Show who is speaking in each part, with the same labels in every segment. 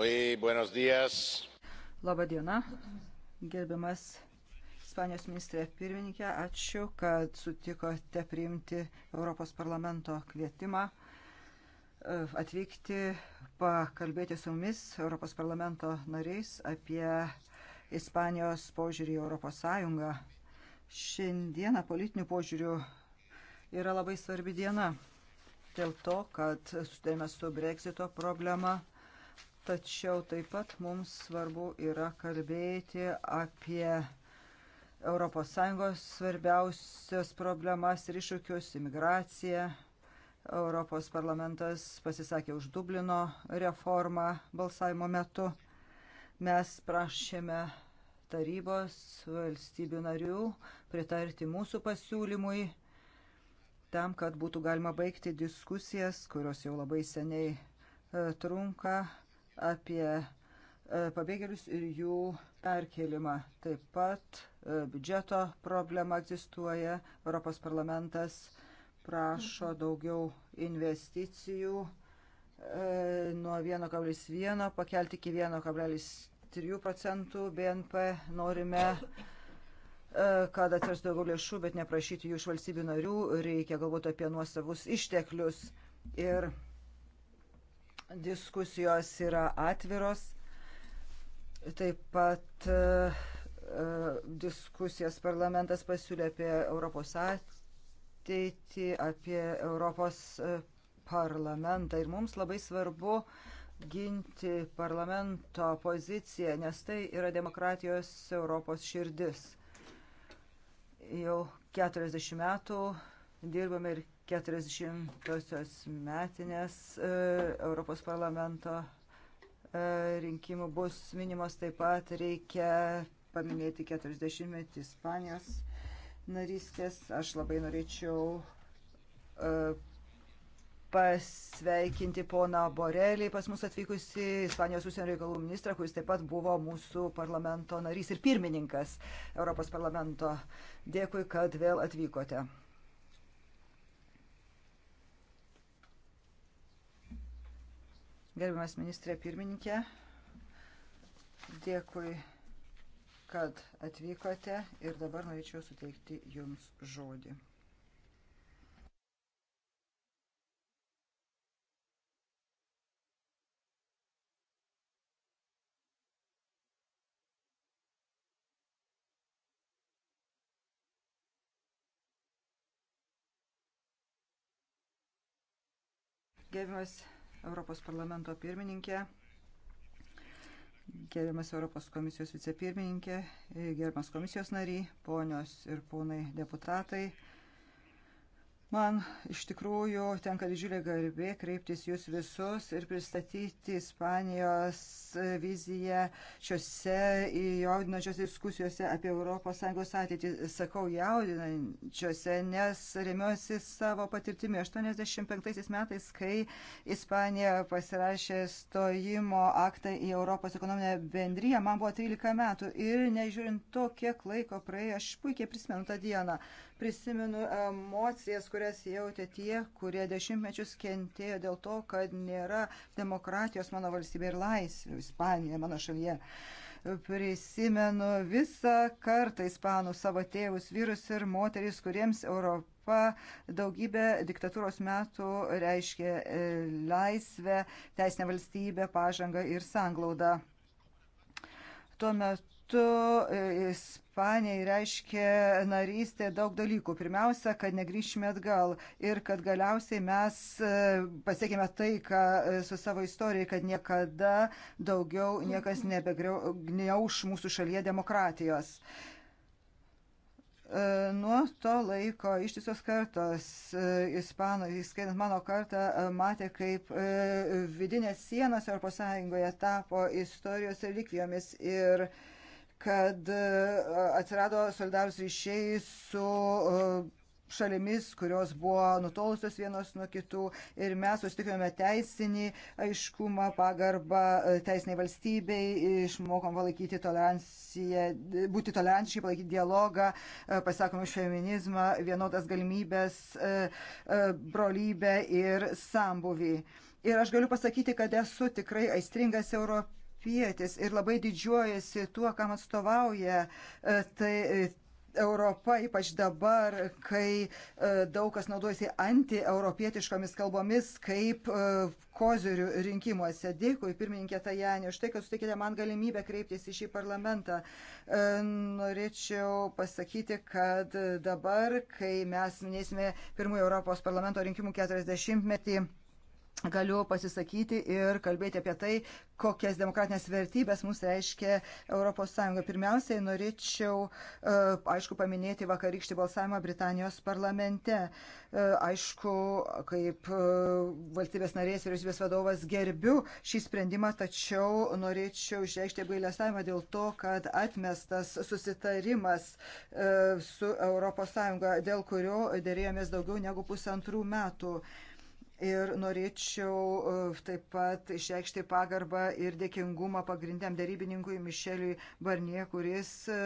Speaker 1: Muy buenos días.
Speaker 2: Labą dieną, gerbiamas Ispanijos ministrė pirmininkė, ačiū, kad sutikote priimti Europos parlamento kvietimą e, atvykti pakalbėti su mumis, Europos parlamento nariais, apie Ispanijos požiūrį į Europos Sąjungą. Šiandieną politinių požiūrių yra labai svarbi diena dėl to, kad susidėmės su Brexito problema tačiau taip pat mums svarbu yra kalbėti apie ES svarbiausias problemas ir iššūkius - imigraciją. Europos parlamentas pasisakė už Dublino reformą balsavimo metu. Mes prašėme tarybos valstybių narių pritarti mūsų pasiūlymui tam, kad būtų galima baigti diskusijas, kurios jau labai seniai e, trunka apie e, pabėgėlius ir jų perkelimą. Taip pat e, biudžeto problema egzistuoja. Europos parlamentas prašo daugiau investicijų e, nuo 1,1 pakelti iki 1,3 procentų BNP. Norime kad atsiras daugiau lėšų, bet neprašyti jų iš valstybių narių, reikia galvoti apie nuosavus išteklius. Ir diskusijos yra atviros. Taip pat e, e, diskusijas parlamentas pasiūlė apie Europos ateitį, apie Europos e, parlamentą. Ir mums labai svarbu ginti parlamento poziciją, nes tai yra demokratijos Europos širdis. Jau 40 metų dirbame ir 40-osios metinės e, Europos parlamento e, rinkimų bus minimos taip pat reikia paminėti 40-metį Ispanijos narystės. Aš labai norėčiau e, pasveikinti poną Borelį, pas mus atvykusi Ispanijos užsienio reikalų ministrą, kuris taip pat buvo mūsų parlamento narys ir pirmininkas Europos parlamento. Dėkui, kad vėl atvykote. Gerbiamas ministrė pirmininkė, dėkui, kad atvykote ir dabar norėčiau suteikti Jums žodį. Gerbiamas Europos parlamento pirmininkė, gerbiamas Europos komisijos vicepirmininkė, gerbiamas komisijos nariai, ponios ir ponai deputatai. Man iš tikrųjų tenka didžiulė garbė kreiptis jūs visus ir pristatyti Ispanijos viziją šiuose jaudinančiose diskusijose apie ES ateitį. Sakau jaudinančiose, nes remiuosi savo patirtimi. 85 metais, kai Ispanija pasirašė stojimo aktą į Europos ekonominę bendryją, man buvo 13 metų ir nežiūrint to, kiek laiko praėjo, aš puikiai prisimenu tą dieną prisimenu emocijas, kurias jautė tie, kurie dešimtmečius kentėjo dėl to, kad nėra demokratijos mano valstybė ir laisvių Ispanijoje, mano šalyje. Prisimenu visą kartą ispanų savo tėvus, vyrus ir moteris, kuriems Europa daugybę diktatūros metų reiškia e, laisvę, teisinę valstybę, pažangą ir sanglaudą. Tuo metu metu e, Ispanijai reiškia narystė daug dalykų. Pirmiausia, kad negryšime atgal ir kad galiausiai mes e, pasiekime tai, ką e, su savo istorija, kad niekada daugiau niekas nebegniauš mūsų šalyje demokratijos. Nuo to laiko ištisos kartos ispanų, įskaitant mano kartą, matė, kaip vidinės sienos Europos Sąjungoje tapo istorijos relikvijomis ir uh, kad e, atsirado solidarus ryšiai su e, šalimis, kurios buvo nutolusios vienos nuo kitų ir mes sustikome teisinį aiškumą, pagarbą e, teisiniai valstybei, išmokom palaikyti toleranciją, būti tolerančiai, palaikyti dialogą, pasakom už feminizmą, vienodas galimybės, brolybę ir sambuvį. Ir aš galiu pasakyti, kad esu tikrai aistringas europietis europietis ir labai didžiuojasi tuo, kam atstovauja. E, tai, e, Europa, ypač dabar, kai e, daug kas naudojasi antieuropietiškomis kalbomis, kaip kozirių rinkimuose. Dėkui, pirmininkė Tajanė, už tai, kad sutikite man galimybę kreiptis į šį parlamentą. Norėčiau pasakyti, kad dabar, kai mes minėsime pirmųjų Europos parlamento rinkimų 40 metį, galiu pasisakyti ir kalbėti apie tai, kokias demokratinės vertybės mums reiškia ES. Pirmiausiai norėčiau, e, aišku, paminėti vakarykštį balsavimą Britanijos parlamente. E, aišku, kaip e, valstybės narės vyriausybės vadovas gerbiu šį sprendimą, tačiau norėčiau išreikšti apgailestavimą dėl to, kad atmestas susitarimas su ES, dėl kurio dėrėjomės daugiau negu pusantrų metų. Ir norėčiau e, taip pat išreikšti pagarbą ir dėkingumą pagrindiniam darybininkui Mišeliui Barnie, kuris e,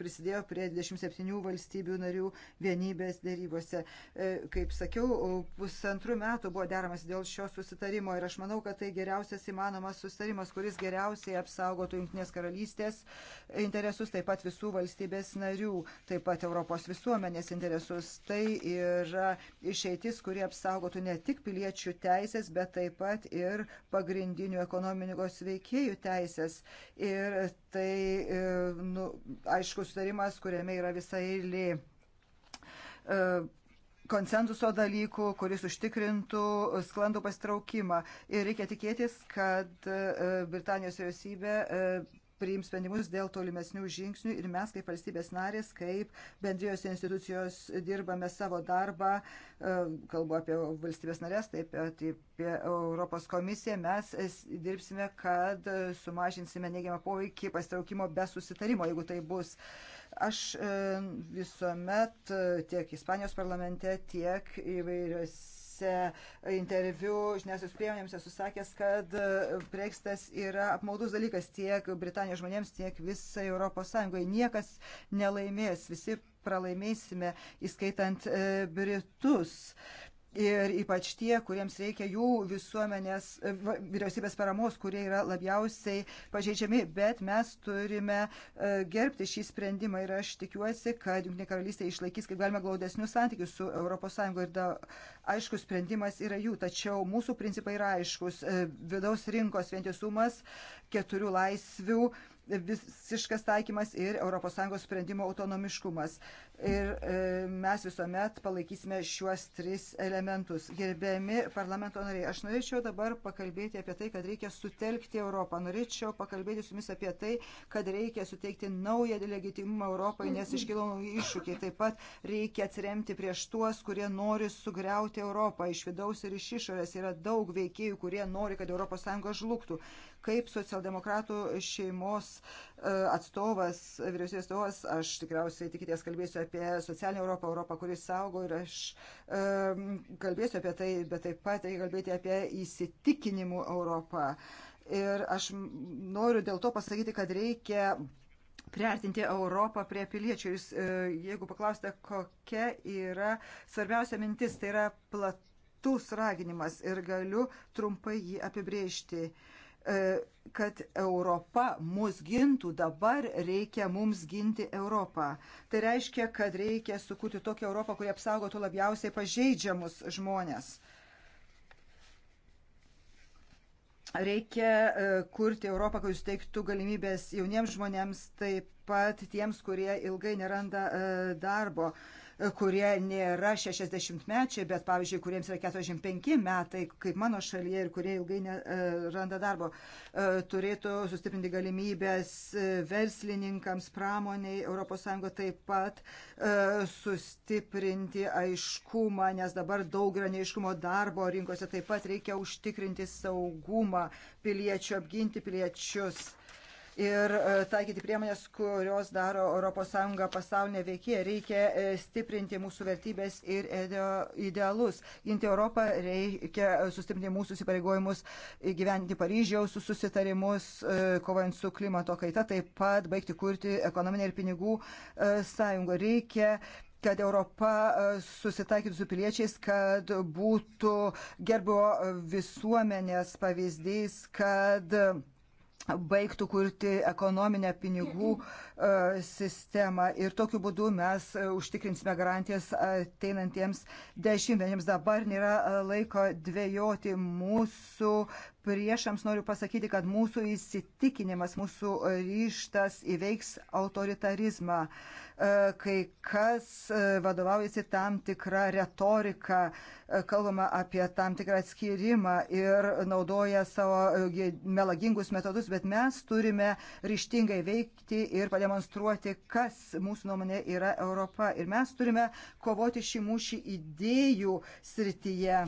Speaker 2: prisidėjo prie 27 valstybių narių vienybės darybose. E, kaip sakiau, pusantrų metų buvo deramas dėl šio susitarimo ir aš manau, kad tai geriausias įmanomas susitarimas, kuris geriausiai apsaugotų Junktinės karalystės interesus, taip pat visų valstybės narių, taip pat Europos visuomenės interesus. Tai yra išeitis, kuri apsaugotų ne tik tik piliečių teisės, bet taip pat ir pagrindinių ekonomikos veikėjų teisės. Ir tai, e, nu, aišku, sutarimas, kuriame yra visai eilė e, konsensuso dalykų, kuris užtikrintų sklandų pasitraukimą. Ir reikia tikėtis, kad e, Britanijos vyriausybė priims sprendimus dėl tolimesnių žingsnių ir mes kaip valstybės narės, kaip bendrijos institucijos dirbame savo darbą, e, kalbu apie valstybės narės, taip pat apie Europos komisiją, mes dirbsime, kad sumažinsime neigiamą poveikį pastraukimo be susitarimo, jeigu tai bus. Aš e, visuomet e, tiek Ispanijos parlamente, tiek įvairiose konferencijose, interviu žiniasios priemonėms esu sakęs, kad e, Brexitas yra apmaudus dalykas tiek Britanijos žmonėms, tiek visai Europos Sąjungoje. Niekas nelaimės, visi pralaimėsime, įskaitant e, Britus. E, ir ypač tie, kuriems reikia jų visuomenės, e, vyriausybės paramos, kurie yra labiausiai pažeidžiami, bet mes turime e, gerbti šį sprendimą ir aš tikiuosi, kad Junktinė karalystė išlaikys kaip galima glaudesnius santykius su ES ir da, aiškus sprendimas yra jų, tačiau mūsų principai yra aiškus e, - vidaus rinkos vientisumas, keturių laisvių visiškas taikymas ir ES sprendimo autonomiškumas. Ir e, mes visuomet palaikysime šiuos tris elementus. Gerbiami parlamento nariai, aš norėčiau dabar pakalbėti apie tai, kad reikia sutelkti Europą. Norėčiau pakalbėti su jumis apie tai, kad reikia suteikti naują legitimumą Europai, nes iškilo nauji iššūkiai. Taip pat reikia atsiremti prieš tuos, kurie nori sugriauti Europą iš vidaus ir iš išorės. Yra daug veikėjų, kurie nori, kad ES žlugtų. Kaip socialdemokratų šeimos uh, atstovas, vyriausybės atstovas, aš tikriausiai tikitės kalbėsiu apie socialinę Europą, Europą, kuris saugo ir aš kalbėsiu apie tai, bet taip pat reikia kalbėti apie įsitikinimų Europą. Ir aš noriu dėl to pasakyti, kad reikia priartinti Europą prie piliečių. Jūs, e, jeigu paklausite, kokia yra svarbiausia mintis, tai yra platus raginimas ir galiu trumpai jį apibrėžti. Uh, E, kad Europa mus gintų, dabar reikia mums ginti Europą. Tai reiškia, kad reikia sukurti tokią Europą, kuri apsaugotų labiausiai pažeidžiamus žmonės. Reikia e, kurti Europą, kuris teiktų galimybės jauniems žmonėms, taip pat tiems, kurie ilgai neranda e, darbo kurie nėra 60-mečiai, bet, pavyzdžiui, kuriems yra 45 metai, kaip mano šalyje, ir kurie ilgai neranda e, darbo, e, turėtų sustiprinti galimybės e, verslininkams, pramoniai, ES taip pat sustiprinti aiškumą, nes dabar daug yra neiškumo darbo rinkose, taip pat reikia užtikrinti saugumą piliečių, apginti piliečius ir e, taikyti priemonės, kurios daro ES pasaulinė veikėja. Reikia e, stiprinti mūsų vertybės ir idealus. Ginti Europą reikia e, sustiprinti mūsų įsipareigojimus, gyventi Paryžiaus susitarimus, kovojant su klimato kaita, taip pat baigti kurti ekonominę ir pinigų sąjungą. Reikia kad Europa susitaikytų su piliečiais, kad būtų gerbo visuomenės pavyzdys, kad baigtų kurti ekonominę pinigų e, sistemą ir tokiu būdu mes e, užtikrinsime garantijas ateinantiems dešimtmetėms. Dabar nėra e, laiko dvėjoti mūsų priešams noriu pasakyti, kad mūsų įsitikinimas, mūsų ryštas įveiks autoritarizmą, e, kai kas e, vadovaujasi tam tikrą retoriką, e, kalbama apie tam tikrą atskirimą ir naudoja savo melagingus metodus, bet mes turime ryštingai veikti ir pademonstruoti, kas mūsų nuomonė yra Europa. Ir mes turime kovoti šį mūšį idėjų srityje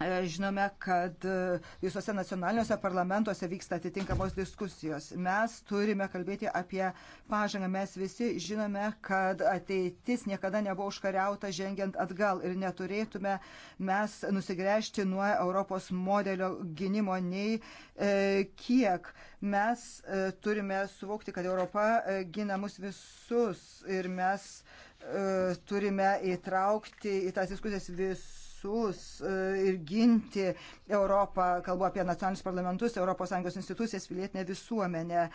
Speaker 2: E, žinome, kad e, visuose nacionaliniuose parlamentuose vyksta atitinkamos diskusijos. Mes turime kalbėti apie pažangą. Mes visi žinome, kad ateitis niekada nebuvo užkariauta žengiant atgal ir neturėtume mes nusigręžti nuo Europos modelio gynimo nei e, kiek. Mes e, turime suvokti, kad Europa e, gina mus visus ir mes e, turime įtraukti į tas diskusijas visus visus e, ir ginti Europą, kalbu apie nacionalinius parlamentus, ES institucijas, pilietinę visuomenę.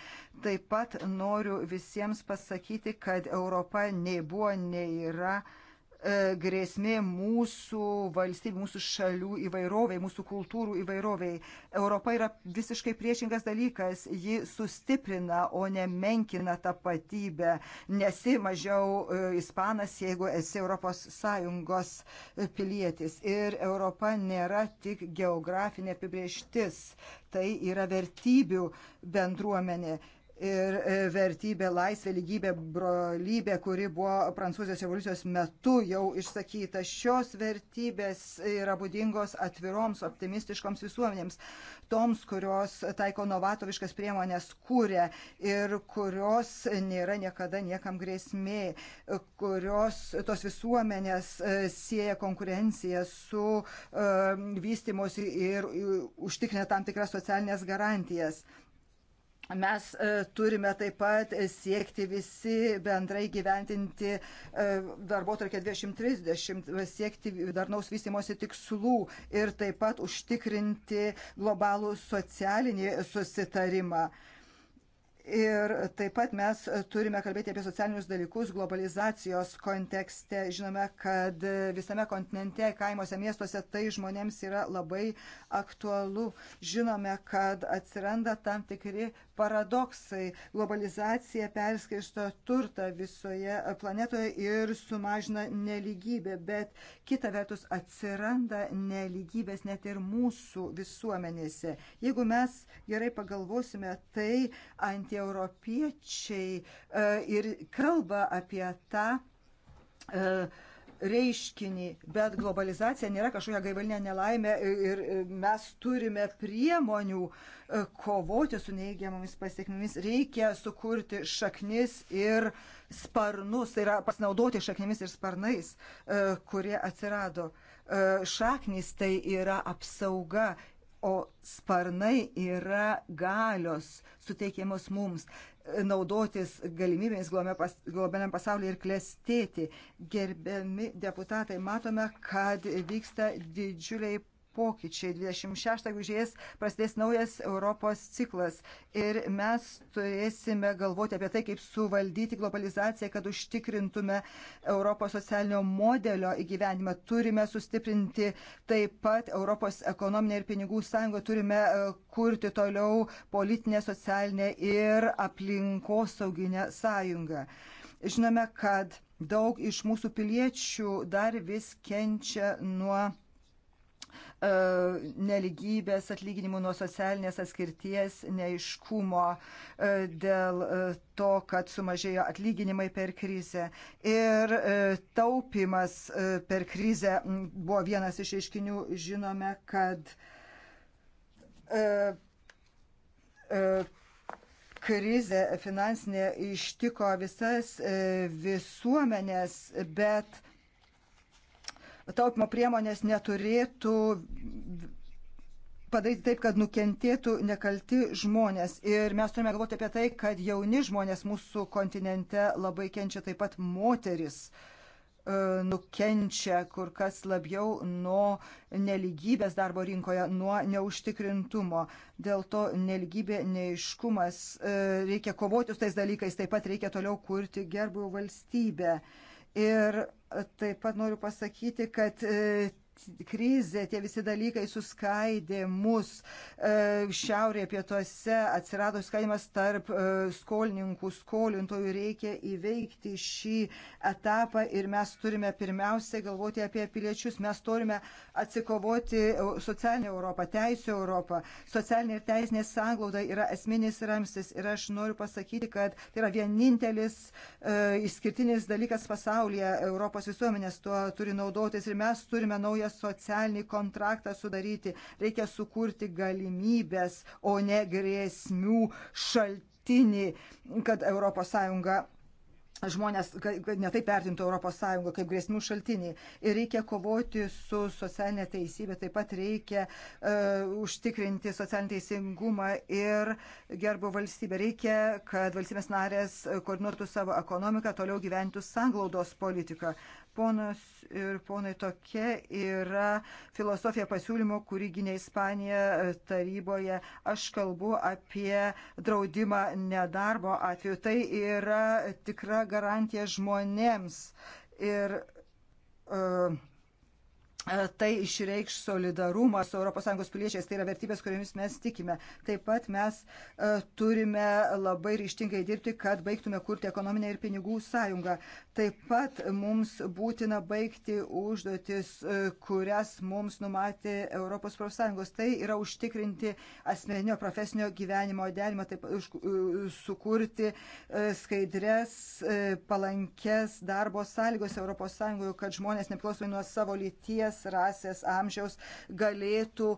Speaker 2: Taip pat noriu visiems pasakyti, kad Europa nei buvo, nei yra E, grėsmė mūsų valstybių, mūsų šalių įvairoviai, mūsų kultūrų įvairoviai. Europa yra visiškai priešingas dalykas, ji sustiprina, o ne menkina tapatybę. Nesi mažiau e, ispanas, jeigu esi ES pilietis. Ir Europa nėra tik geografinė apibrieštis, tai yra vertybių bendruomenė ir e, vertybė laisvė, lygybė, brolybė, kuri buvo Prancūzijos revoliucijos metu jau išsakyta. Šios vertybės yra būdingos atviroms, optimistiškoms visuomenėms, toms, kurios taiko novatoviškas priemonės, kūrė ir kurios nėra niekada niekam grėsmė, kurios tos visuomenės e, sieja konkurenciją su uh, e, vystimosi ir uh, užtikrina tam tikras socialinės garantijas. Mes e, turime taip pat e, siekti visi bendrai gyventinti darbo tarkia 2030, siekti darnaus vystimosi tikslų ir taip pat užtikrinti globalų socialinį susitarimą. Ir taip pat mes turime kalbėti apie socialinius dalykus globalizacijos kontekste. Žinome, kad visame kontinente, kaimuose, miestuose tai žmonėms yra labai aktualu. Žinome, kad atsiranda tam tikri paradoksai. Globalizacija perskaisto turtą visoje planetoje ir sumažina neligybę, bet kita vertus atsiranda neligybės net ir mūsų visuomenėse. Jeigu mes gerai pagalvosime, tai anti tie europiečiai e, ir kalba apie tą e, reiškinį, bet globalizacija nėra kažkokia gaivalinė nelaimė ir e, mes turime priemonių kovoti su neigiamomis pasiekmėmis. Reikia sukurti šaknis ir sparnus, tai yra pasinaudoti šaknimis ir sparnais, kurie atsirado. Šaknis tai yra apsauga o sparnai yra galios suteikiamos mums e, naudotis galimybėmis globaliam pasaulyje ir klestėti. Gerbiami deputatai, matome, kad vyksta didžiuliai pokyčiai. 26 gužės prasidės naujas Europos ciklas ir mes turėsime galvoti apie tai, kaip suvaldyti globalizaciją, kad užtikrintume Europos socialinio modelio įgyvenimą. Turime sustiprinti taip pat Europos ekonominę ir pinigų sąjungą, turime e, kurti toliau politinę, socialinę ir aplinkosauginę sąjungą. Žinome, kad daug iš mūsų piliečių dar vis kenčia nuo E, neligybės, atlyginimų nuo socialinės atskirties, neiškumo e, dėl e, to, kad sumažėjo atlyginimai per krizę. Ir taupimas per krizę buvo vienas iš aiškinių, žinome, kad krizė finansinė ištiko visas visuomenės, bet taupimo priemonės neturėtų padaryti taip, kad nukentėtų nekalti žmonės. Ir mes turime galvoti apie tai, kad jauni žmonės mūsų kontinente labai kenčia, taip pat moteris e, nukenčia kur kas labiau nuo neligybės darbo rinkoje, nuo neužtikrintumo. Dėl to neligybė, neiškumas, e, reikia kovoti su tais dalykais, taip pat reikia toliau kurti gerbų valstybę. Ir e, taip pat noriu pasakyti, kad e, krizė, tie visi dalykai suskaidė mus e, šiaurėje, pietuose, atsirado skaidimas tarp e, skolininkų, skolintojų, reikia įveikti šį etapą ir mes turime pirmiausia galvoti apie piliečius, mes turime atsikovoti socialinę Europą, teisų Europą, socialinė ir teisinė sąglauda yra esminis ramstis ir aš noriu pasakyti, kad tai yra vienintelis e, išskirtinis dalykas pasaulyje, Europos visuomenės tuo turi naudotis ir mes turime naują naują socialinį kontraktą sudaryti. Reikia sukurti galimybės, o ne grėsmių šaltinį, kad ES žmonės, kad netaip vertintų ES kaip grėsmių šaltinį. Ir reikia kovoti su socialinė teisybė, taip pat reikia uh, užtikrinti socialinį teisingumą ir gerbo valstybę. Reikia, kad valstybės narės e, koordinuotų savo ekonomiką, toliau gyventų sanglaudos politiką. Ponas ir ponai, tokia yra filosofija pasiūlymo, kurį gynė Ispanija e, taryboje. Aš kalbu apie draudimą nedarbo atveju. Tai yra tikra garantija žmonėms. Ir uh, E, tai išreikš solidarumą su ES piliečiais, tai yra vertybės, kuriomis mes tikime. Taip pat mes e, turime labai ryštingai dirbti, kad baigtume kurti ekonominę ir pinigų sąjungą. Taip pat mums būtina baigti užduotis, e, kurias mums numatė Europos profsąjungos. Tai yra užtikrinti asmeninio profesinio gyvenimo derinimą, taip pat sukurti skaidres, palankes darbo sąlygos ES, kad žmonės nepriklausomai nuo savo lyties lyties, rasės, amžiaus galėtų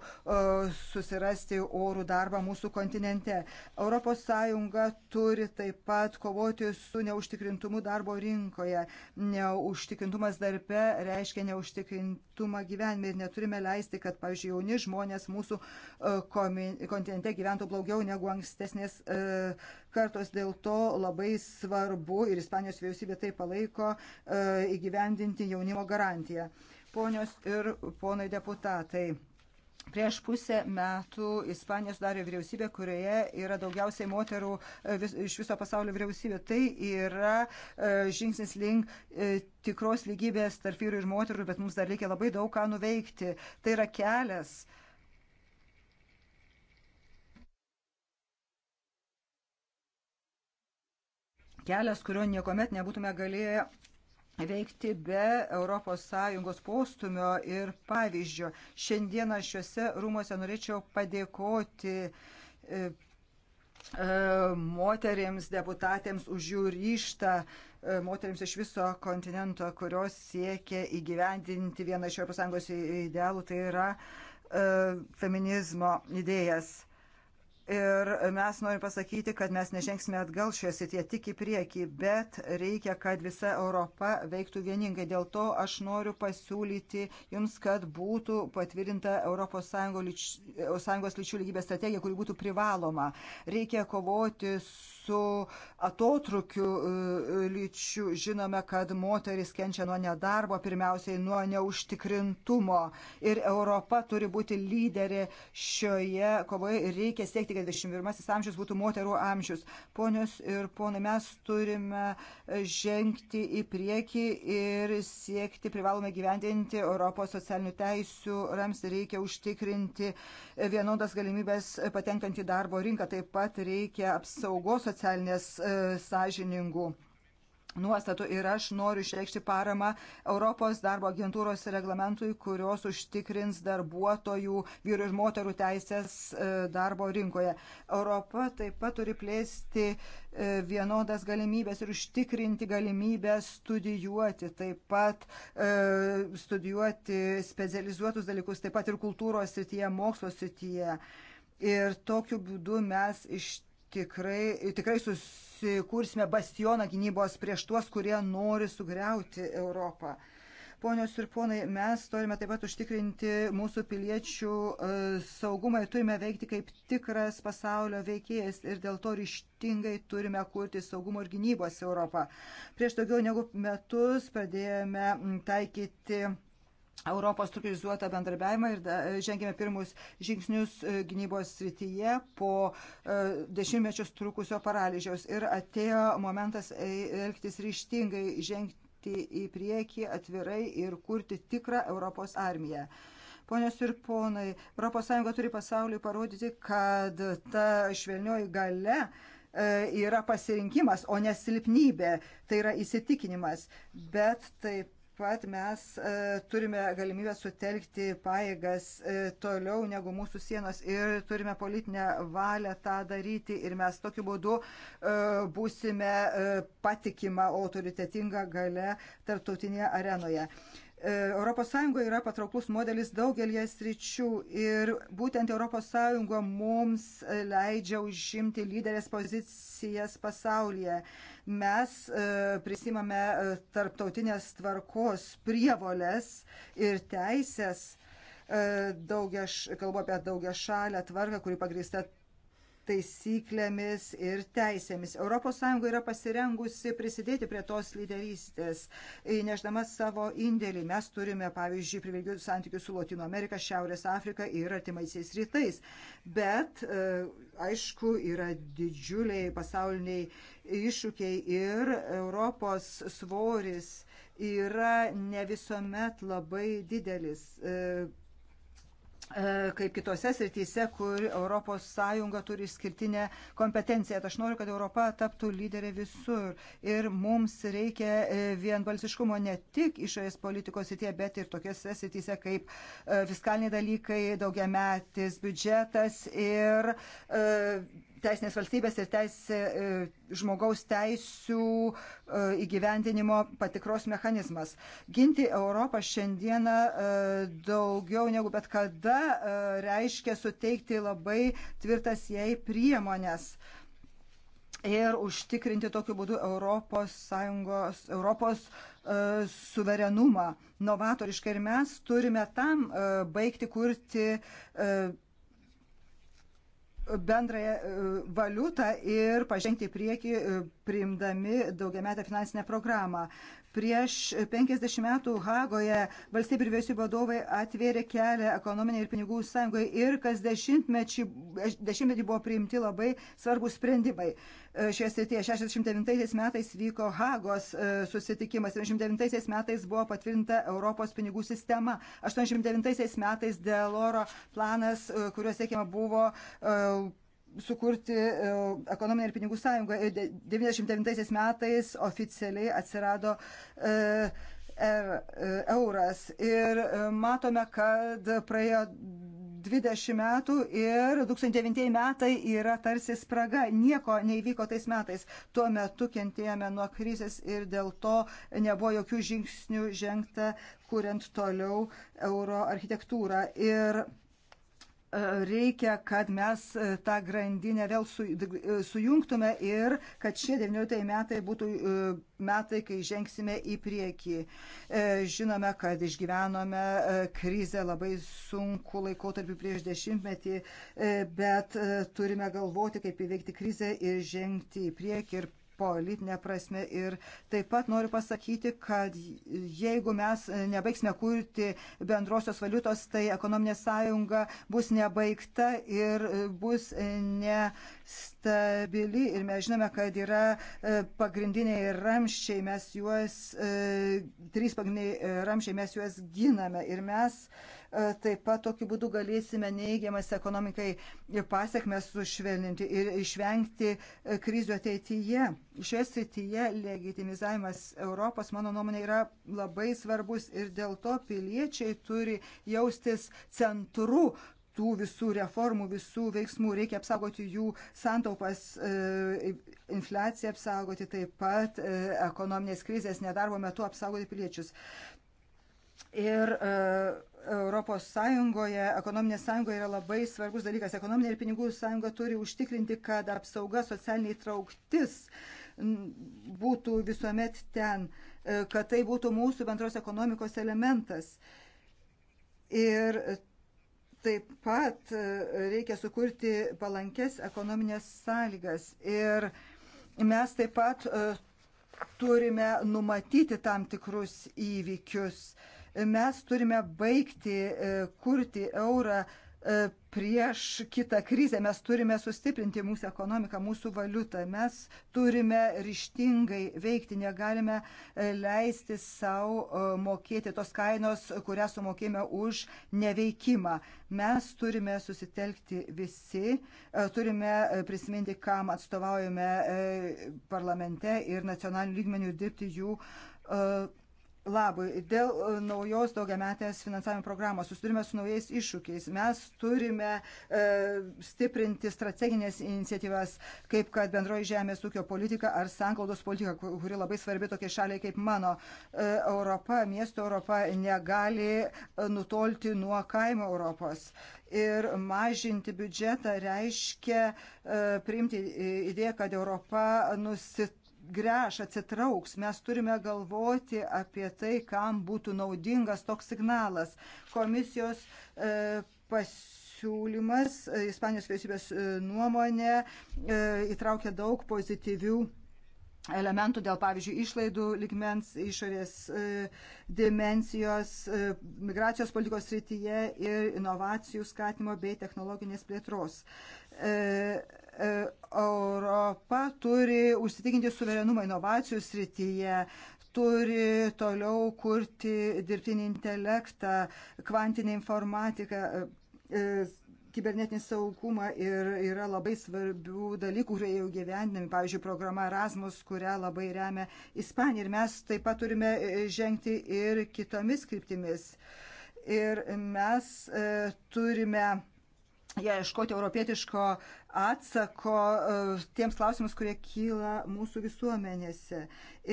Speaker 2: susirasti orų darbą mūsų kontinente. ES turi taip pat kovoti su neužtikrintumu darbo rinkoje. Neužtikrintumas darbe reiškia neužtikrintumą gyvenime ir neturime leisti, kad, pavyzdžiui, jauni žmonės mūsų kontinente gyventų blogiau negu ankstesnės e, kartos. Dėl to labai svarbu ir Ispanijos vyriausybė tai palaiko e, įgyvendinti jaunimo garantiją ponios ir ponai deputatai. Prieš pusę metų Ispanija sudarė vyriausybę, kurioje yra daugiausiai moterų e, vis, iš viso pasaulio vyriausybė. Tai yra e, žingsnis link e, tikros lygybės tarp vyrų ir moterų, bet mums dar reikia labai daug ką nuveikti. Tai yra kelias. Kelias, kurio niekuomet nebūtume galėję veikti be ES postumio ir pavyzdžio. Šiandieną šiuose rūmose norėčiau padėkoti e, e, moterims, deputatėms už jų ryštą, e, moterims iš viso kontinento, kurios siekia įgyvendinti vieną iš ES idealų, tai yra feminizmo idėjas Ir mes norime pasakyti, kad mes nežengsime atgal šioje srityje tik į priekį, bet reikia, kad visa Europa veiktų vieningai. Dėl to aš noriu pasiūlyti jums, kad būtų patvirtinta ES lyčių lygybės strategija, kuri būtų privaloma. Reikia kovoti su su atotrukiu e, lyčių. Žinome, kad moteris kenčia nuo nedarbo, pirmiausiai nuo neužtikrintumo. Ir Europa turi būti lyderė šioje kovoje ir reikia siekti, kad 21 amžius būtų moterų amžius. Ponios ir ponai, mes turime žengti į priekį ir siekti, privalome gyvendinti Europos socialinių teisių ramstį, reikia užtikrinti vienodas galimybės patenkant į darbo rinką, taip pat reikia apsaugos socialinių socialinės e, sąžiningų nuostatų ir aš noriu išreikšti paramą Europos darbo agentūros reglamentui, kurios užtikrins darbuotojų vyrų ir moterų teisės e, darbo rinkoje. Europa taip pat turi plėsti e, vienodas galimybės ir užtikrinti galimybę studijuoti, taip pat studijuoti specializuotus dalykus, taip pat ir kultūros srityje, mokslo srityje. Ir tokiu būdu mes iš tikrai, tikrai susikursime bastioną gynybos prieš tuos, kurie nori sugriauti Europą. Ponios ir ponai, mes turime taip pat užtikrinti mūsų piliečių e, saugumą ir turime veikti kaip tikras pasaulio veikėjas ir dėl to ryštingai turime kurti saugumo ir gynybos Europą. Prieš daugiau negu metus pradėjome taikyti Europos struktūrizuotą bendrabiavimą ir žengėme pirmus žingsnius e, gynybos srityje po e, dešimtmečius trukusio paralyžiaus. Ir atėjo momentas e, elgtis ryštingai, žengti į priekį atvirai ir kurti tikrą Europos armiją. Ponios ir ponai, ES turi pasauliui parodyti, kad ta švelnioji gale yra pasirinkimas, o nesilpnybė, tai yra įsitikinimas, bet taip pat mes e, turime galimybę sutelkti paėgas e, toliau negu mūsų sienos ir turime politinę valią tą daryti ir mes tokiu būdu e, būsime patikima autoritetinga gale tarptautinėje arenoje. ES yra patrauklus modelis daugelie sričių ir būtent ES mums leidžia užimti lyderės pozicijas pasaulyje. Mes e, prisimame e, tarptautinės tvarkos prievolės ir teisės e, daugia, kalbu apie daugia šalę tvarką, kuri pagrįsta taisyklėmis ir teisėmis. ES yra pasirengusi prisidėti prie tos lyderystės, įneždama savo indėlį. Mes turime, pavyzdžiui, privilegijuotų santykių su Latino Amerika, Šiaurės Afrika ir artimaisiais rytais. Bet, e, aišku, yra didžiuliai pasauliniai iššūkiai ir Europos svoris yra ne visuomet labai didelis e, E, kaip kitose srityse, kur ES turi išskirtinę kompetenciją. Aš noriu, kad Europa taptų lyderė visur. Ir mums reikia e, vienbalsiškumo ne tik išorės politikos srityje, bet ir tokiose srityse kaip e, fiskaliniai dalykai, daugiametis biudžetas ir teisinės valstybės ir teisė, e, žmogaus teisų e, įgyvendinimo patikros mechanizmas. Ginti Europą šiandieną e, daugiau negu bet kada reiškia suteikti labai tvirtas jai priemonės ir užtikrinti tokiu būdu Europos Sąjungos, Europos e, suverenumą novatoriškai. Ir mes turime tam e, baigti kurti e, bendrąją e, valiutą ir pažengti į priekį e, priimdami daugiametę finansinę programą. Prieš 50 metų Hagoje valstybių ir vyriausybių vadovai atvėrė kelią ekonominė ir pinigų sąjungoje ir kas dešimtmetį, dešimtmetį buvo priimti labai svarbus sprendimai. E, šioje srityje 69 metais vyko Hagos e, susitikimas, 79 metais buvo patvirtinta Europos pinigų sistema, 89 metais Deloro planas, e, kuriuo siekiama buvo sukurti e, ekonominę ir pinigų sąjungą. 99 metais oficialiai atsirado e, er, e, euras ir matome, kad praėjo 20 metų ir 2009 metai yra tarsi spraga. Nieko neįvyko tais metais. Tuo metu kentėjome nuo krizės ir dėl to nebuvo jokių žingsnių žengta, kuriant toliau euro architektūrą. Ir reikia, kad mes e, tą grandinę vėl su, e, sujungtume ir kad šie 19 metai būtų e, metai, kai žengsime į priekį. Žinome, kad išgyvenome krizę labai sunku laikotarpį prieš dešimtmetį, bet turime galvoti, kaip įveikti krizę ir žengti į priekį ir politinė prasme. Ir taip pat noriu pasakyti, kad jeigu mes nebaigsime kurti bendrosios valiutos, tai ekonominė sąjunga bus nebaigta ir bus nestabili. Ir mes žinome, kad yra e, pagrindiniai ramščiai, mes juos, e, trys pagrindiniai ramščiai, mes juos giname. Ir mes E, taip pat tokiu būdu galėsime neigiamas ekonomikai pasiekmes sušvelninti ir išvengti e, krizių ateityje. Šioje srityje legitimizavimas Europos, mano nuomonė, yra labai svarbus ir dėl to piliečiai turi jaustis centru tų visų reformų, visų veiksmų. Reikia apsaugoti jų santaupas, e, infliaciją apsaugoti, taip pat ekonominės krizės nedarbo metu apsaugoti piliečius. Ir uh, Europos Sąjungoje, ekonominė sąjunga yra labai svarbus dalykas. Ekonominė ir pinigų sąjunga turi užtikrinti, kad apsauga socialiniai trauktis būtų visuomet ten, e, kad tai būtų mūsų bendros ekonomikos elementas. Ir taip pat e, reikia sukurti palankes ekonominės sąlygas. Ir mes taip pat e, turime numatyti tam tikrus įvykius. Uh, Mes turime baigti e, kurti eurą e, prieš kitą krizę. Mes turime sustiprinti mūsų ekonomiką, mūsų valiutą. Mes turime ryštingai veikti, negalime e, leisti savo mokėti tos kainos, kurią sumokėme už neveikimą. Mes turime susitelkti visi, turime prisiminti, kam atstovaujame parlamente ir nacionaliniu lygmeniu dirbti jų labui. Dėl e, naujos daugiametės finansavimo programos susidurime su naujais iššūkiais. Mes turime e, stiprinti strateginės iniciatyvas, kaip kad bendroji žemės ūkio politika ar sanklaudos politika, kuri labai svarbi tokiai šaliai kaip mano. E, Europa, miesto Europa negali e, nutolti nuo kaimo Europos. Ir mažinti biudžetą reiškia e, priimti idėją, kad Europa nusitų gręš, atsitrauks. Mes turime galvoti apie tai, kam būtų naudingas toks signalas. Komisijos e, pasiūlymas, e, Ispanijos vyriausybės e, nuomonė, e, įtraukia daug pozityvių elementų dėl, pavyzdžiui, išlaidų ligmens, išorės e, dimensijos, e, migracijos politikos srityje ir inovacijų skatimo bei technologinės plėtros. E, E, Europa turi užsitikinti suverenumą inovacijų srityje, turi toliau kurti dirbtinį intelektą, kvantinę informatiką, e, kibernetinį saugumą ir yra labai svarbių dalykų, kurie jau gyvendami, pavyzdžiui, programa Erasmus, kurią labai remia Ispanija. Ir mes taip pat turime e, žengti ir kitomis kryptimis. Ir mes turime ieškoti europietiško atsako e, tiems klausimams, kurie kyla mūsų visuomenėse.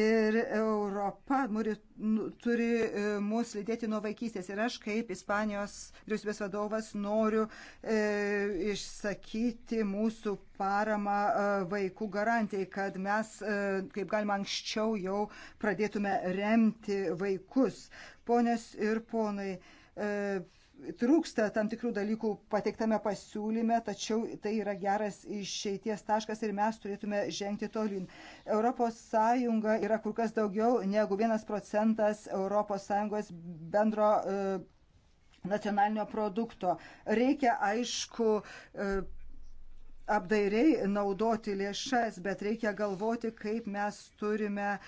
Speaker 2: Ir Europa muri, nu, turi e, mus lydėti nuo vaikystės. Ir aš kaip Ispanijos vyriausybės vadovas noriu e, išsakyti mūsų paramą e, vaikų garantijai, kad mes kaip galima anksčiau jau pradėtume remti vaikus. Ponės ir ponai. E, trūksta tam tikrų dalykų pateiktame pasiūlyme, tačiau tai yra geras išeities taškas ir mes turėtume žengti tolin. ES yra kur kas daugiau negu 1 procentas ES bendro e, nacionalinio produkto. Reikia, aišku, e, apdairiai naudoti lėšas, bet reikia galvoti, kaip mes turime e,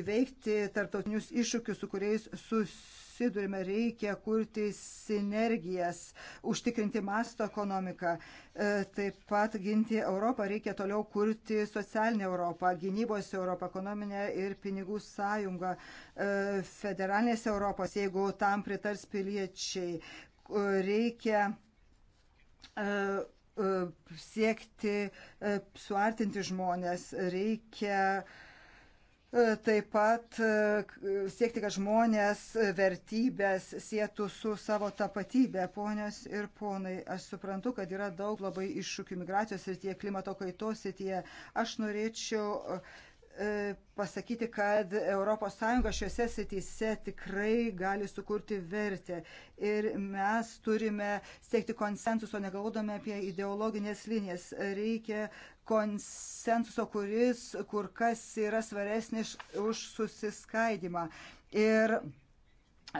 Speaker 2: įveikti tarptautinius iššūkius, su kuriais susitikti susidurime, reikia kurti sinergijas, užtikrinti masto ekonomiką, e, taip pat ginti Europą, reikia toliau kurti socialinę Europą, gynybos Europą, ekonominę ir pinigų sąjungą, e, federalinės Europos, jeigu tam pritars piliečiai, e, reikia siekti suartinti žmonės, reikia uh, taip pat e, siekti, kad žmonės e, vertybės sėtų su savo tapatybė. Ponios ir ponai, aš suprantu, kad yra daug labai iššūkių migracijos ir tie klimato kaitos ir tie. Aš norėčiau e, pasakyti, kad ES šiuose sityse tikrai gali sukurti vertę. Ir mes turime siekti konsensuso, negalvodami apie ideologinės linijas. Reikia konsensuso, kuris kur kas yra svaresnis už susiskaidimą. Ir e,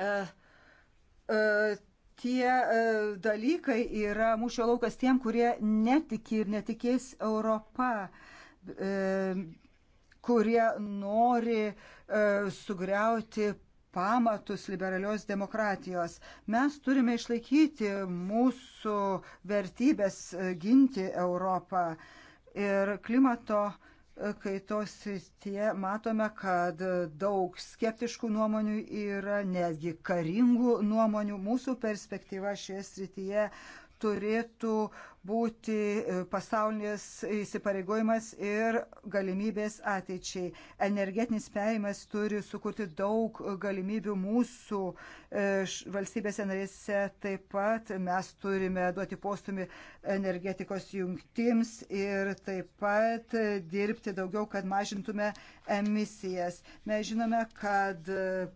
Speaker 2: e, tie e, dalykai yra mūšio laukas tiem, kurie netiki ir netikės Europą. E, kurie nori e, sugriauti pamatus liberalios demokratijos. Mes turime išlaikyti mūsų vertybės e, ginti Europą. E, Ir klimato e, kaitos srityje matome, kad daug skeptiškų nuomonių yra, netgi karingų nuomonių. Mūsų perspektyva šioje srityje turėtų būti e, pasaulinės įsipareigojimas ir galimybės ateičiai. Energetinis perėjimas turi sukurti daug galimybių mūsų e, valstybėse narėse. Taip pat mes turime duoti postumį energetikos jungtims ir taip pat dirbti daugiau, kad mažintume emisijas. Mes žinome, kad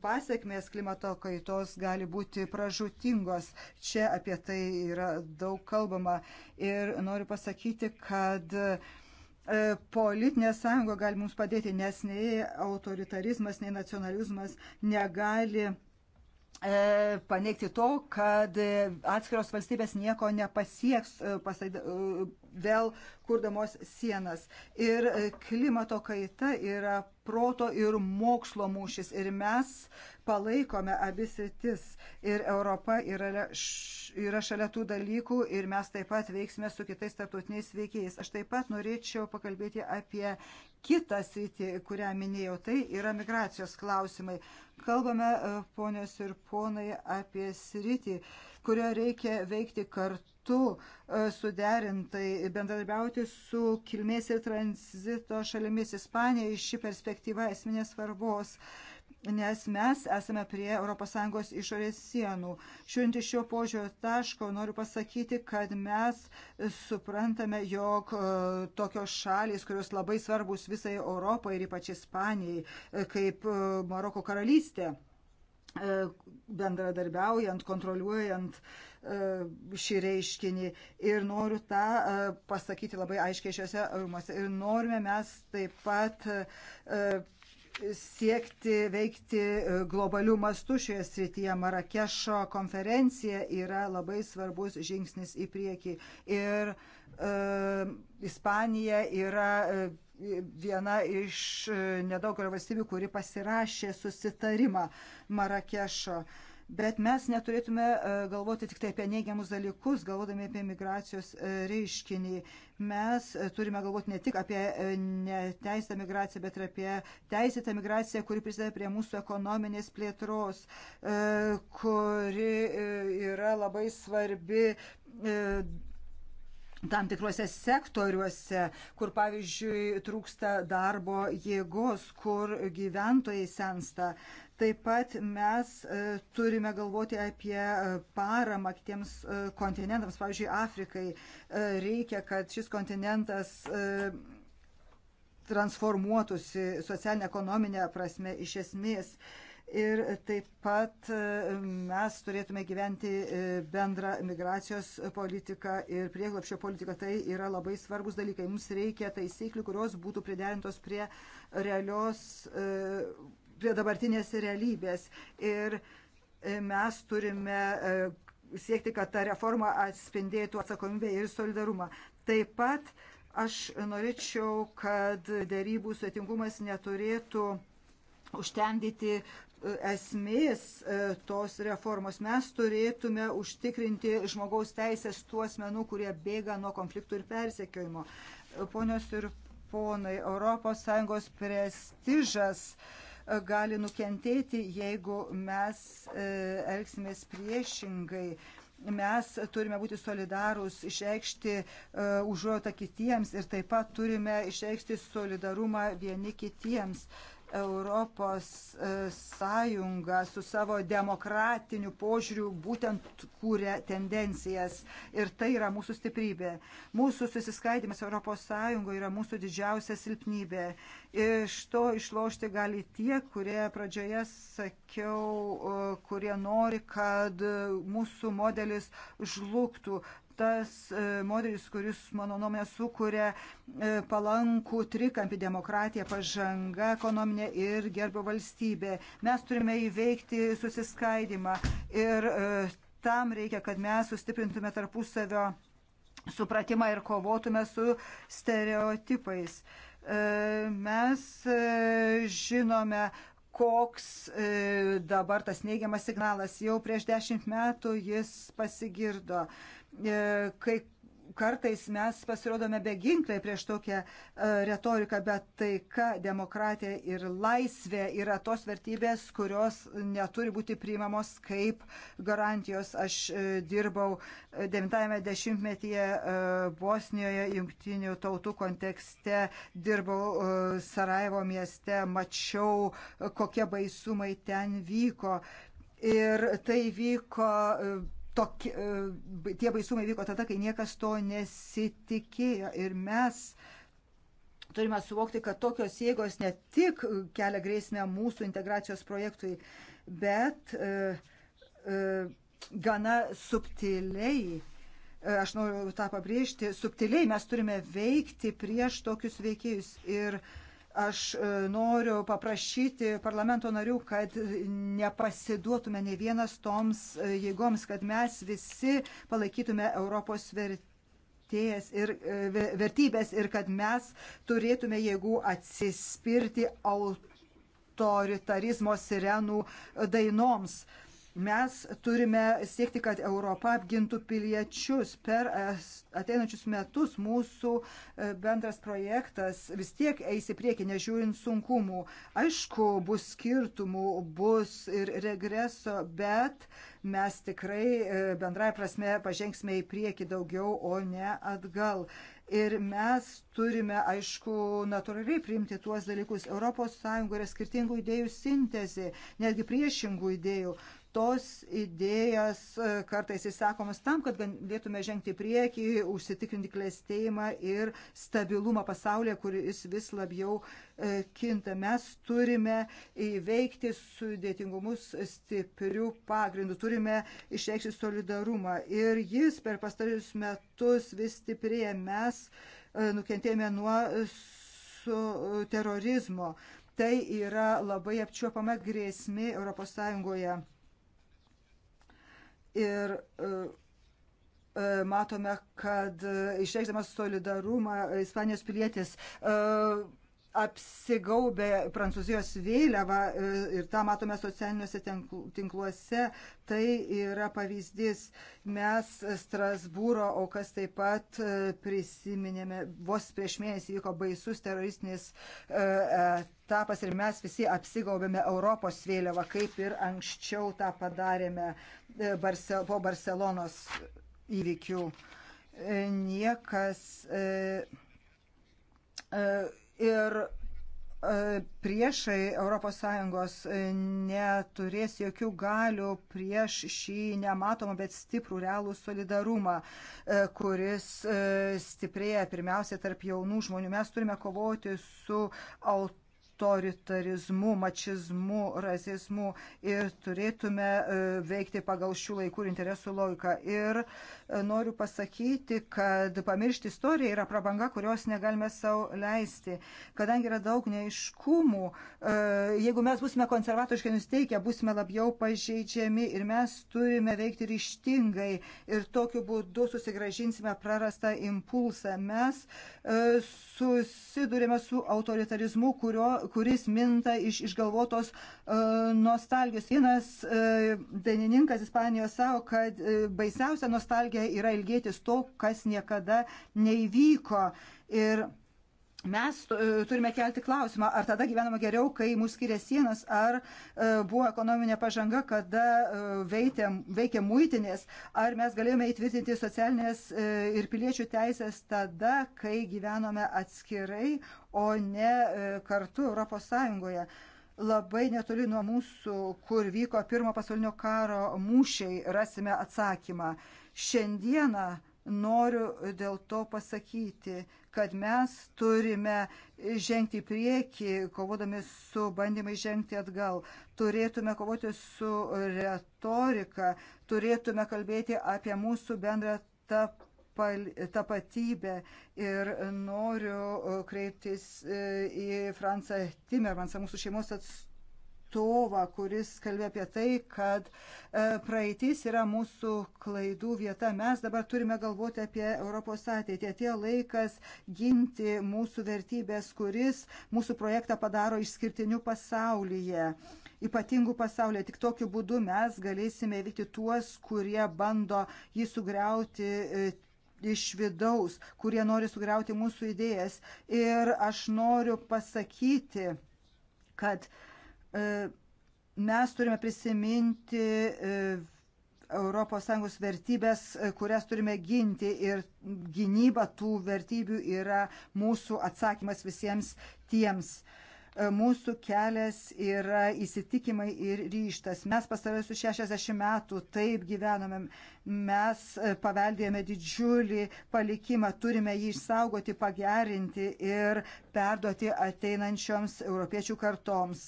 Speaker 2: pasiekmės klimato kaitos gali būti pražutingos. Čia apie tai yra daug kalbama ir noriu pasakyti, kad e, politinė sąjunga gali mums padėti, nes nei autoritarizmas, nei nacionalizmas negali e, paneigti to, kad e, atskiros valstybės nieko nepasieks pasaida, vėl kurdamos sienas. Ir klimato kaita yra proto ir mokslo mūšis. Ir mes palaikome abis rytis ir Europa yra, yra šalia tų dalykų ir mes taip pat veiksime su kitais tarptautiniais veikėjais. Aš taip pat norėčiau pakalbėti apie kitą sritį, kurią minėjau, tai yra migracijos klausimai. Kalbame, e, ponios ir ponai, apie sritį, kurioje reikia veikti kartu, e, suderintai, bendradarbiauti su kilmės ir tranzito šalimis. Ispanijai ši perspektyva esminės svarbos nes mes esame prie ES išorės sienų. Šiunt iš šio požiūrio taško noriu pasakyti, kad mes suprantame, jog e, tokios šalys, kurios labai svarbus visai Europai ir ypač Ispanijai, e, kaip e, Maroko karalystė, bendradarbiaujant, kontroliuojant šį reiškinį. Ir noriu tą pasakyti labai aiškiai šiuose rūmose. Ir norime mes taip pat siekti veikti e, globalių mastų šioje srityje. Marakešo konferencija yra labai svarbus žingsnis į priekį. Ir e, Ispanija yra e, viena iš e, nedaugelio valstybių, kuri pasirašė susitarimą Marakešo. E, Bet mes neturėtume e, galvoti tik tai apie neigiamus dalykus, galvodami apie migracijos e, reiškinį. Mes e, turime galvoti ne tik apie neteisę migraciją, bet ir apie teisėtą migraciją, kuri prisideda prie mūsų ekonominės plėtros, kuri yra labai svarbi tam tikrose sektoriuose, kur pavyzdžiui trūksta darbo jėgos, kur gyventojai sensta. Taip pat mes e, turime galvoti apie e, paramą kitiems e, kontinentams, pavyzdžiui, Afrikai. Reikia, kad šis kontinentas transformuotųsi socialinė, ekonominė prasme iš esmės. Ir taip pat mes turėtume gyventi bendrą migracijos politiką ir prieglapšio politiką. Tai yra labai svarbus dalykai. Mums reikia taisyklių, kurios būtų priderintos prie realios prie dabartinės realybės. Ir e, mes turime e, siekti, kad ta reforma atspindėtų atsakomybę ir solidarumą. Taip pat aš norėčiau, kad dėrybų svetingumas neturėtų užtendyti e, esmės tos reformos. Mes turėtume užtikrinti žmogaus teisės tų asmenų, kurie bėga nuo konfliktų ir persekiojimo. Ponios ir ponai, ES prestižas uh, gali nukentėti, jeigu mes e, elgsimės priešingai. Mes turime būti solidarūs, išreikšti uh, užuotą kitiems ir taip pat turime išreikšti solidarumą vieni kitiems. Uh, Europos e, sąjunga su savo demokratiniu požiūriu būtent kūrė tendencijas ir tai yra mūsų stiprybė. Mūsų susiskaidimas Europos sąjungoje yra mūsų didžiausia silpnybė. Iš to išlošti gali tie, kurie pradžioje sakiau, e, kurie nori, kad mūsų modelis žlugtų tas e, modelis, kuris, mano nuomonė, sukuria e, palankų trikampį demokratiją, pažanga ekonominė ir gerbo valstybė. Mes turime įveikti susiskaidimą ir e, tam reikia, kad mes sustiprintume tarpusavio supratimą ir kovotume su stereotipais. Mes žinome, koks e, dabar tas neigiamas signalas. Jau prieš dešimt metų jis pasigirdo. E, E, kai kartais mes pasirodome beginklai prieš tokią e, retoriką, bet taika, demokratija ir laisvė yra tos vertybės, kurios neturi būti priimamos kaip garantijos. Aš e, dirbau 90-metyje Bosnijoje, jungtinių tautų kontekste, dirbau Sarajevo mieste, mačiau, kokie baisumai ten vyko. Ir tai vyko tokie, e, tie baisumai vyko tada, kai niekas to nesitikėjo. Ir mes turime suvokti, kad tokios jėgos ne tik kelia grėsmę mūsų integracijos projektui, bet e, e, gana subtiliai, e, aš noriu tą pabrėžti, subtiliai mes turime veikti prieš tokius veikėjus. Ir e, Aš e, noriu paprašyti parlamento narių, kad nepasiduotume ne vienas toms e, jėgoms, kad mes visi palaikytume Europos vertėjas ir e, vertybės ir kad mes turėtume jėgų atsispirti autoritarizmo sirenų dainoms. Mes turime siekti, kad Europa apgintų piliečius. Per ateinančius metus mūsų e, bendras projektas vis tiek eis į priekį, nežiūrint sunkumų. Aišku, bus skirtumų, bus ir regreso, bet mes tikrai e, bendrai prasme pažengsime į priekį daugiau, o ne atgal. Ir mes turime, aišku, natūraliai priimti tuos dalykus. ES yra skirtingų idėjų sintezė, netgi priešingų idėjų tos idėjas e, kartais įsakomas tam, kad galėtume žengti priekį, užsitikrinti klėstėjimą ir stabilumą pasaulyje, kuris vis labiau e, kinta. Mes turime įveikti sudėtingumus stiprių pagrindų, turime išreikšti solidarumą ir jis per pastarius metus vis stiprėja. Mes e, nukentėjome nuo su terorizmo. Tai yra labai apčiuopama grėsmė ES. Ir e, e, matome, kad e, išreikšdamas solidarumą Ispanijos pilietis apsigaubę Prancūzijos vėliavą e, ir tą matome socialiniuose tinkluose, tai yra pavyzdys. Mes Strasbūro aukas taip pat e, prisiminėme, vos prieš mėnesį vyko baisus teroristinis e, etapas ir mes visi apsigaubėme Europos vėliavą, kaip ir anksčiau tą padarėme po Barcelonos įvykių. Niekas ir e, priešai ES e, neturės jokių galių prieš šį nematomą, bet stiprų realų solidarumą, e, kuris stiprėja pirmiausia tarp jaunų žmonių. Mes turime kovoti su autoriumi autoritarizmu, mačizmu, rasizmu ir turėtume e, veikti pagal šių laikų ir interesų logiką. Ir e, noriu pasakyti, kad pamiršti istoriją yra prabanga, kurios negalime savo leisti, kadangi yra daug neiškumų. E, jeigu mes busime konservatoriškai nusteikę, busime labiau pažeidžiami ir mes turime veikti ryštingai ir tokiu būdu susigražinsime prarastą impulsą. Mes susidurėme su autoritarizmu, kurio, kuris minta iš išgalvotos e, nostalgijos. Vienas e, dainininkas Ispanijos savo, kad e, baisiausia nostalgija yra ilgėtis to, kas niekada neįvyko. Ir Mes e, turime kelti klausimą, ar tada gyvenama geriau, kai mūsų skiria sienas, ar e, buvo ekonominė pažanga, kada e, veitė, veikė muitinės, ar mes galėjome įtvirtinti socialinės ir piliečių teisės tada, kai gyvenome atskirai, o ne kartu Europos Sąjungoje. Labai netoli nuo mūsų, kur vyko pirmo pasaulinio karo mūšiai, rasime atsakymą. Šiandieną noriu dėl to pasakyti kad mes turime žengti į priekį, kovodami su bandymai žengti atgal. Turėtume kovoti su retorika, turėtume kalbėti apie mūsų bendrą tapatybę. Ir noriu kreiptis e, į Francą Timermansą, mūsų šeimos atstovą atstovą, kuris kalbė apie tai, kad e, praeitis yra mūsų klaidų vieta. Mes dabar turime galvoti apie Europos ateitį. Atėjo laikas ginti mūsų vertybės, kuris mūsų projektą padaro išskirtiniu pasaulyje ypatingų pasaulyje. Tik tokiu būdu mes galėsime įveikti tuos, kurie bando jį sugriauti e, iš vidaus, kurie nori sugriauti mūsų idėjas. Ir aš noriu pasakyti, kad uh, E, mes turime prisiminti ES vertybės, e, kurias turime ginti ir gynyba tų vertybių yra mūsų atsakymas visiems tiems e, mūsų kelias yra įsitikimai ir ryštas. Mes pastarosius 60 metų taip gyvenome, mes paveldėjome didžiulį palikimą, turime jį išsaugoti, pagerinti ir perduoti ateinančioms europiečių kartoms.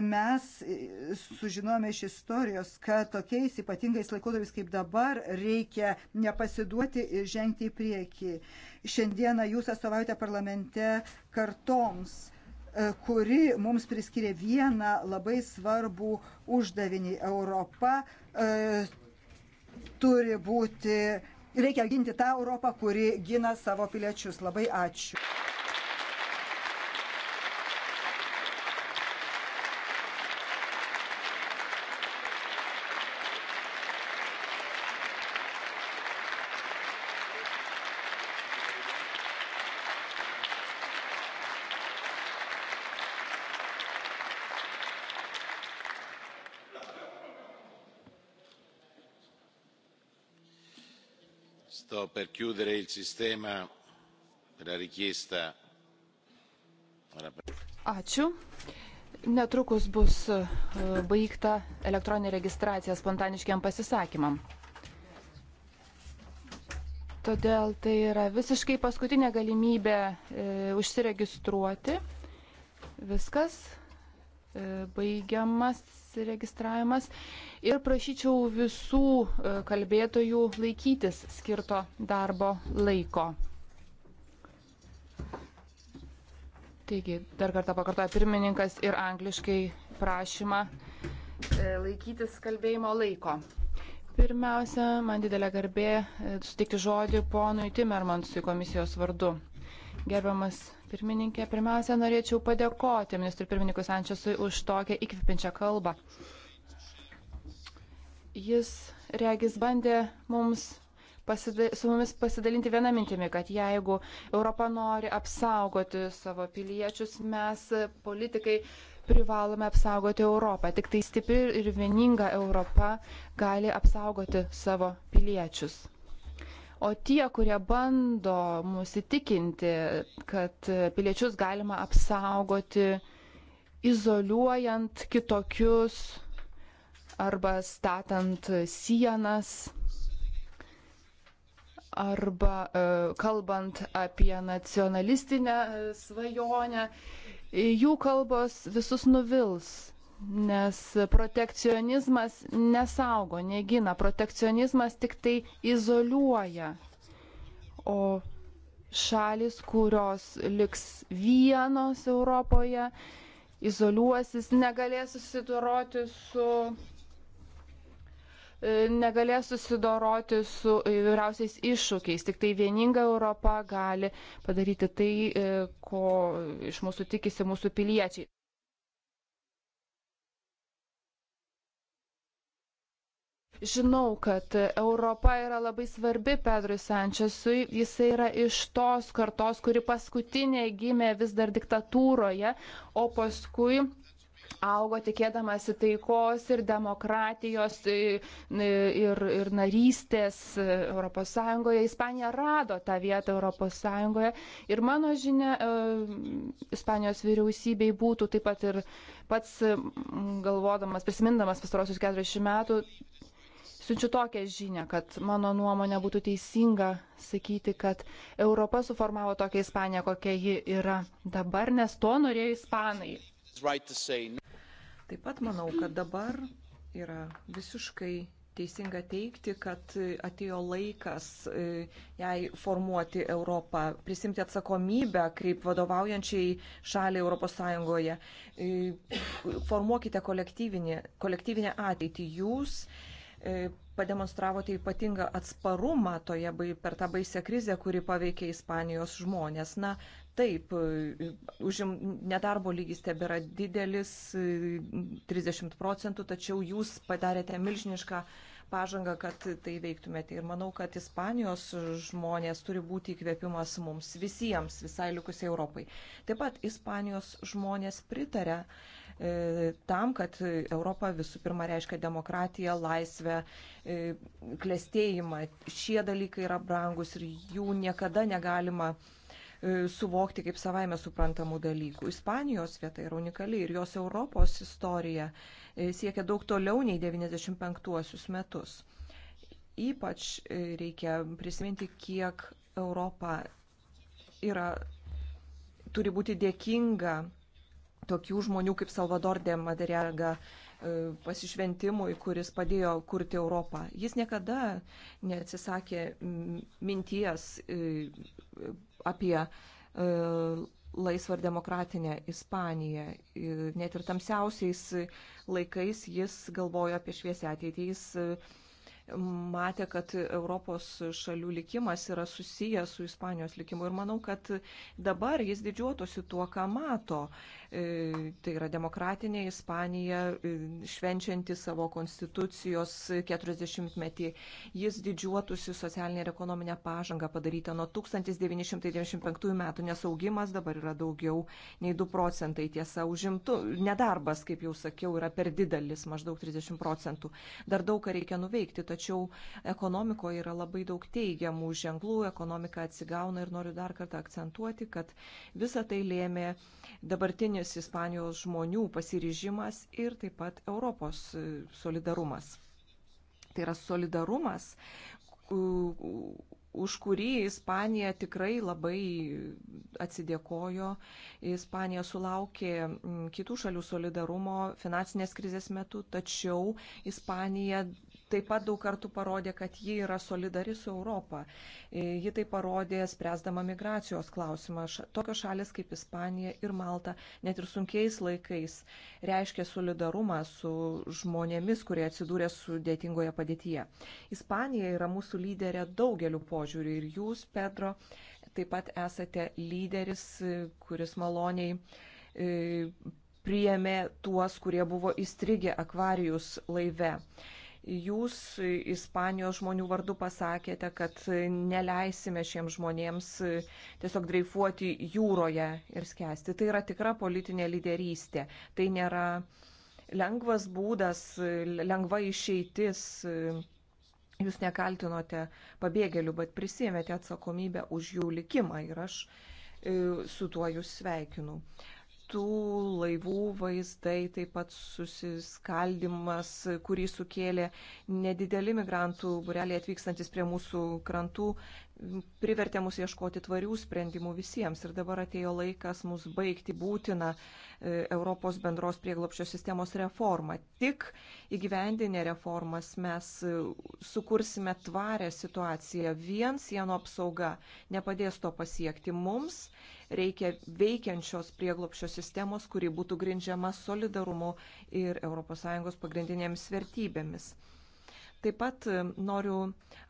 Speaker 2: Mes e, sužinome iš istorijos, kad tokiais ypatingais laikotarpiais kaip dabar reikia nepasiduoti ir žengti į priekį. Šiandieną jūs atstovaujate parlamente kartoms e, kuri mums priskiria vieną labai svarbų uždavinį. Europa e, turi būti, reikia ginti tą Europą, kuri gina savo piliečius. Labai ačiū.
Speaker 1: per chiudere il sistema della richiesta.
Speaker 3: Ačiū. Netrukus bus e, baigta elektroninė registracija spontaniškiam pasisakymam. Todėl tai yra visiškai paskutinė galimybė e, užsiregistruoti. Viskas. E, baigiamas registravimas. Ir prašyčiau visų e, kalbėtojų laikytis skirto darbo laiko. Taigi, dar kartą pakartoja pirmininkas ir angliškai prašymą
Speaker 2: e, laikytis
Speaker 3: kalbėjimo laiko. Pirmiausia, man didelė garbė sutikti žodį ponui Timermansui komisijos vardu. Gerbiamas pirmininkė, pirmiausia, norėčiau padėkoti ministrui pirmininkui Sančiasui už tokią įkvipinčią kalbą. Jis, regis, bandė mums pasidal... su mumis pasidalinti vieną mintimį, kad jeigu Europa nori apsaugoti savo piliečius, mes, politikai, privalome apsaugoti Europą. Tik tai stipri ir vieninga Europa gali apsaugoti savo piliečius. O tie, kurie bando mus įtikinti, kad piliečius galima apsaugoti, izoliuojant kitokius arba statant sienas, arba e, kalbant apie nacionalistinę svajonę, jų kalbos visus nuvils Nes protekcionizmas nesaugo, negina. Protekcionizmas tik tai izoliuoja. O šalis, kurios liks vienos Europoje, izoliuosis, negalės susidoroti su e, negalės susidoroti su įvairiausiais iššūkiais. Tik tai vieninga Europa gali padaryti tai, e, ko iš mūsų tikisi mūsų piliečiai. Žinau, kad Europa yra labai svarbi Pedrui Sančesui. Jis yra iš tos kartos, kuri paskutinė gimė vis dar diktatūroje, o paskui augo tikėdamasi taikos ir demokratijos ir, ir narystės ES. Ispanija rado tą vietą ES. Ir mano žinia, e, Ispanijos vyriausybei būtų taip pat ir pats galvodamas, prisimindamas pastarosius 40 metų, siunčiu tokią žinę, kad mano nuomonė būtų teisinga sakyti, kad Europa suformavo tokią Ispaniją, kokia ji yra dabar, nes to
Speaker 4: norėjo Ispanai. Taip pat manau, kad dabar yra visiškai teisinga teikti, kad atėjo laikas e, jai formuoti Europą, prisimti atsakomybę kaip vadovaujančiai šaliai ES. E, formuokite kolektyvinę ateitį. Jūs E, pademonstravote ypatingą atsparumą toje, per tą baisę krizę, kuri paveikė Ispanijos žmonės. Na, taip, e, užim, nedarbo lygis tebėra didelis, 30 e, procentų, tačiau jūs padarėte milžinišką pažangą, kad tai veiktumėte. Ir manau, kad Ispanijos žmonės turi būti įkvėpimas mums visiems, visai likusiai Europai. Taip pat Ispanijos žmonės pritarė E, tam, kad Europa visų pirma reiškia demokratiją, laisvę, e, klėstėjimą. Šie dalykai yra brangus ir jų niekada negalima e, suvokti kaip savaime suprantamų dalykų. Ispanijos vieta yra unikali ir jos Europos istorija siekia daug toliau nei 95 metus. Ypač reikia prisiminti, kiek Europa yra, turi būti dėkinga tokių žmonių kaip Salvador de Madariaga e, pasišventimui, kuris padėjo kurti Europą. Jis niekada neatsisakė minties e, apie e, laisvą ir demokratinę Ispaniją. Net ir tamsiausiais laikais jis galvojo apie šviesę ateitį. Jis matė, kad Europos šalių likimas yra susijęs su Ispanijos likimu ir manau, kad dabar jis didžiuotųsi tuo, ką mato. E, tai yra demokratinė Ispanija, e, švenčianti savo konstitucijos 40-metį. Jis didžiuotųsi socialinę ir ekonominę pažangą padarytą nuo 1995 metų, nes augimas dabar yra daugiau nei 2 procentai. Tiesa, užimtų nedarbas, kaip jau sakiau, yra per didelis, maždaug 30 procentų. Dar daug ką reikia nuveikti, tačiau ekonomikoje yra labai daug teigiamų ženklų, ekonomika atsigauna ir noriu dar kartą akcentuoti, kad visa tai lėmė dabartinį pagrindinis Ispanijos žmonių pasiryžimas ir taip pat Europos e, solidarumas. Tai yra solidarumas, už kurį Ispanija tikrai labai atsidėkojo. Ispanija sulaukė kitų šalių solidarumo finansinės krizės metu, tačiau Ispanija taip pat daug kartų parodė, kad ji yra solidari su Europa. E, ji tai parodė, spręsdama migracijos klausimą. Tokios šalis kaip Ispanija ir Malta, net ir sunkiais laikais, reiškia solidarumą su žmonėmis, kurie atsidūrė sudėtingoje padėtyje. Ispanija yra mūsų lyderė daugeliu požiūrių ir jūs, Pedro, taip pat esate lyderis, e, kuris maloniai e, priėmė tuos, kurie buvo įstrigę akvarijus laive. Jūs Ispanijos žmonių vardu pasakėte, kad neleisime šiems žmonėms e, tiesiog dreifuoti jūroje ir skęsti. Tai yra tikra politinė lyderystė. Tai nėra lengvas būdas, e, lengva išeitis. E, jūs nekaltinote pabėgėlių, bet prisėmėte atsakomybę už jų likimą ir aš su tuo jūs sveikinu tų laivų vaizdai, taip pat susiskaldimas, kurį sukėlė nedideli migrantų bureliai atvykstantis prie mūsų krantų, privertė mus ieškoti tvarių sprendimų visiems. Ir dabar atėjo laikas mus baigti būtiną e, Europos bendros prieglopščio sistemos reformą. Tik įgyvendinę reformas mes e, sukursime tvarę situaciją. Vien sienų apsauga nepadės to pasiekti. Mums reikia veikiančios prieglopščio sistemos, kuri būtų grindžiama solidarumu ir ES pagrindinėmis vertybėmis. Taip pat e, noriu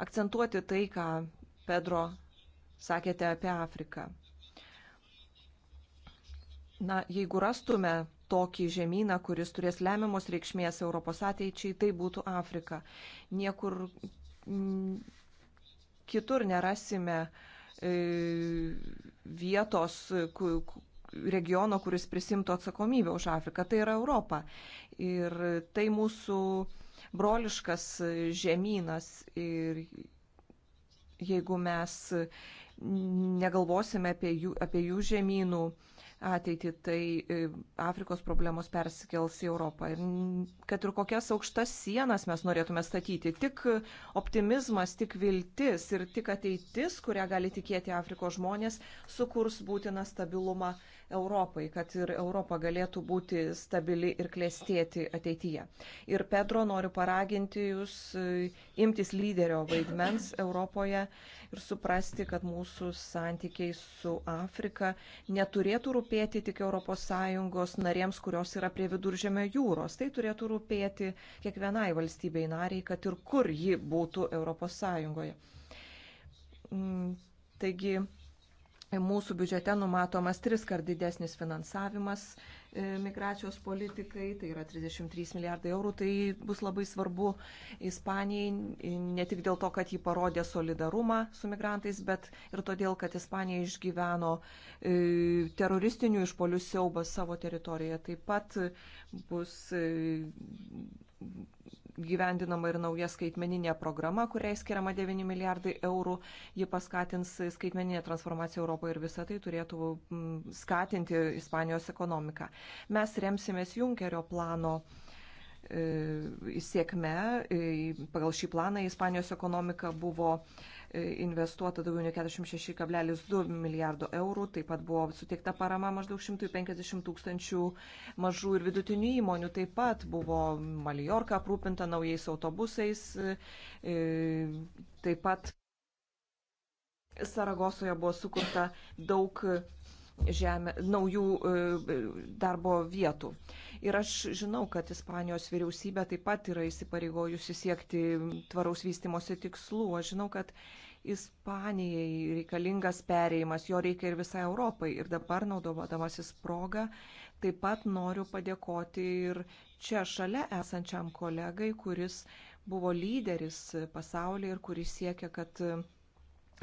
Speaker 4: akcentuoti tai, ką Pedro, sakėte apie Afriką. Na, jeigu rastume tokį žemyną, kuris turės lemiamos reikšmės Europos ateičiai, tai būtų Afrika. Niekur mm, kitur nerasime e, vietos regiono, kuris prisimtų atsakomybę už Afriką. Tai yra Europa. Ir tai mūsų broliškas žemynas. Ir jeigu mes negalvosime apie jų, apie jų žemynų ateitį, tai e, Afrikos problemos persikels į Europą. Ir kad ir kokias aukštas sienas mes norėtume statyti, tik optimizmas, tik viltis ir tik ateitis, kurią gali tikėti Afrikos žmonės, sukurs būtiną stabilumą Europai, kad ir Europa galėtų būti stabili ir klėstėti ateityje. Ir Pedro noriu paraginti jūs e, imtis lyderio vaidmens Europoje ir suprasti, kad mūsų santykiai su Afrika neturėtų rūpėti tik ES narėms, kurios yra prie viduržėmio jūros. Tai turėtų rūpėti kiekvienai valstybei nariai, kad ir kur ji būtų ES. Mm, taigi Mūsų biudžete numatomas tris kart didesnis finansavimas e, migracijos politikai, tai yra 33 milijardai eurų, tai bus labai svarbu Ispanijai ne tik dėl to, kad ji parodė solidarumą su migrantais, bet ir todėl, kad Ispanija išgyveno e, teroristinių išpolių siaubą savo teritorijoje. Taip pat bus e, gyvendinama ir nauja skaitmeninė programa, kuriai skiriama 9 milijardai eurų. Ji paskatins skaitmeninę transformaciją Europoje ir visą tai turėtų mm, skatinti Ispanijos ekonomiką. Mes remsimės Junkerio plano e, sėkme. E, pagal šį planą Ispanijos ekonomika buvo investuota daugiau nei 46,2 milijardo eurų, taip pat buvo suteikta parama maždaug 150 tūkstančių mažų ir vidutinių įmonių, taip pat buvo Maliorka aprūpinta naujais autobusais, e, taip pat Saragosoje buvo sukurta daug žemė, naujų e, darbo vietų. Ir aš žinau, kad Ispanijos vyriausybė taip pat yra įsipareigojusi siekti tvaraus vystimosi tikslų. Aš žinau, kad Ispanijai reikalingas perėjimas, jo reikia ir visai Europai. Ir dabar, naudodamasis progą, taip pat noriu padėkoti ir čia šalia esančiam kolegai, kuris buvo lyderis pasaulyje ir kuris siekia, kad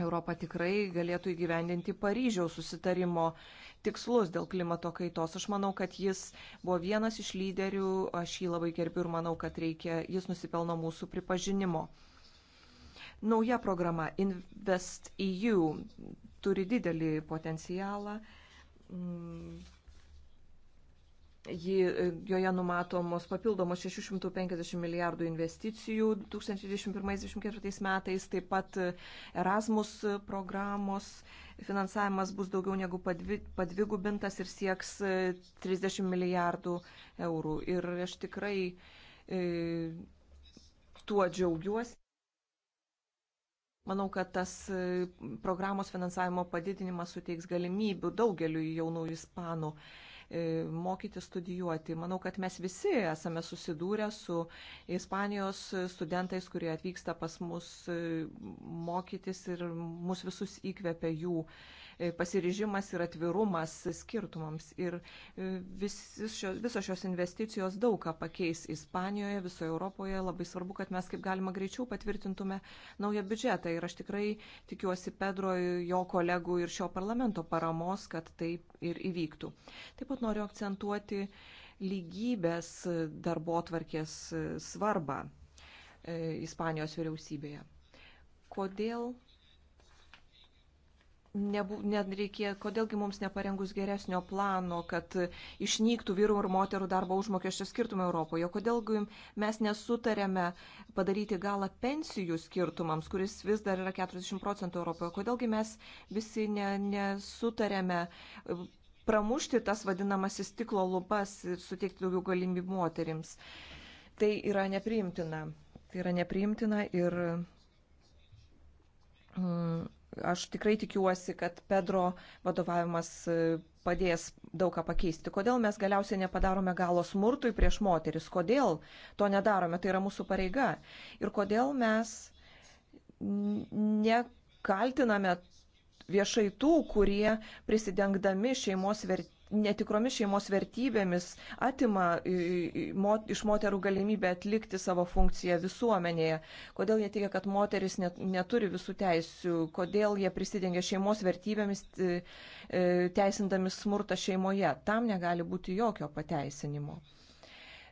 Speaker 4: Europa tikrai galėtų įgyvendinti Paryžiaus susitarimo tikslus dėl klimato kaitos. Aš manau, kad jis buvo vienas iš lyderių, aš jį labai gerbiu ir manau, kad reikia, jis nusipelno mūsų pripažinimo. Nauja programa InvestEU turi didelį potencialą. Mm, ji, joje numatomos papildomos 650 milijardų investicijų 2021-2024 metais, taip pat Erasmus programos finansavimas bus daugiau negu padvi, padvigubintas ir sieks 30 e, milijardų eurų. Ir aš tikrai e, tuo džiaugiuosi. Manau, kad tas e, programos finansavimo padidinimas suteiks galimybių daugeliu jaunų ispanų. E, E, mokyti studijuoti. Manau, kad mes visi esame susidūrę su Ispanijos studentais, kurie atvyksta pas mus e, mokytis ir mus visus įkvepia jų E, pasirižimas ir atvirumas skirtumams. Ir e, šios, visos šios investicijos daug ką pakeis Ispanijoje, visoje Europoje. Labai svarbu, kad mes kaip galima greičiau patvirtintume naują biudžetą. Ir aš tikrai tikiuosi Pedro, jo kolegų ir šio parlamento paramos, kad taip ir įvyktų. Taip pat noriu akcentuoti lygybės darbo tvarkės svarbą e, Ispanijos vyriausybėje. Kodėl Nebu, nereikė, kodėlgi mums neparengus geresnio plano, kad išnyktų vyrų ir moterų darbo užmokesčio skirtumai Europoje, kodėlgi mes nesutarėme padaryti galą pensijų skirtumams, kuris vis dar yra 40 procentų Europoje, kodėlgi mes visi ne, nesutarėme pramušti tas vadinamasis stiklo lubas ir suteikti daugiau galimybių moterims. Tai yra nepriimtina. Tai yra nepriimtina ir. Mm, Aš tikrai tikiuosi, kad Pedro vadovavimas e, padės daug ką pakeisti. Kodėl mes galiausiai nepadarome galo smurtui prieš moteris? Kodėl to nedarome? Tai yra mūsų pareiga. Ir kodėl mes nekaltiname viešai tų, kurie prisidengdami šeimos vertybėmis netikromis šeimos vertybėmis atima iš moterų galimybę atlikti savo funkciją visuomenėje. Kodėl jie teigia, kad moteris net, neturi visų teisių, kodėl jie prisidengia šeimos vertybėmis e, teisindami smurtą šeimoje. Tam negali būti jokio pateisinimo.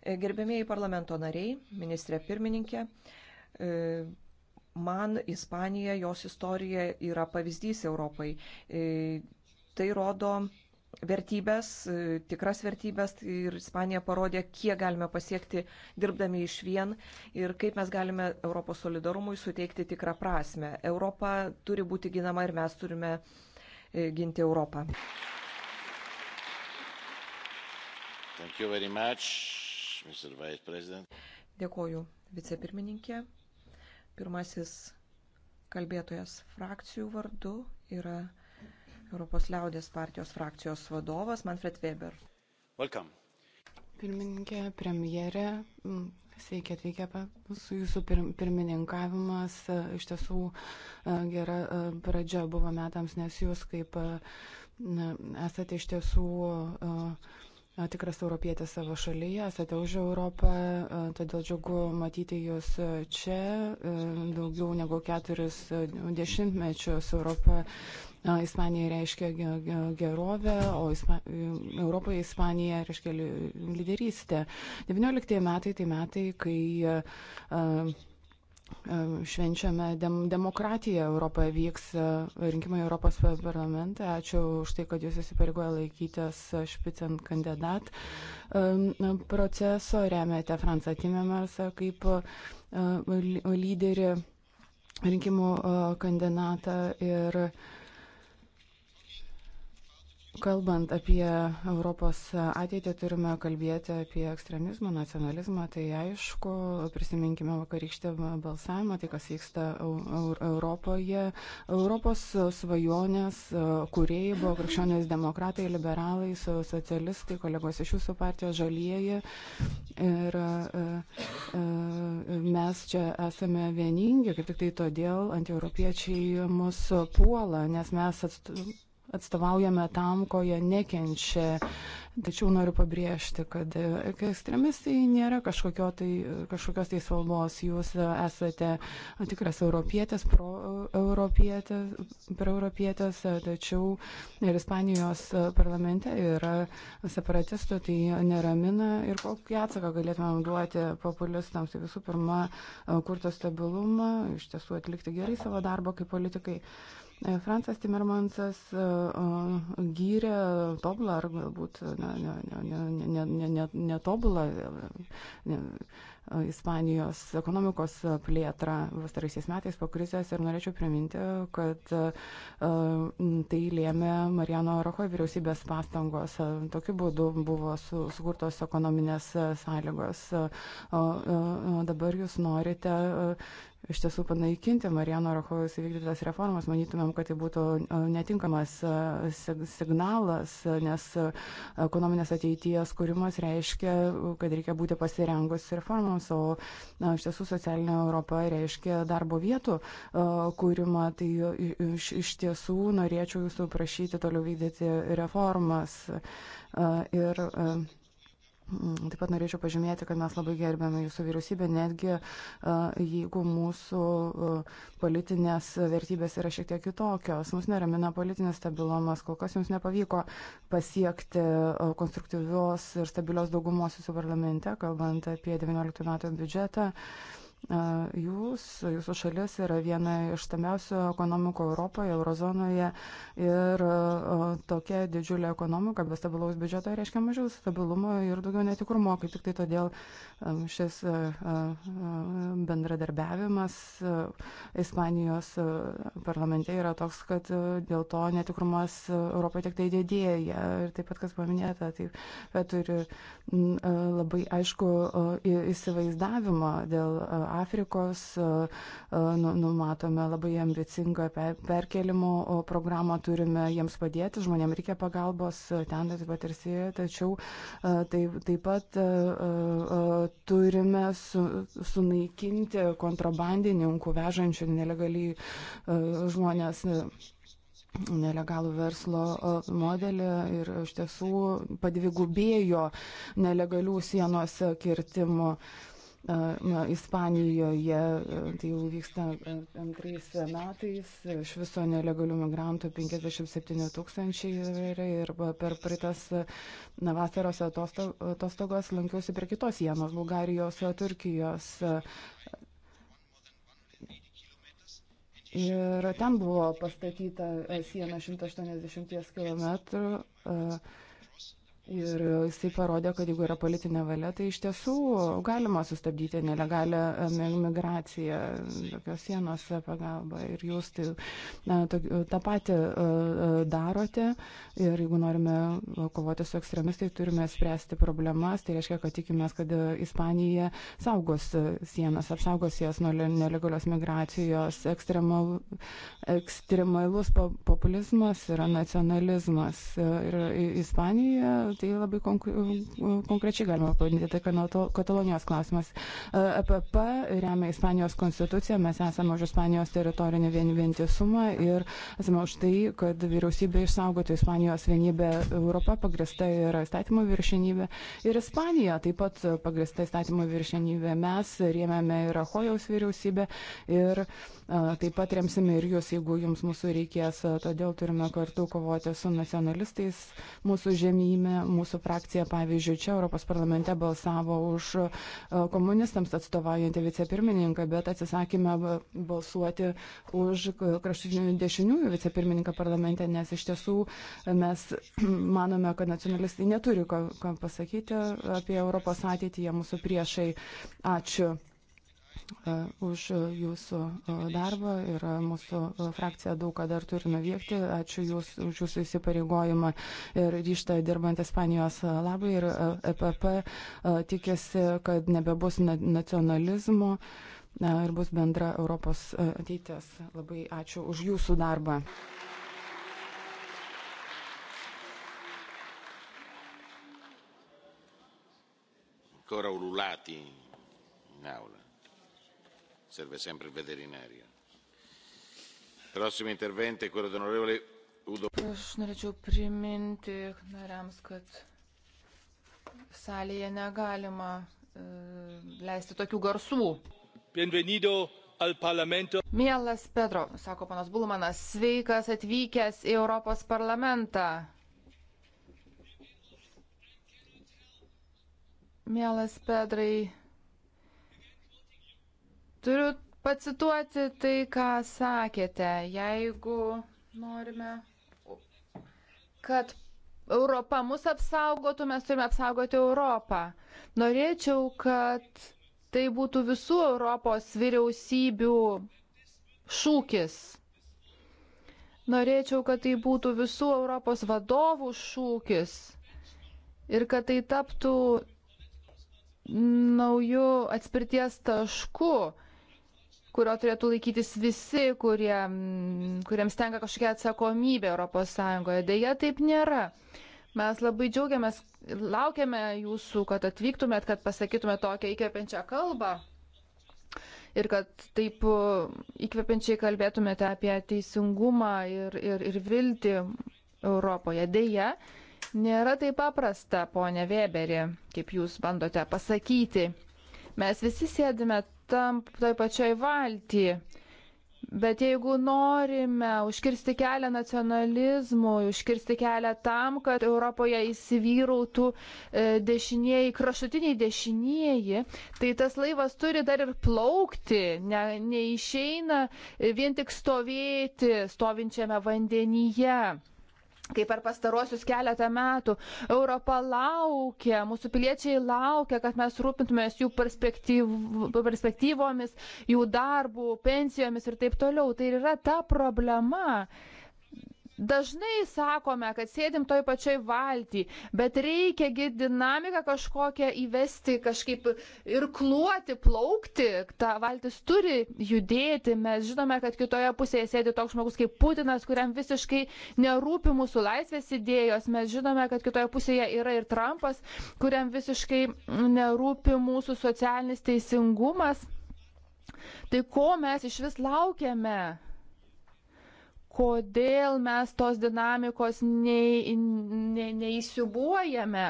Speaker 4: E, Gerbėmėjai parlamento nariai, ministrė pirmininkė, e, man Ispanija, jos istorija yra pavyzdys Europai. Tai rodo vertybės, tikras vertybės ir Ispanija parodė, kiek galime pasiekti dirbdami iš vien ir kaip mes galime Europos solidarumui suteikti tikrą prasme. Europa turi būti ginama ir mes turime e, ginti Europą.
Speaker 1: Much,
Speaker 4: Dėkoju, vicepirmininkė. Pirmasis kalbėtojas frakcijų vardu yra Europos liaudės partijos frakcijos vadovas Manfred Weber. Welcome. Pirmininkė, premjerė, Sveiki atvykę
Speaker 5: su jūsų pirmininkavimas. Iš tiesų gera pradžia buvo metams, nes jūs kaip esate iš tiesų tikras europietis savo šalyje, esate už Europą, todėl džiugu matyti jūs čia. Daugiau negu keturis dešimtmečius Europa Ispanija reiškia gerovę, o Ispa Europoje Ispanija reiškia lyderystę. 19 metai tai metai, kai švenčiame dem, demokratiją Europoje, vyks rinkimai Europos parlamente. Ačiū už tai, kad jūs įsipareigoja laikytis špicent kandidat proceso, remiate Fransą Timemersą kaip lyderį rinkimų kandidatą ir uh, Kalbant apie Europos ateitį, turime kalbėti apie ekstremizmą, nacionalizmą. Tai aišku, prisiminkime vakarykštį balsavimą, tai kas vyksta Europoje. Europos svajonės e, kuriejai buvo krikščionės demokratai, liberalai, socialistai, kolegos iš jūsų partijos žalieji. Ir e, e, mes čia esame vieningi, kaip tik tai todėl antieuropiečiai mus puola, nes mes atstovame atstovaujame tam, ko jie nekenčia. Tačiau noriu pabrėžti, kad ekstremistai nėra kažkokio tai, kažkokios tai spalvos. Jūs esate tikras europietės, pro-europietės, pro-europietės, tačiau ir Ispanijos parlamente yra separatistų, tai neramina. Ir kokį atsaką galėtumėm duoti populistams? Tai visų pirma, kurti stabilumą, iš tiesų atlikti gerai savo darbą kaip politikai. E, Francas Timmermansas e, e, gyrė tobulą ar galbūt netobulą ne, ne, ne, tobulą, Ispanijos ekonomikos plėtrą pastaraisiais metais po krizės ir norėčiau priminti, kad tai lėmė Mariano Rojo vyriausybės pastangos. Tokiu būdu buvo sukurtos ekonominės sąlygos. Dabar jūs norite iš tiesų panaikinti Marijano Rahojaus įvykdytas reformas, manytumėm, kad tai būtų e, netinkamas e, signalas, nes e, ekonominės ateities kūrimas reiškia, kad reikia būti pasirengus reformams, o na, iš tiesų socialinė Europa reiškia darbo vietų kūrimą. Tai iš, iš tiesų norėčiau jūsų prašyti toliau vykdyti reformas. Ir, Taip pat norėčiau pažymėti, kad mes labai gerbėme jūsų vyriausybę, netgi jeigu mūsų politinės vertybės yra šiek tiek kitokios. Mus neramina politinis stabilumas, kol kas jums nepavyko pasiekti konstruktyvios ir stabilios daugumos jūsų parlamente, kalbant apie 19 metų biudžetą. Jūs, jūsų šalis yra viena iš tamiausių ekonomikų Europoje, eurozonoje ir tokia didžiulė ekonomika be stabilaus biudžeto reiškia mažiau stabilumo ir daugiau netikrumo, kaip tik tai todėl šis bendradarbiavimas Ispanijos parlamente yra toks, kad dėl to netikrumas Europoje tik tai didėja ir taip pat, kas paminėta, taip pat turi labai aišku įsivaizdavimą dėl Afrikos, e, e, nu, numatome labai ambicingą perkelimo programą, turime jiems padėti, žmonėms reikia pagalbos e, ten, taip pat ir Sirijoje, tačiau taip, taip pat turime su, sunaikinti kontrabandininkų vežančių nelegaliai žmonės nelegalų verslo modelį ir iš tiesų padvigubėjo nelegalių sienos kirtimų. Uh, Ispanijoje, tai jau vyksta antrais metais, iš viso nelegalių migrantų 57 tūkstančiai yra ir per praeitas vasaros atostogas lankiausi prie kitos sienos, Bulgarijos, Turkijos. Ir ten buvo pastatyta siena 180 km. Ir jisai parodė, kad jeigu yra politinė valia, tai iš tiesų galima sustabdyti nelegalią e, migraciją, tokios sienos pagalba. Ir jūs tai, na, to, tą patį e, e, darote. Ir jeigu norime kovoti su ekstremistai, turime spręsti problemas. Tai reiškia, kad tikimės, kad Ispanija saugos sienas, apsaugos jas nuo nelegalios migracijos. Ekstremal, ekstremalus populizmas yra nacionalizmas. Ir Ispanija tai labai konkrečiai galima pavadinti, tai Katalonijos klausimas. EPP e remia Ispanijos konstituciją, mes esame už Ispanijos teritorinį vientisumą ir esame už tai, kad vyriausybė išsaugotų Ispanijos vienybę. Europa pagrista yra įstatymo viršenybė ir Ispanija taip pat pagrista įstatymo viršenybė. Mes rėmėme ir Ahojaus vyriausybę ir uh, Taip pat remsime ir jūs, jeigu jums mūsų reikės. Todėl turime kartu kovoti su nacionalistais mūsų žemyme. Mūsų frakcija, pavyzdžiui, čia Europos parlamente balsavo už komunistams atstovaujantį vicepirmininką, bet atsisakėme balsuoti už kraštutinių dešiniųjų vicepirmininką parlamente, nes iš tiesų mes manome, kad nacionalistai neturi ką, ką pasakyti apie Europos ateitį, jie mūsų priešai. Ačiū. E, už jūsų e, darbą ir mūsų e, frakcija daug ką dar turi nuveikti. Ačiū jūs, už jūsų įsipareigojimą ir ryštą dirbant Ispanijos labai ir EPP tikėsi, kad nebebus nacionalizmo ir bus bendra Europos ateitis. Labai ačiū už jūsų darbą.
Speaker 1: Ancora ululati in aula serve sempre il veterinario. Prossimo intervento è quello dell'onorevole Udo.
Speaker 3: Aš norėčiau priminti nariams, kad salėje negalima e, leisti tokių garsų. Bienvenido al parlamento. Mielas Pedro, sako panas Bulmanas, sveikas atvykęs į Europos parlamentą. Mielas Pedrai, Turiu pacituoti tai, ką sakėte. Jeigu norime, kad Europa mus apsaugotų, mes turime apsaugoti Europą. Norėčiau, kad tai būtų visų Europos vyriausybių šūkis. Norėčiau, kad tai būtų visų Europos vadovų šūkis ir kad tai taptų naujų atspirties taškų kurio turėtų laikytis visi, kurie, mm, kuriems tenka kažkokia atsakomybė ES. Deja, taip nėra. Mes labai džiaugiamės, laukiame jūsų, kad atvyktumėt, kad pasakytumėt tokią įkvepiančią kalbą ir kad taip e, įkvepiančiai kalbėtumėte apie teisingumą ir, ir, ir viltį Europoje. Deja, nėra taip paprasta, ponė Weberi, kaip jūs bandote pasakyti. Mes visi sėdime tam, tai pačiai valtyje. Bet jeigu norime užkirsti kelią nacionalizmui, užkirsti kelią tam, kad Europoje įsivyrautų e, dešinieji, kraštutiniai dešinieji, tai tas laivas turi dar ir plaukti, ne, neišeina vien tik stovėti stovinčiame vandenyje kaip per pastaruosius keletą metų. Europa laukia, mūsų piliečiai laukia, kad mes rūpintumės jų perspektyv, perspektyvomis, jų darbų, pensijomis ir taip toliau. Tai yra ta problema. Dažnai sakome, kad sėdim toj pačioj valty, bet reikia dinamiką kažkokią įvesti, kažkaip ir kluoti, plaukti. Ta valtis turi judėti. Mes žinome, kad kitoje pusėje sėdi toks žmogus kaip Putinas, kuriam visiškai nerūpi mūsų laisvės idėjos. Mes žinome, kad kitoje pusėje yra ir Trumpas, kuriam visiškai nerūpi mūsų socialinis teisingumas. Tai ko mes iš vis laukiame? kodėl mes tos dinamikos nei, nei, neįsiubuojame.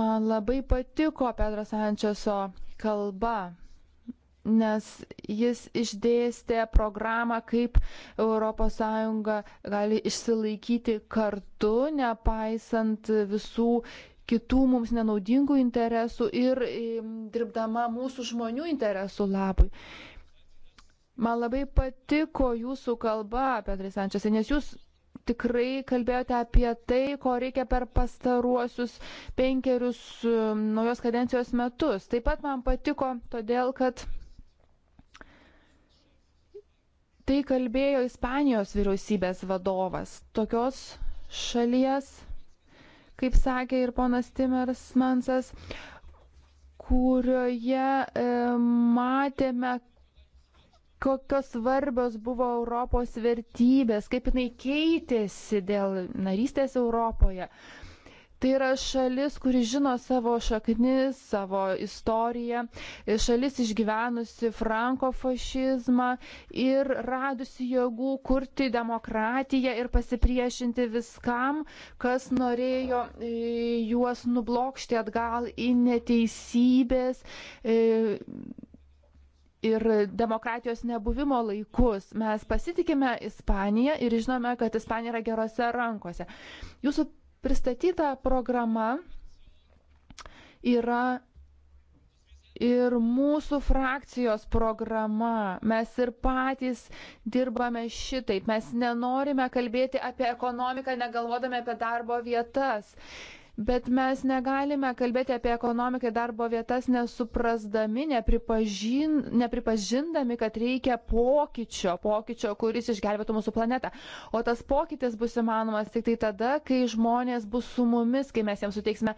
Speaker 3: Man labai patiko Pedro Sančioso kalba, nes jis išdėstė programą, kaip ES gali išsilaikyti kartu, nepaisant visų kitų mums nenaudingų interesų ir dirbdama mūsų žmonių interesų labui. Man labai patiko jūsų kalba, Petrai Sančiasai, nes jūs tikrai kalbėjote apie tai, ko reikia per pastaruosius penkerius um, naujos kadencijos metus. Taip pat man patiko, todėl kad tai kalbėjo Ispanijos vyriausybės vadovas. Tokios šalies, kaip sakė ir ponas Timersmansas, kurioje e, matėme, kokios svarbios buvo Europos vertybės, kaip jinai keitėsi dėl narystės Europoje. Tai yra šalis, kuri žino savo šaknis, savo istoriją, šalis išgyvenusi frankofašizmą ir radusi jėgų kurti demokratiją ir pasipriešinti viskam, kas norėjo e, juos nublokšti atgal į neteisybės e, ir demokratijos nebuvimo laikus. Mes pasitikime Ispaniją ir žinome, kad Ispanija yra gerose rankose. Jūsų pristatyta programa yra ir mūsų frakcijos programa. Mes ir patys dirbame šitaip. Mes nenorime kalbėti apie ekonomiką, negalvodami apie darbo vietas. Bet mes negalime kalbėti apie ekonomiką ir darbo vietas nesuprasdami, nepripažin, nepripažindami, kad reikia pokyčio, pokyčio, kuris išgelbėtų mūsų planetą. O tas pokytis bus įmanomas tik tai tada, kai žmonės bus su mumis, kai mes jiems suteiksime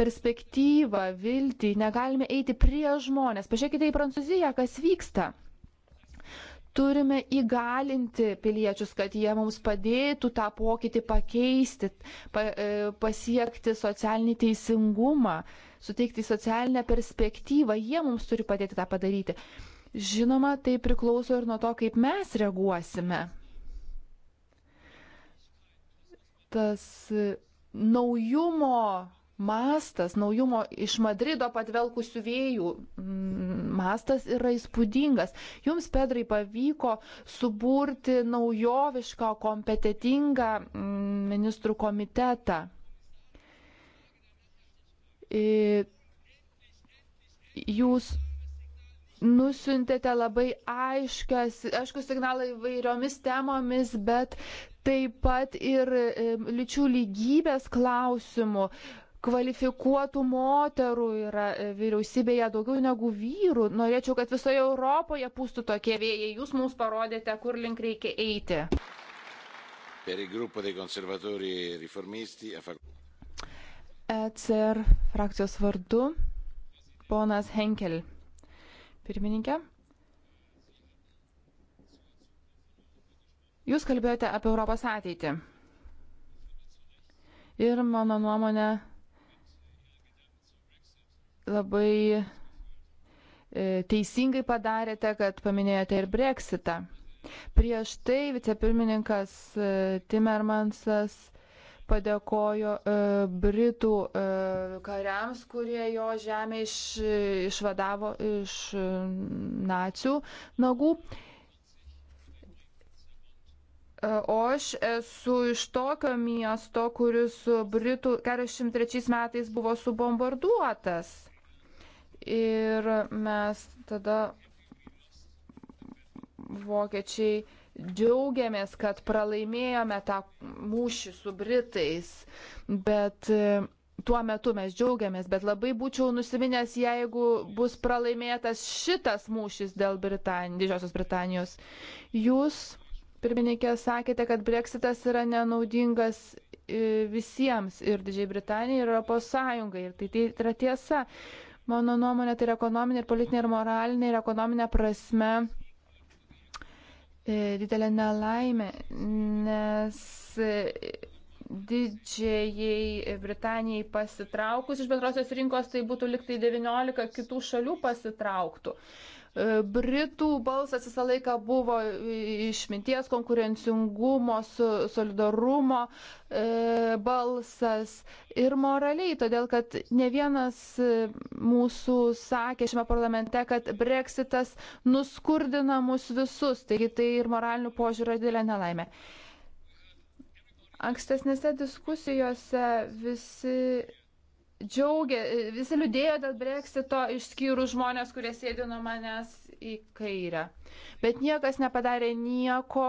Speaker 3: perspektyvą, viltį. Negalime eiti prie žmonės. Pažiūrėkite į Prancūziją, kas vyksta turime įgalinti piliečius, kad jie mums padėtų tą pokytį pakeisti, pa, e, pasiekti socialinį teisingumą, suteikti socialinę perspektyvą. Jie mums turi padėti tą padaryti. Žinoma, tai priklauso ir nuo to, kaip mes reaguosime. Tas naujumo mastas, naujumo iš Madrido patvelkusių vėjų mm, mastas yra įspūdingas. Jums, Pedrai, pavyko suburti naujovišką, kompetitingą mm, ministrų komitetą. Jūs nusintėte labai aiškas, aiškus signalai įvairiomis temomis, bet taip pat ir e, lyčių lygybės klausimų kvalifikuotų moterų yra e, vyriausybėje daugiau negu vyrų. Norėčiau, kad visoje Europoje pūstų tokie vėjai. Jūs mums parodėte, kur link reikia eiti. ECR e e frakcijos vardu ponas Henkel. Pirmininkė. Jūs kalbėjote apie Europos ateitį. Ir mano nuomonė, labai e, teisingai padarėte, kad paminėjote ir breksitą. Prieš tai vicepirmininkas e, Timermansas padėkojo e, Britų kariams, kurie jo žemę iš, išvadavo iš nacių nagų. O aš esu iš tokio miesto, kuris Britų 43 metais buvo subombarduotas ir mes tada vokiečiai džiaugiamės, kad pralaimėjome tą mūšį su Britais, bet e, tuo metu mes džiaugiamės, bet labai būčiau nusiminęs, jeigu bus pralaimėtas šitas mūšis dėl Britan... Didžiosios Britanijos. Jūs, pirmininkė, sakėte, kad breksitas yra nenaudingas e, visiems ir Didžiai Britanijai, ir Europos Sąjungai, ir tai, tai yra tiesa. Mano nuomonė, tai yra ekonominė ir politinė ir moralinė ir ekonominė prasme e, didelė nelaimė, nes e, didžiai Britanijai pasitraukus iš bendrosios rinkos, tai būtų liktai 19 kitų šalių pasitrauktų. E, Britų balsas visą laiką buvo išminties, konkurencingumo, solidarumo e, balsas ir moraliai, todėl kad ne vienas e, mūsų sakė šiame parlamente, kad breksitas nuskurdina mus visus, taigi tai ir moralinių požiūrį didelė nelaimė. Ankstesnėse diskusijose visi džiaugė, visi liūdėjo dėl breksito, išskyrus žmonės, kurie sėdi nuo manęs į kairę. Bet niekas nepadarė nieko,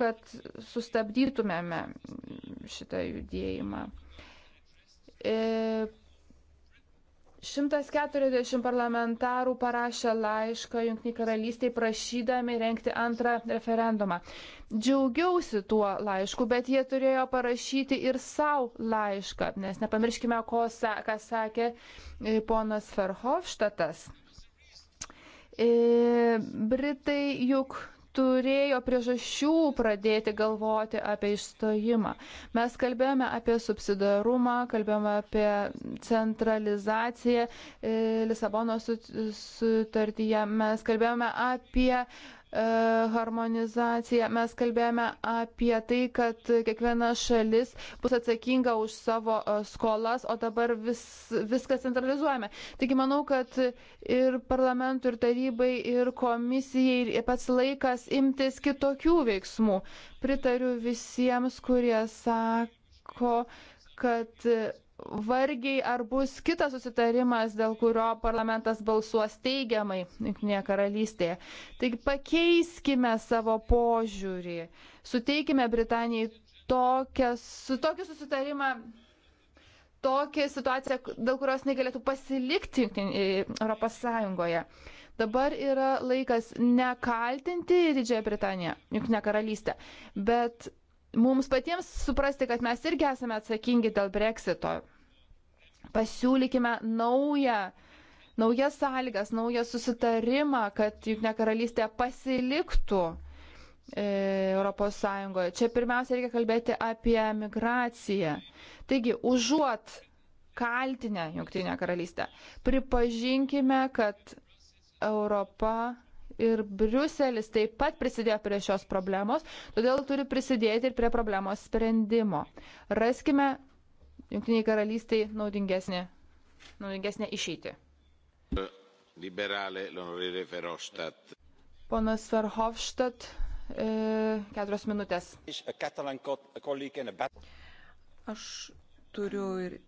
Speaker 3: kad sustabdytumėme šitą judėjimą. E, 140 parlamentarų parašė laišką Junktiniai karalystiai prašydami renkti antrą referendumą. Džiaugiausi tuo laišku, bet jie turėjo parašyti ir savo laišką, nes nepamirškime, ko, ką sakė e, ponas Ferhofštatas. E, Britai juk turėjo priežasčių pradėti galvoti apie išstojimą. Mes kalbėjome apie subsidarumą, kalbėjome apie centralizaciją e, Lisabono sutartyje, mes kalbėjome apie E, harmonizacija. Mes kalbėjome apie tai, kad kiekviena šalis bus atsakinga už savo e, skolas, o dabar vis, viską centralizuojame. Taigi manau, kad ir parlamentui, ir tarybai, ir komisijai pats laikas imtis kitokių veiksmų. Pritariu visiems, kurie sako, kad vargiai ar bus kitas susitarimas, dėl kurio parlamentas balsuos teigiamai Junktinėje karalystėje. Taigi pakeiskime savo požiūrį, suteikime Britanijai tokią, su tokiu susitarimą, tokią situaciją, dėl kurios negalėtų pasilikti e, Europos Sąjungoje. Dabar yra laikas nekaltinti Didžiąją Britaniją, Junktinę karalystę, bet mums patiems suprasti, kad mes irgi esame atsakingi dėl breksito pasiūlykime naują naujas sąlygas, naują susitarimą, kad Junktinė karalystė pasiliktų e, Europos Sąjungoje. Čia pirmiausia reikia kalbėti apie migraciją. Taigi, užuot kaltinę Junktinę karalystę, pripažinkime, kad Europa ir Briuselis taip pat prisidėjo prie šios problemos, todėl turi prisidėti ir prie problemos sprendimo. Raskime jungtiniai karalystiai naudingesnė, naudingesnė išeiti.
Speaker 1: Liberale, l'onorevole Verhofstadt.
Speaker 3: Ponas Verhofstadt, e,
Speaker 4: keturios minutės. Aš turiu ir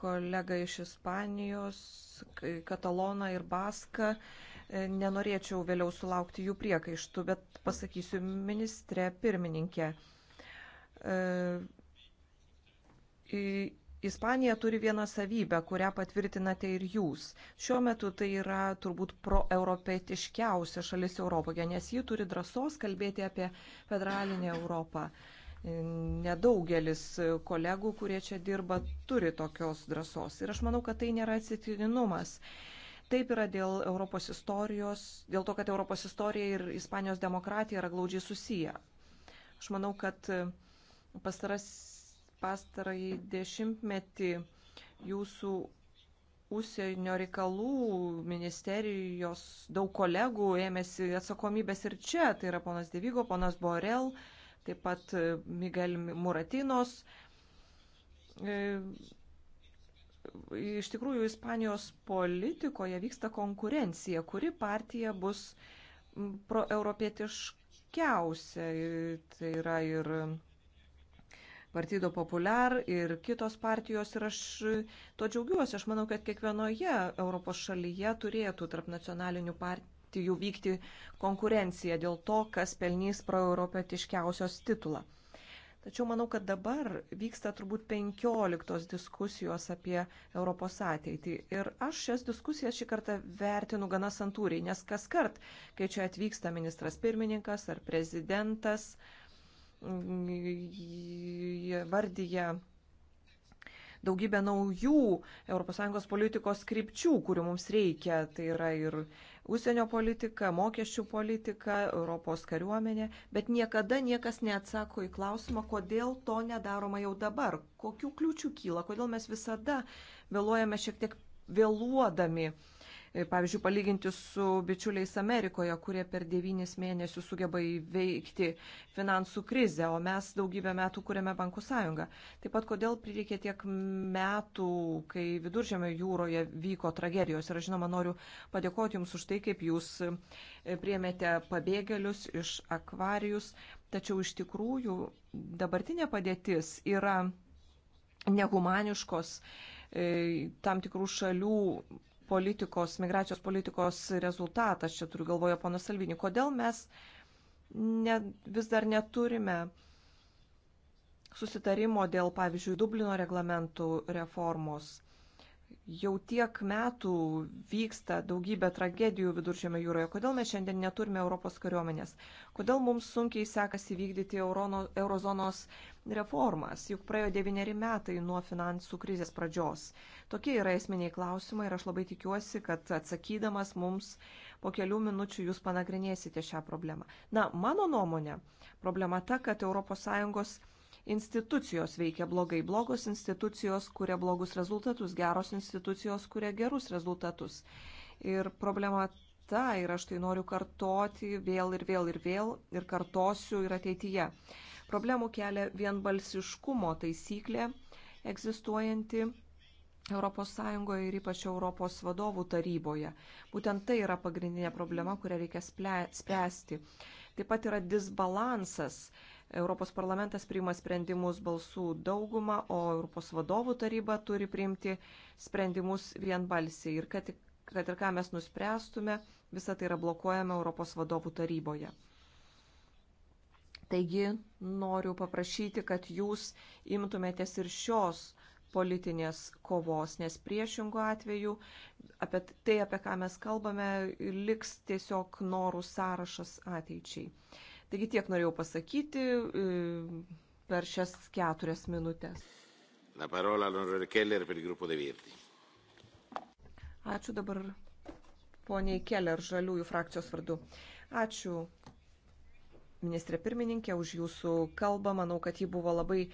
Speaker 4: kolegą iš Ispanijos, Kataloną ir Baską. E, nenorėčiau vėliau sulaukti jų priekaištų, bet pasakysiu ministrė pirmininkė. E, Ispanija turi vieną savybę, kurią patvirtinate ir jūs. Šiuo metu tai yra turbūt proeuropeitiškiausia šalis Europoje, nes ji turi drąsos kalbėti apie federalinę Europą. Nedaugelis kolegų, kurie čia dirba, turi tokios drąsos. Ir aš manau, kad tai nėra atsitikinumas. Taip yra dėl Europos istorijos, dėl to, kad Europos istorija ir Ispanijos demokratija yra glaudžiai susiję. Aš manau, kad pastaras pastarąjį dešimtmetį jūsų užsienio reikalų ministerijos daug kolegų ėmėsi atsakomybės ir čia. Tai yra ponas Devygo, ponas Borel, taip pat e, Miguel Muratinos. E, iš tikrųjų, Ispanijos politikoje vyksta konkurencija, kuri partija bus proeuropietiškiausia. Tai yra ir Partido Popular ir kitos partijos ir aš e, to džiaugiuosi. Aš manau, kad kiekvienoje Europos šalyje turėtų tarp nacionalinių partijų vykti konkurencija dėl to, kas pelnys proeuropietiškiausios titulą. Tačiau manau, kad dabar vyksta turbūt penkioliktos diskusijos apie Europos ateitį. Ir aš šias diskusijas šį kartą vertinu gana santūriai, nes kas kart, kai čia atvyksta ministras pirmininkas ar prezidentas, uh, vardyje daugybę naujų ES politikos krypčių, kurių mums reikia. Tai yra ir užsienio politika, mokesčių politika, Europos kariuomenė. Bet niekada niekas neatsako į klausimą, kodėl to nedaroma jau dabar, kokių kliūčių kyla, kodėl mes visada vėluojame šiek tiek vėluodami. Uh, E, pavyzdžiui, palyginti su bičiuliais Amerikoje, kurie per devynis mėnesius sugeba įveikti finansų krizę, o mes daugybę metų kūrėme bankų sąjungą. Taip pat, kodėl prireikė tiek metų, kai viduržėme jūroje vyko tragedijos. Ir aš žinoma noriu padėkoti Jums už tai, kaip Jūs e, priemėte pabėgėlius iš akvarijus. Tačiau iš tikrųjų dabartinė padėtis yra nehumaniškos e, tam tikrų šalių politikos, migracijos politikos rezultatas, čia turiu galvoje ponas Salvinį, kodėl mes ne, vis dar neturime susitarimo dėl, pavyzdžiui, Dublino reglamentų reformos. Jau tiek metų vyksta daugybė tragedijų viduržėme jūroje. Kodėl mes šiandien neturime Europos kariuomenės? Kodėl mums sunkiai sekasi vykdyti eurono, eurozonos reformas, juk praėjo devyneri metai nuo finansų krizės pradžios. Tokie yra esminiai klausimai ir aš labai tikiuosi, kad atsakydamas mums po kelių minučių jūs panagrinėsite šią problemą. Na, mano nuomonė, problema ta, kad ES institucijos veikia blogai. Blogos institucijos kuria blogus rezultatus, geros institucijos kuria gerus rezultatus. Ir problema ta, ir aš tai noriu kartoti vėl ir vėl ir vėl ir kartosiu ir ateityje. Problemų kelia vienbalsiškumo taisyklė egzistuojanti ES ir ypač Europos vadovų taryboje. Būtent tai yra pagrindinė problema, kurią reikia spręsti. Taip pat yra disbalansas. Europos parlamentas priima sprendimus balsų daugumą, o Europos vadovų taryba turi priimti sprendimus vienbalsiai. Ir kad, kad ir ką mes nuspręstume, visa tai yra blokuojama Europos vadovų taryboje. Taigi noriu paprašyti, kad jūs imtumėtės ir šios politinės kovos, nes priešingų atveju apie tai, apie ką mes kalbame, liks tiesiog norų sąrašas ateičiai. Taigi tiek norėjau pasakyti e, per šias keturias minutės.
Speaker 1: La parola all'onorevole Keller per il gruppo dei Verdi.
Speaker 4: Ačiū dabar poniai Keller žaliųjų frakcijos vardu. Ačiū ministrė pirmininkė, už jūsų kalbą. Manau, kad ji buvo labai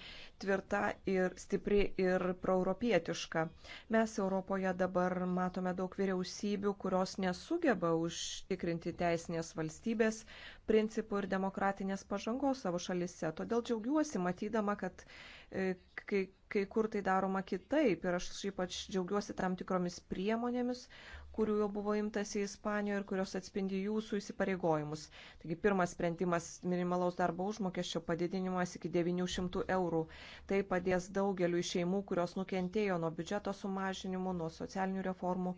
Speaker 4: tvirta ir stipri ir proeuropietiška. Mes Europoje dabar matome daug vyriausybių, kurios nesugeba užtikrinti teisinės valstybės principų ir demokratinės pažangos savo šalise. Todėl džiaugiuosi matydama, kad e, kai, kai kur tai daroma kitaip ir aš ypač džiaugiuosi tam tikromis priemonėmis, kurių jau buvo imtasi Ispanijoje ir kurios atspindi jūsų įsipareigojimus. Taigi pirmas sprendimas - minimalaus darbo užmokesčio padidinimas iki 900 eurų. Tai padės daugeliu šeimų, kurios nukentėjo nuo biudžeto sumažinimų, nuo socialinių reformų.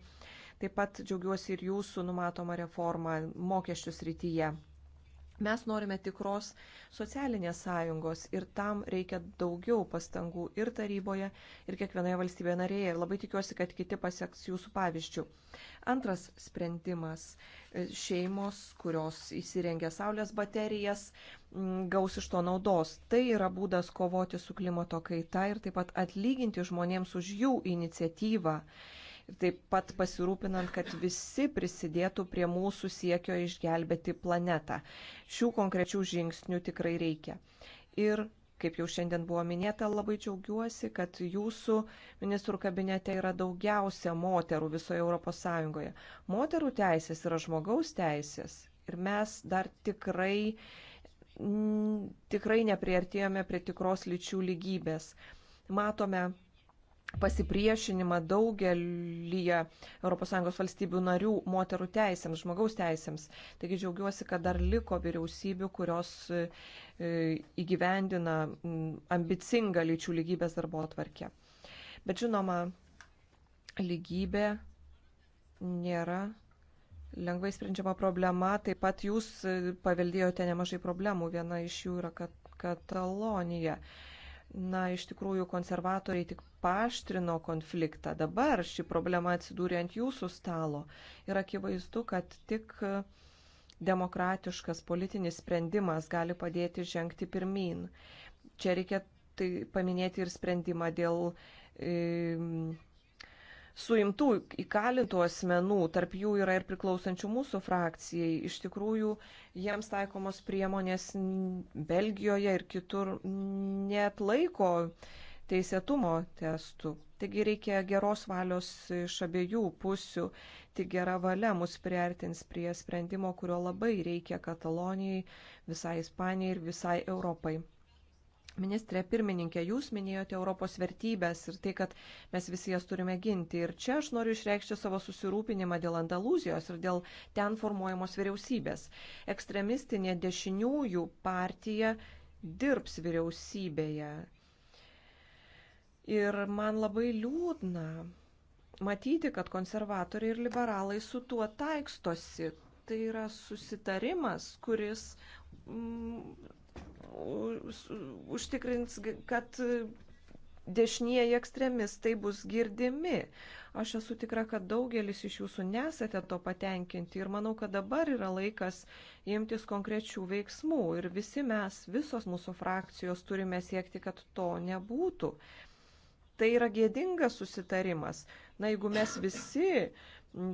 Speaker 4: Taip pat džiaugiuosi ir jūsų numatoma reforma mokesčių srityje. Mes norime tikros socialinės sąjungos ir tam reikia daugiau pastangų ir taryboje, ir kiekvienoje valstybėje narėje. Ir labai tikiuosi, kad kiti pasieks jūsų pavyzdžių. Antras sprendimas e, - šeimos, kurios įsirengia saulės baterijas, gaus iš to naudos. Tai yra būdas kovoti su klimato kaita ir taip pat atlyginti žmonėms už jų iniciatyvą ir taip pat pasirūpinant, kad visi prisidėtų prie mūsų siekio išgelbėti planetą. Šių konkrečių žingsnių tikrai reikia. Ir, kaip jau šiandien buvo minėta, labai džiaugiuosi, kad jūsų ministrų kabinete yra daugiausia moterų visoje ES. Moterų teisės yra žmogaus teisės. Ir mes dar tikrai, m, tikrai nepriartėjome prie tikros lyčių lygybės. Matome pasipriešinimą daugelį ES valstybių narių moterų teisėms, žmogaus teisėms. Taigi džiaugiuosi, kad dar liko vyriausybių, kurios e, įgyvendina ambicingą lyčių lygybės darbo atvarkę. Bet žinoma, lygybė nėra lengvai sprendžiama problema. Taip pat jūs e, paveldėjote nemažai problemų. Viena iš jų yra Katalonija. Kad Na, iš tikrųjų, konservatoriai tik paaštrino konfliktą. Dabar ši problema atsidūrė ant jūsų stalo. Ir akivaizdu, kad tik demokratiškas politinis sprendimas gali padėti žengti pirmin. Čia reikia tai paminėti ir sprendimą dėl e, suimtų įkalintų asmenų, tarp jų yra ir priklausančių mūsų frakcijai, iš tikrųjų jiems taikomos priemonės Belgijoje ir kitur net laiko teisėtumo testų. Taigi reikia geros valios iš abiejų pusių, tik gera valia mus priartins prie sprendimo, kurio labai reikia Katalonijai, visai Ispanijai ir visai Europai. Ministrė pirmininkė, jūs minėjote Europos vertybės ir tai, kad mes visi jas turime ginti. Ir čia aš noriu išreikšti savo susirūpinimą dėl Andalūzijos ir dėl ten formuojamos vyriausybės. Ekstremistinė dešiniųjų partija dirbs vyriausybėje. Ir man labai liūdna matyti, kad konservatoriai ir liberalai su tuo taikstosi. Tai yra susitarimas, kuris mm, užtikrins, kad dešinieji ekstremistai bus girdimi. Aš esu tikra, kad daugelis iš jūsų nesate to patenkinti ir manau, kad dabar yra laikas imtis konkrečių veiksmų ir visi mes, visos mūsų frakcijos turime siekti, kad to nebūtų. Tai yra gėdingas susitarimas. Na, jeigu mes visi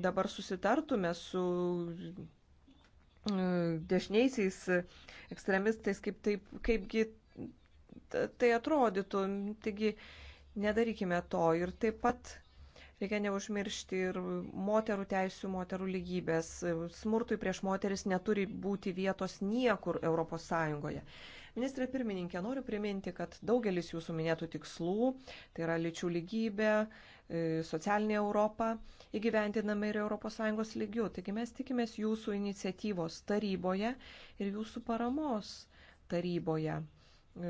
Speaker 4: dabar susitartume su dešiniaisiais ekstremistais, kaip taip, kaipgi tai atrodytų. Taigi nedarykime to. Ir taip pat reikia neužmiršti ir moterų teisų, moterų lygybės. Smurtui prieš moteris neturi būti vietos niekur ES. Ministrė pirmininkė, noriu priminti, kad daugelis jūsų minėtų tikslų, tai yra lyčių lygybė, e, socialinė Europa, įgyvendiname ir ES lygių. Taigi mes tikimės jūsų iniciatyvos taryboje ir jūsų paramos taryboje.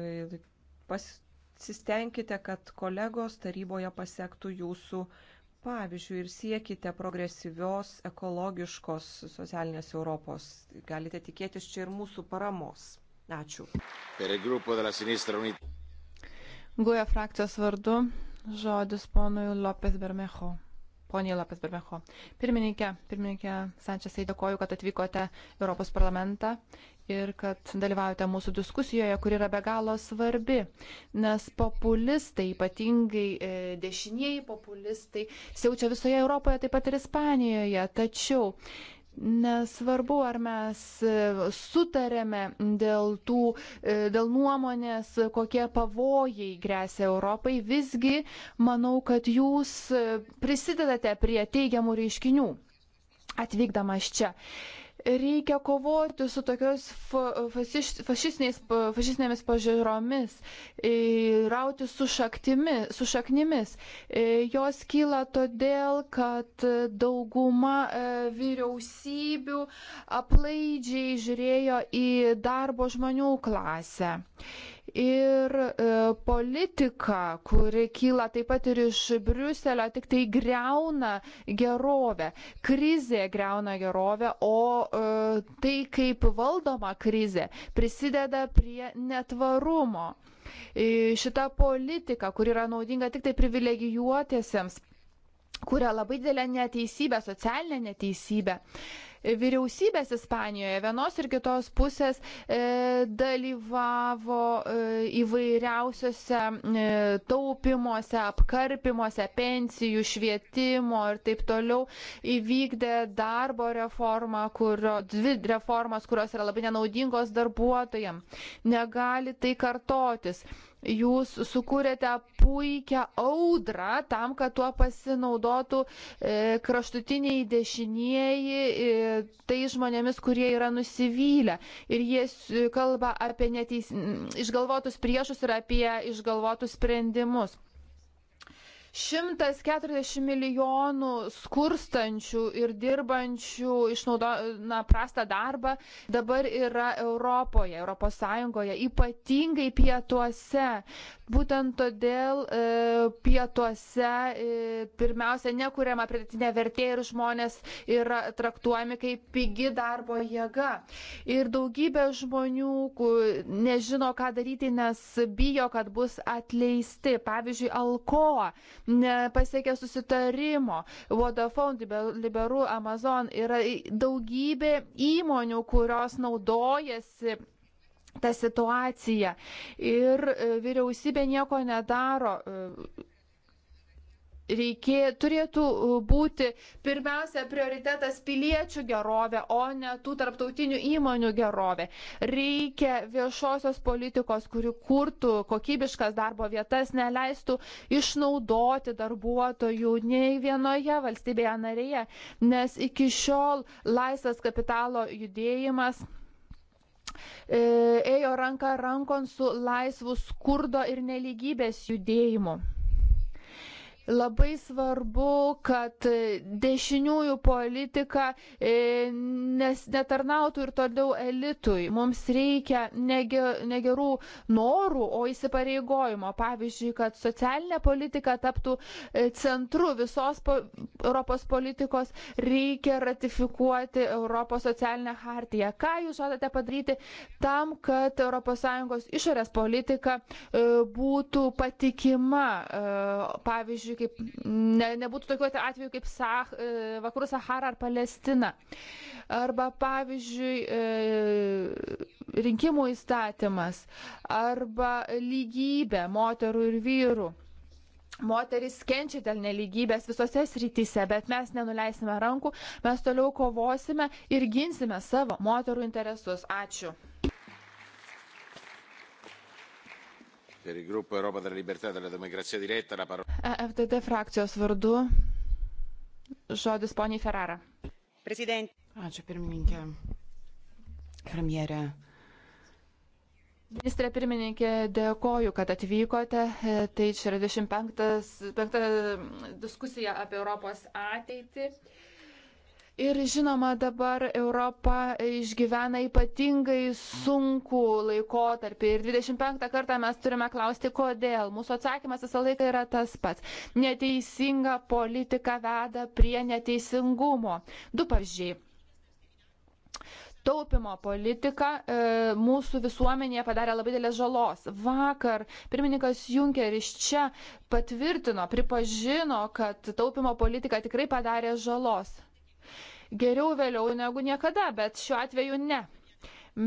Speaker 4: E, pasistengkite, kad kolegos taryboje pasiektų jūsų pavyzdžių ir siekite progresyvios ekologiškos socialinės Europos. Galite tikėtis čia ir mūsų paramos. Ačiū. Guja frakcijos vardu
Speaker 3: žodis ponui Lopes Bermejo. Poniai Lopes Bermejo. Pirmininkė, pirmininkė Sančiasai, dėkoju, kad atvykote Europos parlamentą ir kad dalyvaujate mūsų diskusijoje, kuri yra be galo svarbi, nes populistai, ypatingai e, dešinieji populistai, siaučia visoje Europoje, taip pat ir Ispanijoje. Tačiau Nesvarbu, ar mes e, sutarėme dėl, tų, e, dėl nuomonės, kokie pavojai grėsia Europai, visgi manau, kad jūs e, prisidedate prie teigiamų reiškinių atvykdamas čia reikia kovoti su tokios fašiš, fašistinėmis pažiūromis, e, rauti su, šaktimi, su šaknimis. E, jos kyla todėl, kad dauguma e, vyriausybių aplaidžiai žiūrėjo į darbo žmonių klasę ir e, politika, kuri kyla taip pat ir iš Briuselio, tik tai greuna gerovę. Krizė greuna gerovę, o e, tai, kaip valdoma krizė, prisideda prie netvarumo. E, šita politika, kur yra naudinga tik tai privilegijuotėsiams, kuria labai didelę neteisybę, socialinę neteisybę. Vyriausybės Ispanijoje vienos ir kitos pusės e, dalyvavo e, įvairiausiose e, taupimuose, apkarpimuose, pensijų, švietimo ir taip toliau įvykdė darbo reformą, kurio, dvi reformas, kurios yra labai nenaudingos darbuotojams. Negali tai kartotis. Jūs sukūrėte puikią audrą tam, kad tuo pasinaudotų e, kraštutiniai dešinieji e, tai žmonėmis, kurie yra nusivylę. Ir jie kalba apie neteis... išgalvotus priešus ir apie išgalvotus sprendimus. 140 milijonų skurstančių ir dirbančių išnaudo, na, prastą darbą dabar yra Europoje, Europos Sąjungoje, ypatingai pietuose. Būtent todėl e, pietuose e, pirmiausia nekuriama pridėtinė vertė ir žmonės yra traktuojami kaip pigi darbo jėga. Ir daugybė žmonių nežino, ką daryti, nes bijo, kad bus atleisti. Pavyzdžiui, alkoa nepasiekė susitarimo. Vodafone, Liberų, Amazon yra daugybė įmonių, kurios naudojasi tą situaciją. Ir e, vyriausybė nieko nedaro e, reikė, turėtų uh, būti pirmiausia prioritetas piliečių gerovė, o ne tų tarptautinių įmonių gerovė. Reikia viešosios politikos, kuri kurtų kokybiškas darbo vietas, neleistų išnaudoti darbuotojų nei vienoje valstybėje narėje, nes iki šiol laisvas kapitalo judėjimas e, ėjo ranka rankon su laisvu skurdo ir neligybės judėjimu. Labai svarbu, kad dešiniųjų politika e, nes netarnautų ir toliau elitui. Mums reikia negerų norų, o įsipareigojimo. Pavyzdžiui, kad socialinė politika taptų e, centru visos po, Europos politikos. Reikia ratifikuoti Europos socialinę hartiją. Ką jūs žadate padaryti tam, kad ES išorės politika e, būtų patikima? Pavyzdžiui, pavyzdžiui, kaip ne, nebūtų tokių atvejų kaip Sah, e, Vakarų Sahara ar Palestina. Arba, pavyzdžiui, e, rinkimų įstatymas, arba lygybė moterų ir vyrų. Moteris kenčia dėl neligybės visose srityse, bet mes nenuleisime rankų, mes toliau kovosime ir ginsime savo moterų interesus. Ačiū.
Speaker 1: EFDD
Speaker 3: e e frakcijos vardu žodis poniai Ferrara. Prezident.
Speaker 5: Ačiū pirmininkė.
Speaker 3: Premjerė. Ministrė pirmininkė, dėkoju, kad atvykote. E, tai 65 diskusija apie Europos ateitį. Ir žinoma, dabar Europa išgyvena ypatingai sunku laikotarpį. Ir 25 kartą mes turime klausti, kodėl. Mūsų atsakymas visą laiką yra tas pats. Neteisinga politika veda prie neteisingumo. Du pavyzdžiai taupimo politika e, mūsų visuomenėje padarė labai dėlės žalos. Vakar pirmininkas Junkeris čia patvirtino, pripažino, kad taupimo politika tikrai padarė žalos. Geriau vėliau negu niekada, bet šiuo atveju ne.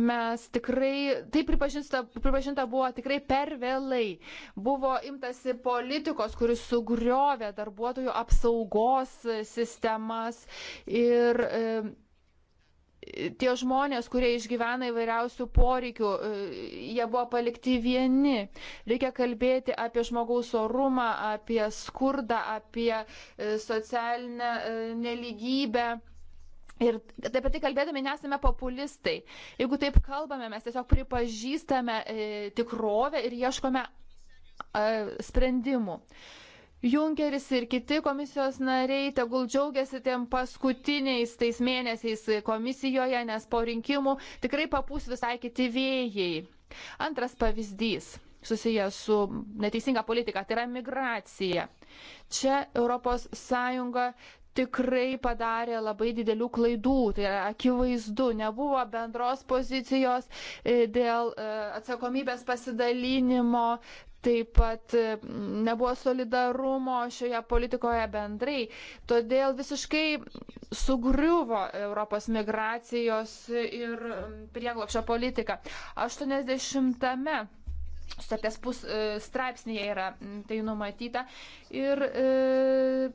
Speaker 3: Mes tikrai, tai pripažinta, pripažinta buvo tikrai per vėlai. Buvo imtasi politikos, kuris sugriovė darbuotojų apsaugos sistemas ir e, tie žmonės, kurie išgyvena įvairiausių poreikių, e, jie buvo palikti vieni. Reikia kalbėti apie žmogaus orumą, apie skurdą, apie e, socialinę e, neligybę. Ir apie tai kalbėdami nesame populistai. Jeigu taip kalbame, mes tiesiog pripažįstame e, tikrovę ir ieškome e, sprendimų. Junkeris ir kiti komisijos nariai tegul džiaugiasi tiem paskutiniais tais mėnesiais komisijoje, nes po rinkimų tikrai papūs visai kiti vėjai. Antras pavyzdys susijęs su neteisinga politika, tai yra migracija. Čia ES tikrai padarė labai didelių klaidų, tai yra akivaizdu, nebuvo bendros pozicijos e, dėl e, atsakomybės pasidalinimo, taip pat e, nebuvo solidarumo šioje politikoje bendrai. Todėl visiškai sugriuvo Europos migracijos ir prieglopšio politika. 80-ame sutarties straipsnėje yra tai numatyta. Ir, e,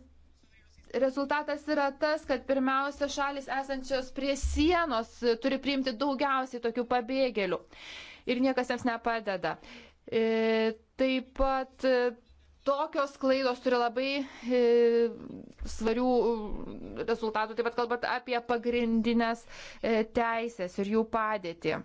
Speaker 3: rezultatas yra tas, kad pirmiausia šalis esančios prie sienos turi priimti daugiausiai tokių pabėgėlių ir niekas jiems nepadeda. E, taip pat e, tokios klaidos turi labai e, svarių e, rezultatų, taip pat kalbant apie pagrindinės e, teisės ir jų padėtį.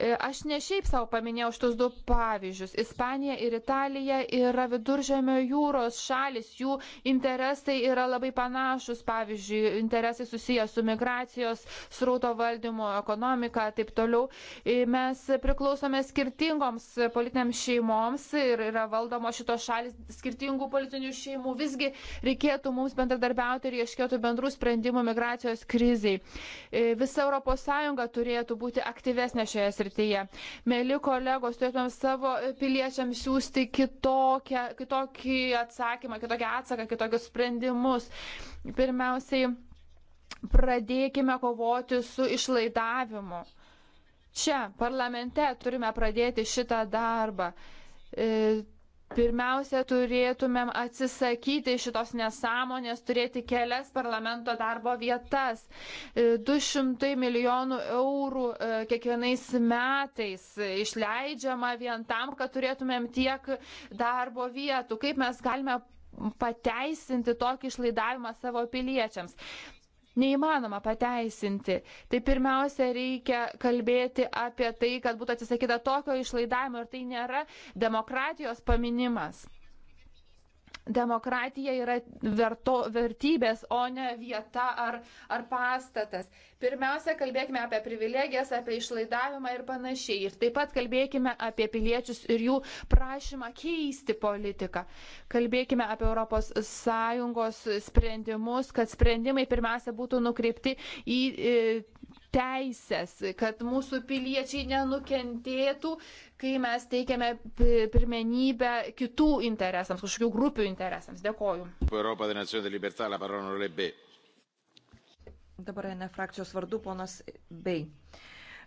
Speaker 3: E, aš ne šiaip savo paminėjau šitus du pavyzdžius. Ispanija ir Italija yra viduržėmio jūros šalis, jų interesai yra labai panašus, pavyzdžiui, interesai susijęs su migracijos, srauto valdymo, ekonomika, taip toliau. E, mes priklausome skirtingoms politiniams šeimoms ir yra valdomo šitos šalis skirtingų politinių šeimų. Visgi reikėtų mums bendradarbiauti ir ieškėtų bendrų sprendimų migracijos kriziai. E, visa ES turėtų būti aktyvesnė šioje srityje sutartyje. Mėly kolegos, turėtumėm savo piliečiams siūsti kitokią, kitokį atsakymą, kitokią atsaką, kitokius sprendimus. Pirmiausiai, pradėkime kovoti su išlaidavimu. Čia, parlamente, turime pradėti šitą darbą. E, Pirmiausia, turėtumėm atsisakyti šitos nesąmonės, turėti kelias parlamento darbo vietas. 200 e, milijonų eurų e, kiekvienais metais išleidžiama vien tam, kad turėtumėm tiek darbo vietų. Kaip mes galime pateisinti tokį išlaidavimą savo piliečiams neįmanoma pateisinti. Tai pirmiausia, reikia kalbėti apie tai, kad būtų atsisakyta tokio išlaidavimo ir tai nėra demokratijos paminimas. Demokratija yra verto, vertybės, o ne vieta ar, ar pastatas. Pirmiausia, kalbėkime apie privilegijas, apie išlaidavimą ir panašiai. Ir taip pat kalbėkime apie piliečius ir jų prašymą keisti politiką. Kalbėkime apie ES sprendimus, kad sprendimai pirmiausia būtų nukreipti į teisės, kad mūsų piliečiai nenukentėtų, kai mes teikiame pirmenybę kitų
Speaker 4: interesams, kažkokių grupių interesams. Dėkoju. Dabar ne frakcijos vardu, ponas Bei.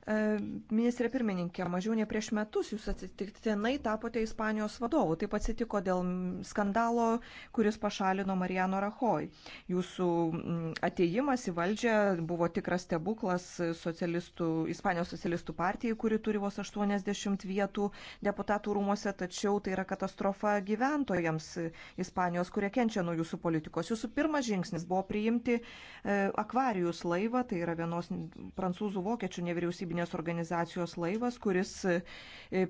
Speaker 4: E, ministrė pirmininkė, mažiau nei prieš metus jūs atsitiktinai tapote Ispanijos vadovu. Taip atsitiko dėl skandalo, kuris pašalino Mariano Rahoj. Jūsų ateimas į valdžią buvo tikras stebuklas socialistų, Ispanijos socialistų partijai, kuri turi vos 80 vietų deputatų rūmose, tačiau tai yra katastrofa gyventojams Ispanijos, kurie kenčia nuo jūsų politikos. Jūsų pirmas žingsnis buvo priimti e, akvarijus laivą, tai yra vienos prancūzų vokiečių nevyriausybės nevyriausybinės organizacijos laivas, kuris e,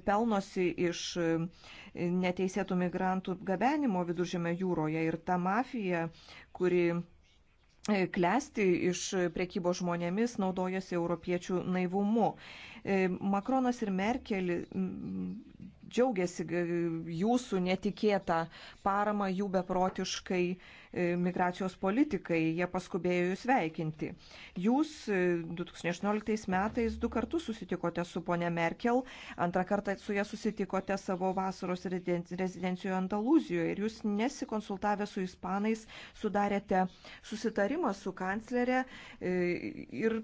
Speaker 4: pelnosi iš e, neteisėtų migrantų gabenimo viduržėme jūroje ir ta mafija, kuri e, klesti iš priekybos žmonėmis, naudojasi europiečių naivumu. Makronas ir Merkel džiaugiasi jūsų netikėtą paramą jų beprotiškai e, migracijos politikai. Jie paskubėjo jūs veikinti. Jūs 2018 e, metais du kartus susitikote su ponia Merkel, antrą kartą su ją susitikote savo vasaros rezidencijoje Andaluzijoje ir jūs nesikonsultavę su ispanais sudarėte susitarimą su kanclerė e, ir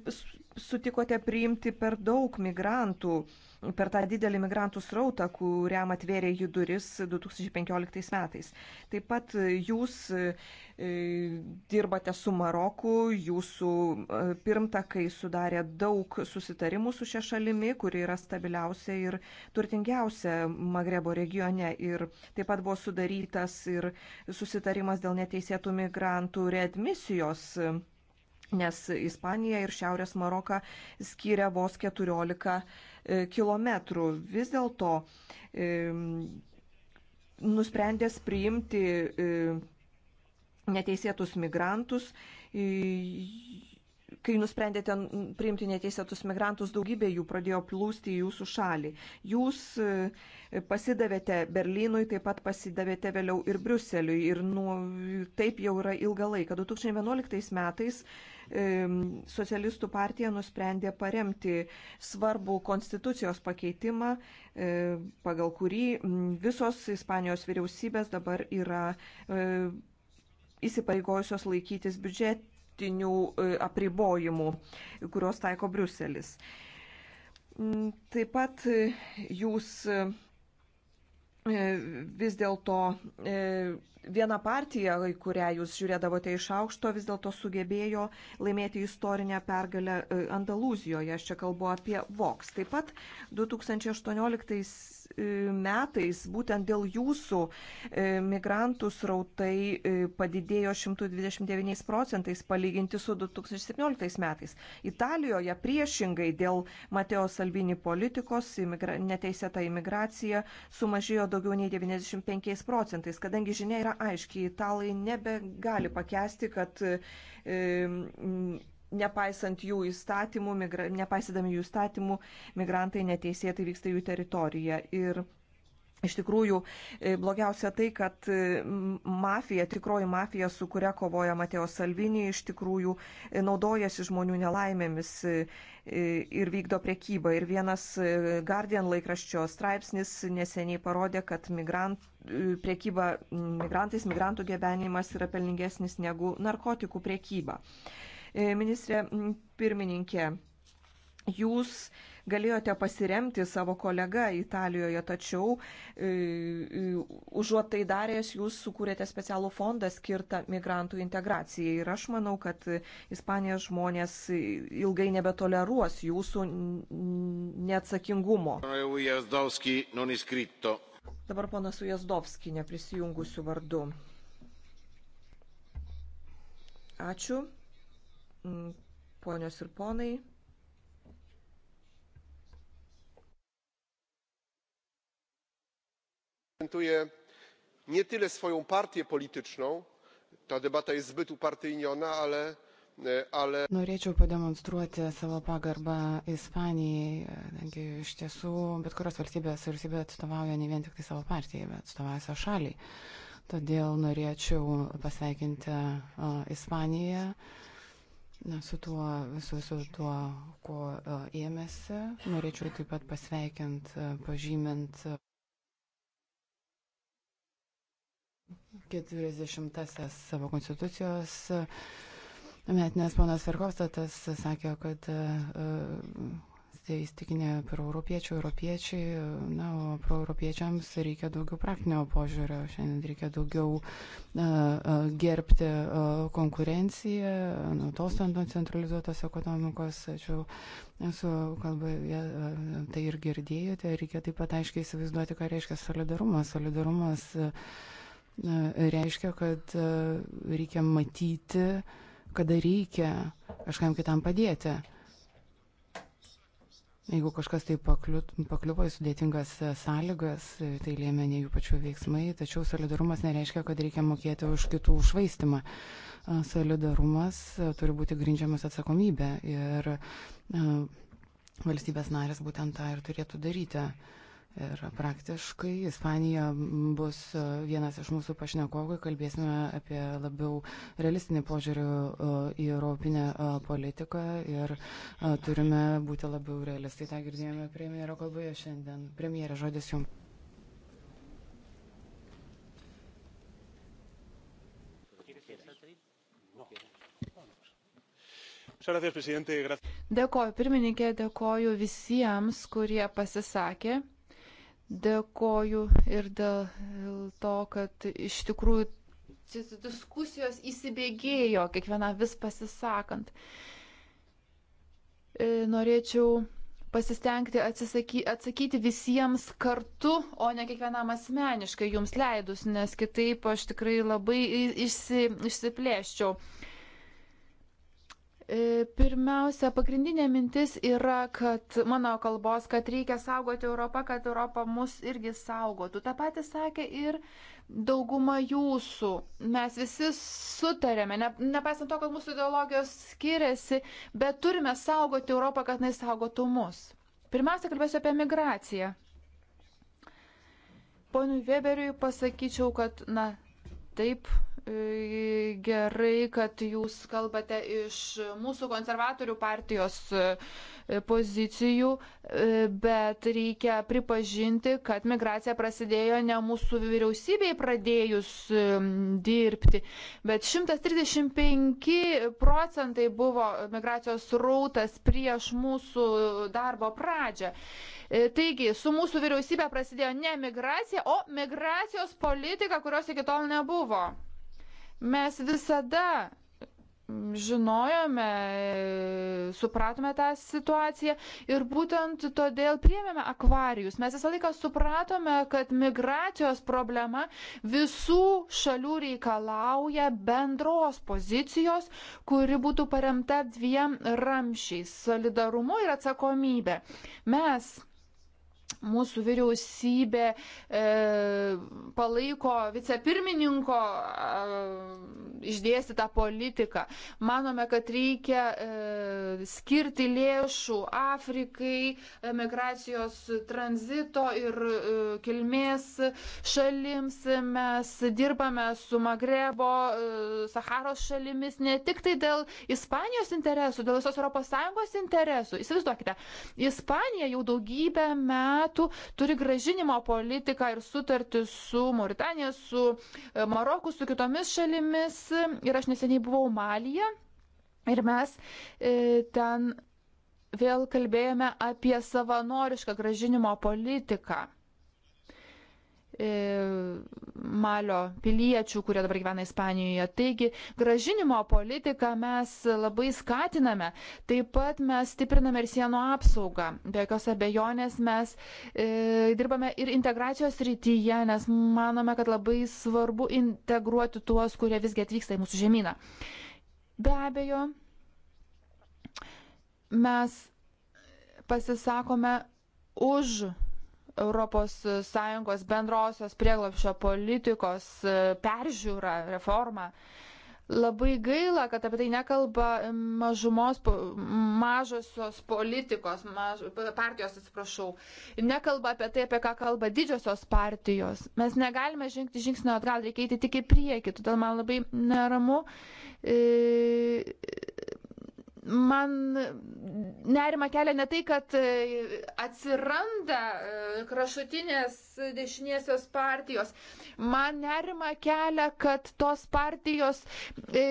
Speaker 4: sutikote priimti per daug migrantų per tą didelį migrantų srautą, kuriam atvėrė jų duris 2015 metais. Taip pat jūs e, dirbate su Maroku, jūsų e, pirmtakai sudarė daug susitarimų su šia šalimi, kuri yra stabiliausia ir turtingiausia Magrebo regione. Ir taip pat buvo sudarytas ir susitarimas dėl neteisėtų migrantų readmisijos nes Ispanija ir Šiaurės Maroka skiria vos 14 E, kilometrų. Vis dėlto e, nusprendęs priimti e, neteisėtus migrantus, kai nusprendėte priimti neteisėtus migrantus, daugybė jų pradėjo plūsti į jūsų šalį. Jūs e, pasidavėte Berlynui, taip pat pasidavėte vėliau ir Briuseliui. Ir nu, taip jau yra ilgą laiką. 2011 metais e, socialistų partija nusprendė paremti svarbų konstitucijos pakeitimą, e, pagal kurį visos Ispanijos vyriausybės dabar yra įsipareigojusios laikytis biudžet, mokestinių e, apribojimų, kuriuos taiko Bruselis. Mm, taip pat e, jūs e, vis dėlto viena partija, į kurią jūs žiūrėdavote iš aukšto, vis dėlto sugebėjo laimėti istorinę pergalę Andalūzijoje. Aš čia kalbu apie Vox. Taip pat 2018 E, metais būtent dėl jūsų e, migrantų srautai e, padidėjo 129 procentais palyginti su 2017 metais. Italijoje priešingai dėl Mateo Salvini politikos imigra neteisėta imigracija sumažėjo daugiau nei 95 procentais, kadangi žinia yra aiškiai, italai nebegali pakęsti, kad e, nepaisant jų įstatymų, migra, nepaisydami jų įstatymų, migrantai neteisėtai vyksta jų teritoriją. Ir Iš tikrųjų, e, blogiausia tai, kad e, mafija, tikroji mafija, su kuria kovoja Mateo Salvini, iš tikrųjų e, naudojasi žmonių nelaimėmis ir vykdo priekybą. Ir vienas Guardian laikraščio straipsnis neseniai parodė, kad migrant, priekyba migrantais, migrantų gebenimas yra pelningesnis negu narkotikų priekyba. E, ministrė pirmininkė, jūs galėjote pasiremti savo kolegą Italijoje, tačiau e, e, užuot tai daręs, jūs sukūrėte specialų fondą skirtą migrantų integracijai. Ir aš manau, kad Ispanijos žmonės ilgai nebetoleruos jūsų neatsakingumo. Dabar ponas Ujazdovski neprisijungusiu vardu. Ačiū. Mm, ponios ir ponai. Prezentuje nie tyle swoją partię polityczną, ta debata jest zbyt upartyjniona, ale e, ale.
Speaker 5: Norėčiau pademonstruoti savo pagarbą Ispanijai, kadangi iš tiesų bet kurios valstybės vyriausybė atstovauja ne vien tik tai savo partijai, bet atstovauja savo šaliai. Todėl norėčiau pasveikinti uh, Ispaniją. Uh, Na, su tuo, su, su tuo, ko e, ėmėsi, norėčiau taip pat pasveikint, e, pažymint 40-asias e, savo konstitucijos metinės ponas Verhofstadtas sakė, kad tai įstikinę proeuropiečių, europiečiai, na, o proeuropiečiams reikia daugiau praktinio požiūrio, šiandien reikia daugiau na, gerbti konkurenciją, nutostant nuo centralizuotos ekonomikos, tačiau esu kalboje, tai ir girdėjote, reikia taip pat aiškiai įsivaizduoti, ką reiškia solidarumas. Solidarumas reiškia, kad reikia matyti, kada reikia kažkam kitam padėti Jeigu kažkas tai pakliuvo į sudėtingas e, sąlygas, e, tai lėmė ne jų pačių veiksmai, tačiau solidarumas nereiškia, kad reikia mokėti už kitų užvaistimą. E, solidarumas turi būti grindžiamas atsakomybė ir valstybės narės būtent tą ir turėtų daryti. Ir praktiškai Ispanija bus vienas iš mūsų pašnekovų, kalbėsime apie labiau realistinį požiūrį e, į europinę e, politiką ir e, turime būti labiau realistai. Ta girdėjome premjero kalboje šiandien. Premjerė, žodis jums.
Speaker 3: Dėkoju pirmininkė, dėkoju visiems, kurie pasisakė. Dėkoju ir dėl to, kad iš tikrųjų diskusijos įsibėgėjo, kiekviena vis pasisakant. E, norėčiau pasistengti atsisaky, atsakyti visiems kartu, o ne kiekvienam asmeniškai jums leidus, nes kitaip aš tikrai labai išsi, išsiplėščiau. E, pirmiausia, pagrindinė mintis yra, kad mano kalbos, kad reikia saugoti Europą, kad Europą mus irgi saugotų. Ta pati sakė ir dauguma jūsų. Mes visi sutarėme, ne, nepaisant to, kad mūsų ideologijos skiriasi, bet turime saugoti Europą, kad jis saugotų mus. Pirmiausia, kalbėsiu apie migraciją. Ponui Weberiui pasakyčiau, kad, na, taip, gerai, kad jūs kalbate iš mūsų konservatorių partijos e, pozicijų, e, bet reikia pripažinti, kad migracija prasidėjo ne mūsų vyriausybei pradėjus e, dirbti, bet 135 procentai buvo migracijos rautas prieš mūsų darbo pradžią. Taigi, su mūsų vyriausybė prasidėjo ne migracija, o migracijos politika, kurios iki tol nebuvo. Mes visada mm, žinojome, supratome tą situaciją ir būtent todėl priemėme akvarijus. Mes visą laiką supratome, kad migracijos problema visų šalių reikalauja bendros pozicijos, kuri būtų paremta dviem ramšiais - solidarumu ir atsakomybė. Mes Mūsų vyriausybė e, palaiko vicepirmininko e, išdėstytą politiką. Manome, kad reikia e, skirti lėšų Afrikai, migracijos tranzito ir e, kilmės šalims. Mes dirbame su Magrebo, e, Saharos šalimis ne tik tai dėl Ispanijos interesų, dėl visos ES interesų. Įsivaizduokite, Ispanija jau daugybę metų metų turi gražinimo politiką ir sutartį su Mauritanija, su e, Maroku, su kitomis šalimis. Ir aš neseniai buvau Malyje ir mes e, ten vėl kalbėjome apie savanorišką gražinimo politiką. E, Malio piliečių, kurie dabar gyvena Ispanijoje. Taigi, gražinimo politiką mes labai skatiname. Taip pat mes stipriname ir sienų apsaugą. Be jokios abejonės mes e, dirbame ir integracijos rytyje, nes manome, kad labai svarbu integruoti tuos, kurie visgi atvyksta į mūsų žemyną. Be abejo, mes pasisakome už ES bendrosios prieglopšio politikos e, peržiūrą, reformą. Labai gaila, kad apie tai nekalba mažumos, mažosios politikos, maž, partijos, atsiprašau. Nekalba apie tai, apie ką kalba didžiosios partijos. Mes negalime žengti žingsnio atgal, reikia eiti tik į priekį. Todėl man labai neramu. E, man nerima kelia ne tai, kad e, atsiranda e, kraštutinės dešiniesios partijos. Man nerima kelia, kad tos partijos e,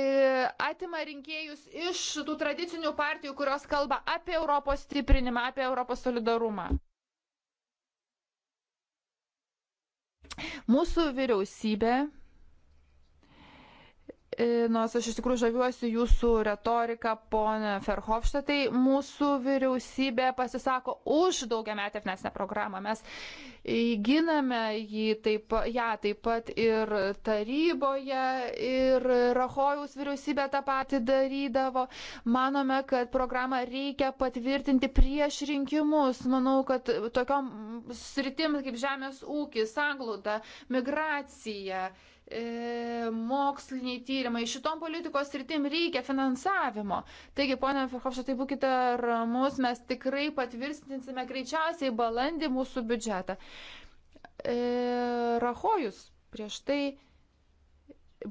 Speaker 3: atima rinkėjus iš tų tradicinių partijų, kurios kalba apie Europos stiprinimą, apie Europos solidarumą. Mūsų vyriausybė E, nors aš iš tikrųjų žaviuosi jūsų retorika, ponė Ferhofštatai, mūsų vyriausybė pasisako už daugiametę finansinę programą. Mes giname jį taip, ją ja, taip pat ir taryboje, ir Rahojaus vyriausybė tą patį darydavo. Manome, kad programą reikia patvirtinti prieš rinkimus. Manau, kad tokiom sritim kaip žemės ūkis, sanglauda, migracija. E, moksliniai tyrimai. Šitom politikos rytim reikia finansavimo. Taigi, ponia Ferhofša, tai būkite ramus, mes tikrai patvirtinsime greičiausiai balandį mūsų biudžetą. E, Rahojus prieš tai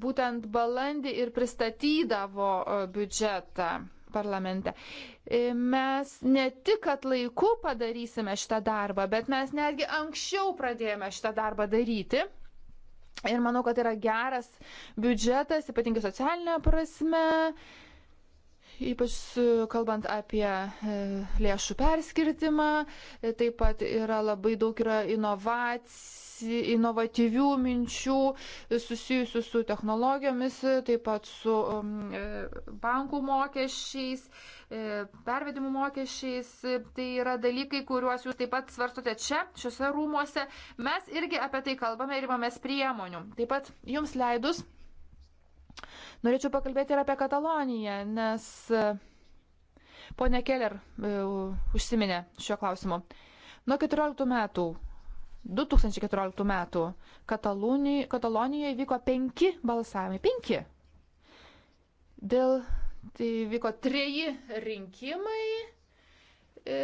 Speaker 3: būtent balandį ir pristatydavo e, biudžetą parlamente. E, mes ne tik, kad laiku padarysime šitą darbą, bet mes netgi anksčiau pradėjome šitą darbą daryti. Ir manau, kad yra geras biudžetas, ypatingai socialinė prasme, ypač kalbant apie e, lėšų perskirtimą. Taip pat yra labai daug yra inovacijų inovatyvių minčių susijusių su technologijomis, taip pat su um, e, bankų mokesčiais, e, pervedimų mokesčiais. Tai yra dalykai, kuriuos jūs taip pat svarstote čia, šiuose rūmuose. Mes irgi apie tai kalbame ir imamės priemonių. Taip pat jums leidus. Norėčiau pakalbėti ir apie Kataloniją, nes e, Pone Keller užsiminė šio klausimo. Nuo 14 metų 2014 metų Katalonijoje vyko penki balsavimai. Penki. Dėl tai vyko treji rinkimai e,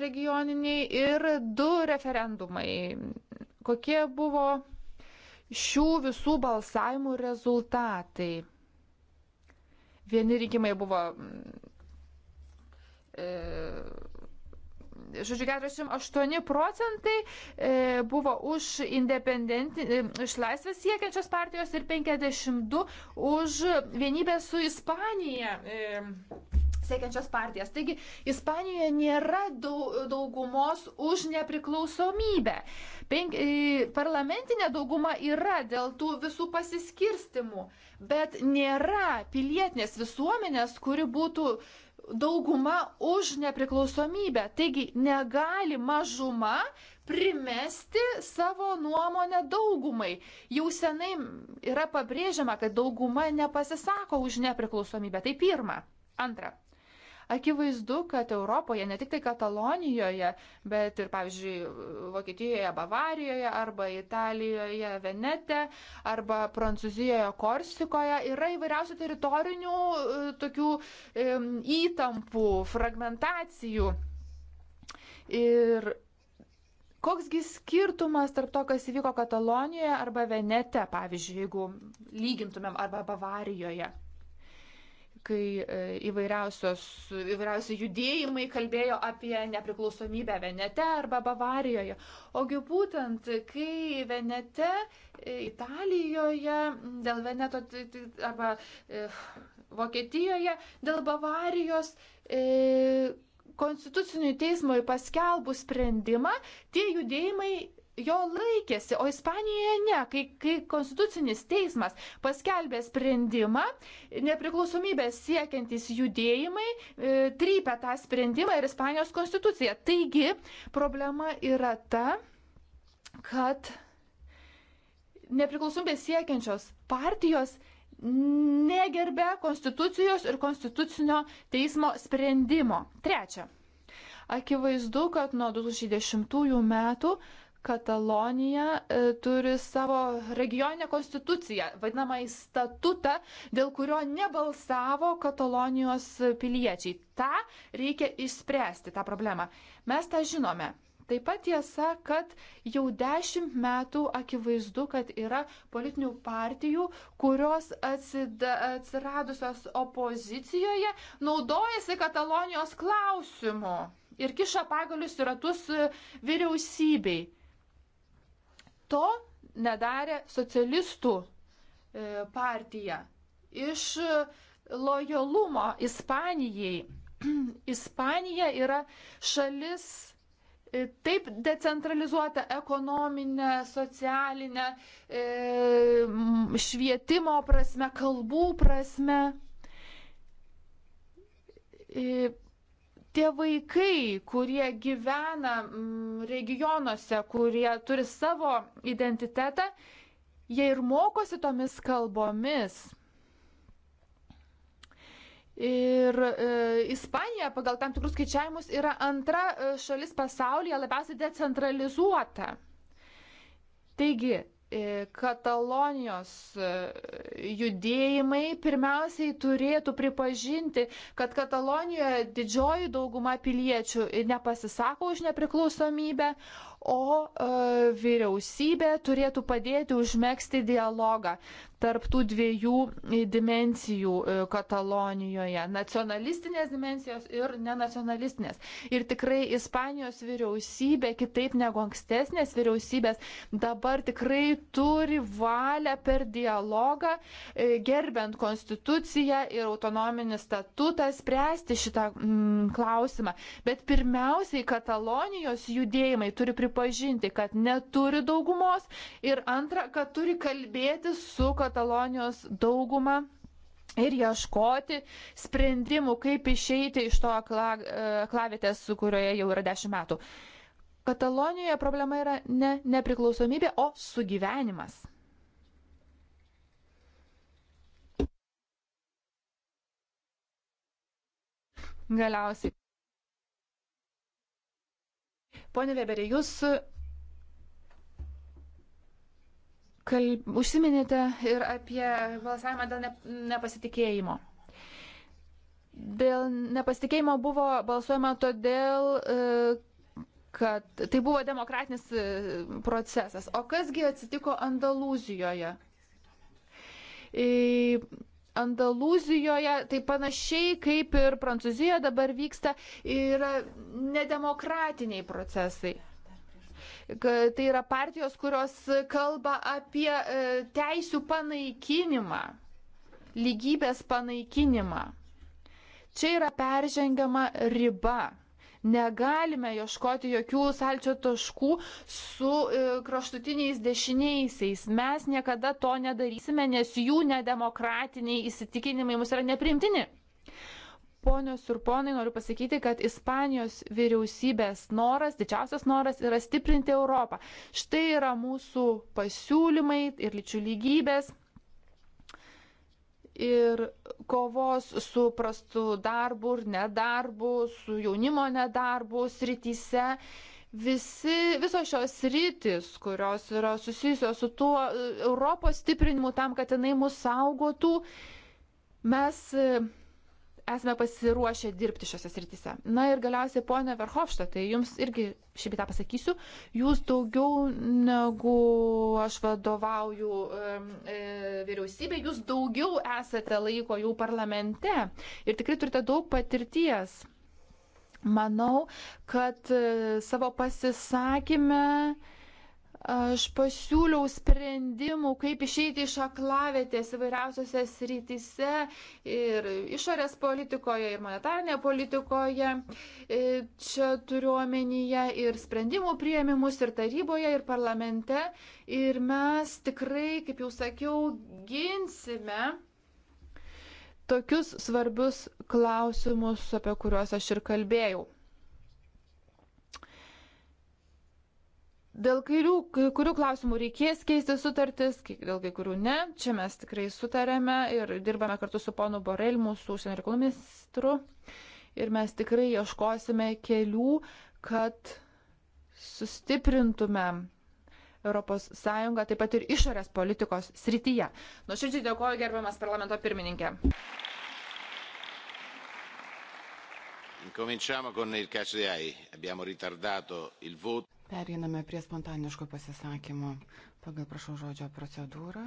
Speaker 3: regioniniai ir du referendumai. Kokie buvo šių visų balsavimų rezultatai? Vieni rinkimai buvo mm, e, žodžiu, 48 procentai e, buvo už iš e, laisvės siekiančios partijos ir 52 už vienybę su Ispanija e, siekiančios partijas. Taigi, Ispanijoje nėra daugumos už nepriklausomybę. Penk, parlamentinė dauguma yra dėl tų visų pasiskirstimų, bet nėra pilietinės visuomenės, kuri būtų dauguma už nepriklausomybę. Taigi negali mažuma primesti savo nuomonę daugumai. Jau senai yra pabrėžiama, kad dauguma nepasisako už nepriklausomybę. Tai pirma. Antra. Akivaizdu, kad Europoje, ne tik tai Katalonijoje, bet ir, pavyzdžiui, Vokietijoje, Bavarijoje arba Italijoje, Venete arba Prancūzijoje, Korsikoje yra įvairiausių teritorinių e, tokių įtampų, fragmentacijų. Ir koksgi skirtumas tarp to, kas įvyko Katalonijoje arba Venete, pavyzdžiui, jeigu lygintumėm arba Bavarijoje? kai e, įvairiausi judėjimai kalbėjo apie nepriklausomybę Venete arba Bavarijoje. Ogi būtent, kai Venete, e, Italijoje, dėl Veneto arba e, Vokietijoje, dėl Bavarijos konstitucinių teismui paskelbų sprendimą, tie judėjimai jo laikėsi, o Ispanijoje ne. Kai, kai Konstitucinis teismas paskelbė sprendimą, nepriklausomybės siekiantys judėjimai e, trypia tą sprendimą ir Ispanijos konstituciją. Taigi problema yra ta, kad nepriklausomybės siekiančios partijos negerbė konstitucijos ir konstitucinio teismo sprendimo. Trečia. Akivaizdu, kad nuo 2010 metų Katalonija e, turi savo regioninę konstituciją, vadinamą statutą, dėl kurio nebalsavo Katalonijos piliečiai. Ta reikia išspręsti, tą problemą. Mes tą žinome. Taip pat tiesa, kad jau dešimt metų akivaizdu, kad yra politinių partijų, kurios atsida, atsiradusios opozicijoje naudojasi Katalonijos klausimu ir kiša pagalius į ratus vyriausybei To nedarė socialistų e, partija. Iš e, lojalumo Ispanijai. Ispanija yra šalis e, taip decentralizuota ekonominė, socialinė, švietimo prasme, kalbų prasme tie vaikai, kurie gyvena mm, regionuose, kurie turi savo identitetą, jie ir mokosi tomis kalbomis. Ir e, Ispanija pagal tam tikrus skaičiavimus yra antra e, šalis pasaulyje labiausiai decentralizuota. Taigi, E, Katalonijos e, judėjimai pirmiausiai turėtų pripažinti, kad Katalonijoje didžioji dauguma piliečių nepasisako už nepriklausomybę, o e, vyriausybė turėtų padėti užmėgsti dialogą tarp tų dviejų e, dimencijų e, Katalonijoje - nacionalistinės dimensijos ir nenacionalistinės. Ir tikrai Ispanijos vyriausybė, kitaip negu ankstesnės vyriausybės, dabar tikrai turi valią per dialogą, e, gerbent konstituciją ir autonominį statutą, spręsti šitą mm, klausimą. Bet pirmiausiai Katalonijos judėjimai turi pripažinti, pripažinti, kad neturi daugumos ir antra, kad turi kalbėti su Katalonijos dauguma ir ieškoti sprendimų, kaip išeiti iš to klavitės, su kurioje jau yra dešimt metų. Katalonijoje problema yra ne nepriklausomybė, o sugyvenimas. Galiausiai. Pone Weberi, jūs kalb... užsiminėte ir apie balsavimą dėl ne... nepasitikėjimo. Dėl nepasitikėjimo buvo balsuojama todėl, e, kad tai buvo demokratinis e, procesas. O kasgi atsitiko Andalūzijoje? E, Andalūzijoje, tai panašiai kaip ir Prancūzijoje dabar vyksta, yra nedemokratiniai procesai. Tai yra partijos, kurios kalba apie e, teisų panaikinimą, lygybės panaikinimą. Čia yra peržengiama riba. Negalime ieškoti jokių salčio taškų su e, kraštutiniais dešiniaisiais. Mes niekada to nedarysime, nes jų nedemokratiniai įsitikinimai mums yra neprimtini. Ponios ir ponai, noriu pasakyti, kad Ispanijos vyriausybės noras, didžiausias noras yra stiprinti Europą. Štai yra mūsų pasiūlymai ir lyčių lygybės ir kovos su prastu darbu ir nedarbu, su jaunimo nedarbu srityse. Visi, visos šios rytis, kurios yra susijusios su tuo Europos stiprinimu tam, kad jinai mus saugotų, mes esame pasiruošę dirbti šiuose srityse. Na ir galiausiai, ponia Verhofštatai, jums irgi šį bitą pasakysiu, jūs daugiau negu aš vadovauju e, vyriausybė, jūs daugiau esate laiko jau parlamente ir tikrai turite daug patirties. Manau, kad e, savo pasisakymę Aš pasiūliau sprendimų, kaip išeiti iš aklavėtės įvairiausiose srityse ir išorės politikoje, ir monetarnėje politikoje. E, čia turiuomenyje ir sprendimų prieimimus, ir taryboje, ir parlamente. Ir mes tikrai, kaip jau sakiau, ginsime tokius svarbius klausimus, apie kuriuos aš ir kalbėjau. Dėl kairių, kai kurių klausimų reikės keisti sutartis, kai, dėl kai kurių ne. Čia mes tikrai sutarėme ir dirbame kartu su ponu Borel, mūsų užsienio reikalų ministru. Ir mes tikrai ieškosime kelių, kad sustiprintume ES, taip pat ir išorės politikos srityje. Nuoširdžiai dėkoju gerbiamas parlamento pirmininkė.
Speaker 1: Cominciamo con il caso di AI. Abbiamo ritardato il voto.
Speaker 5: Periname prie spontaniško pasisakymo pagal prašau žodžio procedūrą.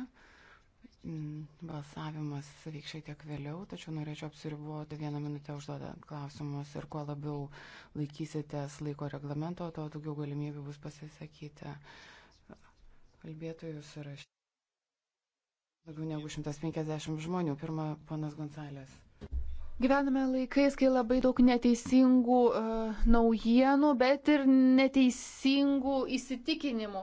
Speaker 5: Mm, balsavimas vyks šiek tiek vėliau, tačiau norėčiau apsiribuoti vieną minutę užduodant klausimus ir kuo labiau laikysitės laiko reglamento, tuo daugiau galimybių bus pasisakyti kalbėtojų sąraše. Daugiau negu 150 žmonių. Pirma, ponas Gonzalės.
Speaker 3: Gyvename laikais, kai labai daug neteisingų uh, naujienų, bet ir neteisingų įsitikinimų.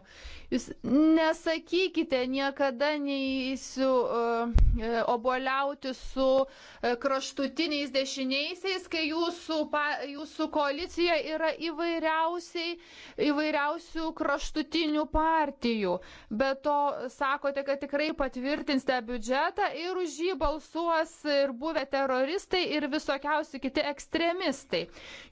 Speaker 3: Jūs nesakykite, niekada neįsiu uh, oboliauti su uh, kraštutiniais dešiniaisiais, kai jūsų, pa, jūsų koalicija yra įvairiausių kraštutinių partijų. Be to sakote, kad tikrai patvirtinsite biudžetą ir už jį balsuos ir buvę teroristai teroristai ir visokiausi kiti ekstremistai.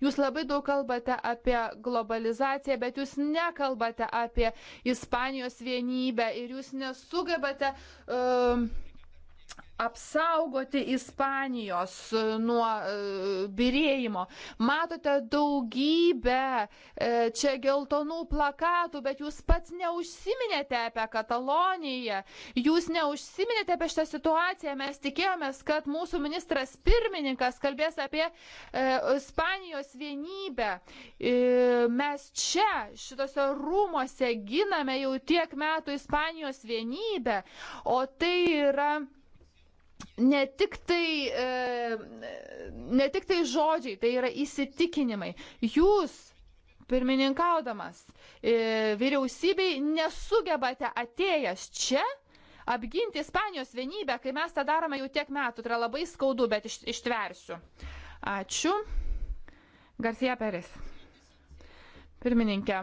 Speaker 3: Jūs labai daug kalbate apie globalizaciją, bet jūs nekalbate apie Ispanijos vienybę ir jūs nesugebate. Uh, um, apsaugoti Ispanijos e, nuo e, birėjimo. Matote daugybę e, čia geltonų plakatų, bet jūs pats neužsiminėte apie Kataloniją, jūs neužsiminėte apie šitą situaciją. Mes tikėjomės, kad mūsų ministras pirmininkas kalbės apie Ispanijos vienybę. Mes čia, šitose rūmose, giname jau tiek metų Ispanijos vienybę, o tai yra ne tik tai, e, ne tik tai žodžiai, tai yra įsitikinimai. Jūs, pirmininkaudamas, e, vyriausybei nesugebate atėjęs čia apginti Ispanijos vienybę, kai mes tą darome jau tiek metų. Tai yra labai skaudu, bet iš, ištversiu. Ačiū. Garcia Peris. Pirmininkė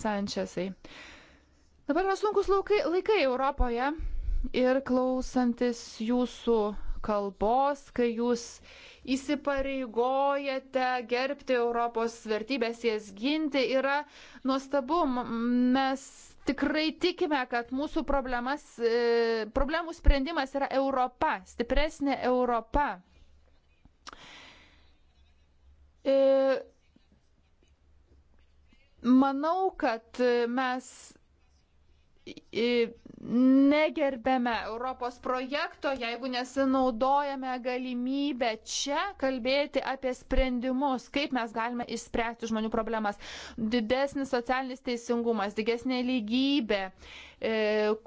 Speaker 3: Sančesai. Dabar yra sunkus laukai, laikai Europoje ir klausantis jūsų kalbos, kai jūs įsipareigojate gerbti Europos vertybės, jas ginti, yra nuostabu. Mes tikrai tikime, kad mūsų e, problemų sprendimas yra Europa, stipresnė Europa. E, manau, kad mes negerbėme Europos projekto, jeigu nesinaudojame galimybę čia kalbėti apie sprendimus, kaip mes galime išspręsti žmonių problemas. Didesnis socialinis teisingumas, didesnė lygybė, e,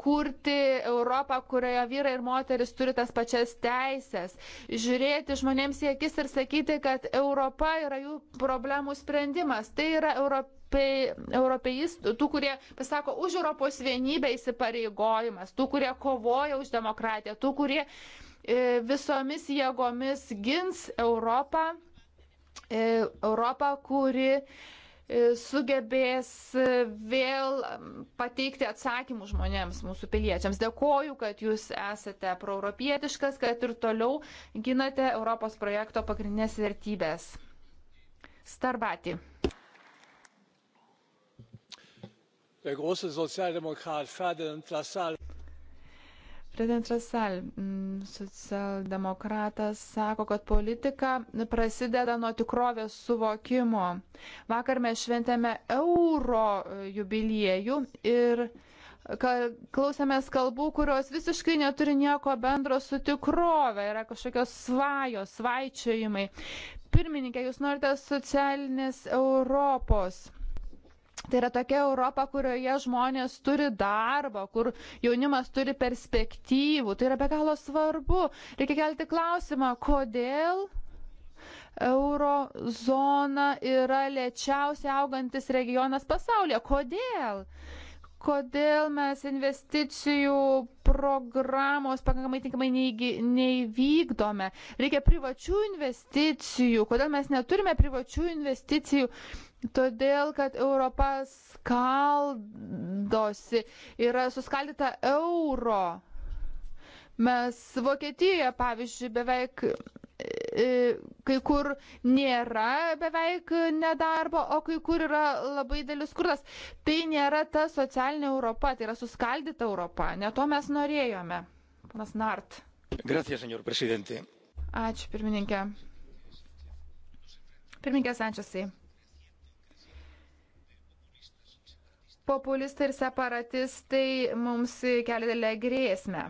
Speaker 3: kurti Europą, kurioje vyrai ir moteris turi tas pačias teisės, žiūrėti žmonėms į akis ir sakyti, kad Europa yra jų problemų sprendimas. Tai yra Europa europeistų, tų, kurie pasako už Europos vienybę įsipareigojimas, tų, kurie kovoja už demokratiją, tų, kurie e, visomis jėgomis gins Europą, e, Europą, kuri e, sugebės vėl pateikti atsakymų žmonėms, mūsų piliečiams. Dėkoju, kad jūs esate proeuropietiškas, kad ir toliau ginate Europos projekto pagrindinės vertybės. Starbatį.
Speaker 1: der große Sozialdemokrat Ferdinand Lassalle.
Speaker 3: Prezidentas Rasal, mm, socialdemokratas, sako, kad politika prasideda nuo tikrovės suvokimo. Vakar mes šventėme euro jubiliejų ir klausėmės kalbų, kurios visiškai neturi nieko bendro su tikrove, yra kažkokios svajos, svaičiojimai. Pirmininkė, jūs norite socialinės Europos. Tai yra tokia Europa, kurioje žmonės turi darbą, kur jaunimas turi perspektyvų. Tai yra be galo svarbu. Reikia kelti klausimą, kodėl eurozona yra lėčiausiai augantis regionas pasaulyje. Kodėl? kodėl mes investicijų programos pakankamai tinkamai neįvykdome. Reikia privačių investicijų. Kodėl mes neturime privačių investicijų? Todėl, kad Europa skaldosi, yra suskaldyta euro. Mes Vokietijoje, pavyzdžiui, beveik E, kai kur nėra beveik nedarbo, o kai kur yra labai dėlis skurdas. Tai nėra ta socialinė Europa, tai yra suskaldyta Europa. Ne to mes norėjome. Panas Nart.
Speaker 1: Gracias, senor prezidentė.
Speaker 3: Ačiū, pirmininkė. Pirmininkė Sančiasai. Populistai ir separatistai mums kelia didelę grėsmę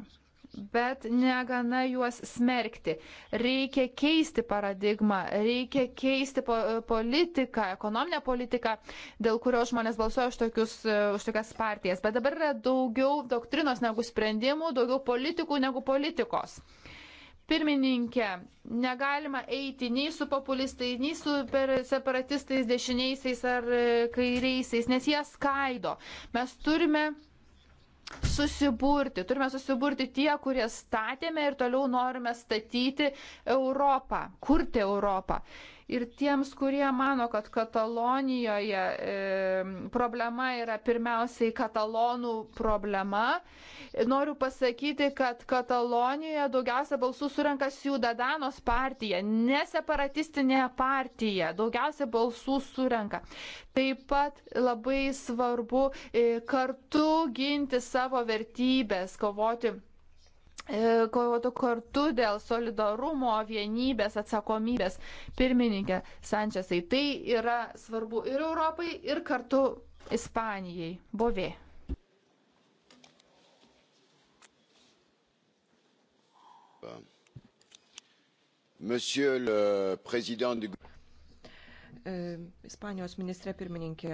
Speaker 3: bet negana juos smerkti. Reikia keisti paradigmą, reikia keisti po, politiką, ekonominę politiką, dėl kurios žmonės balsuoja už, tokius, už tokias partijas. Bet dabar yra daugiau doktrinos negu sprendimų, daugiau politikų negu politikos. Pirmininkė, negalima eiti nei su populistais, nei su separatistais dešiniaisiais ar e, kairiaisiais, nes jie skaido. Mes turime susiburti, turime susiburti tie, kurie statėme ir toliau norime statyti Europą, kurti Europą. Ir tiems, kurie mano, kad Katalonijoje e, problema yra pirmiausiai katalonų problema, noriu pasakyti, kad Katalonijoje daugiausia balsų surenka Ciudadanos partija, neseparatistinė partija, daugiausia balsų surenka. Taip pat labai svarbu e, kartu ginti savo vertybės, kovoti E, kovotų kartu dėl solidarumo, vienybės, atsakomybės. Pirmininkė Sančiasai, tai yra svarbu ir Europai, ir kartu Ispanijai. Bovė.
Speaker 1: Monsieur le Président
Speaker 4: du e, Ispanijos ministrė pirmininkė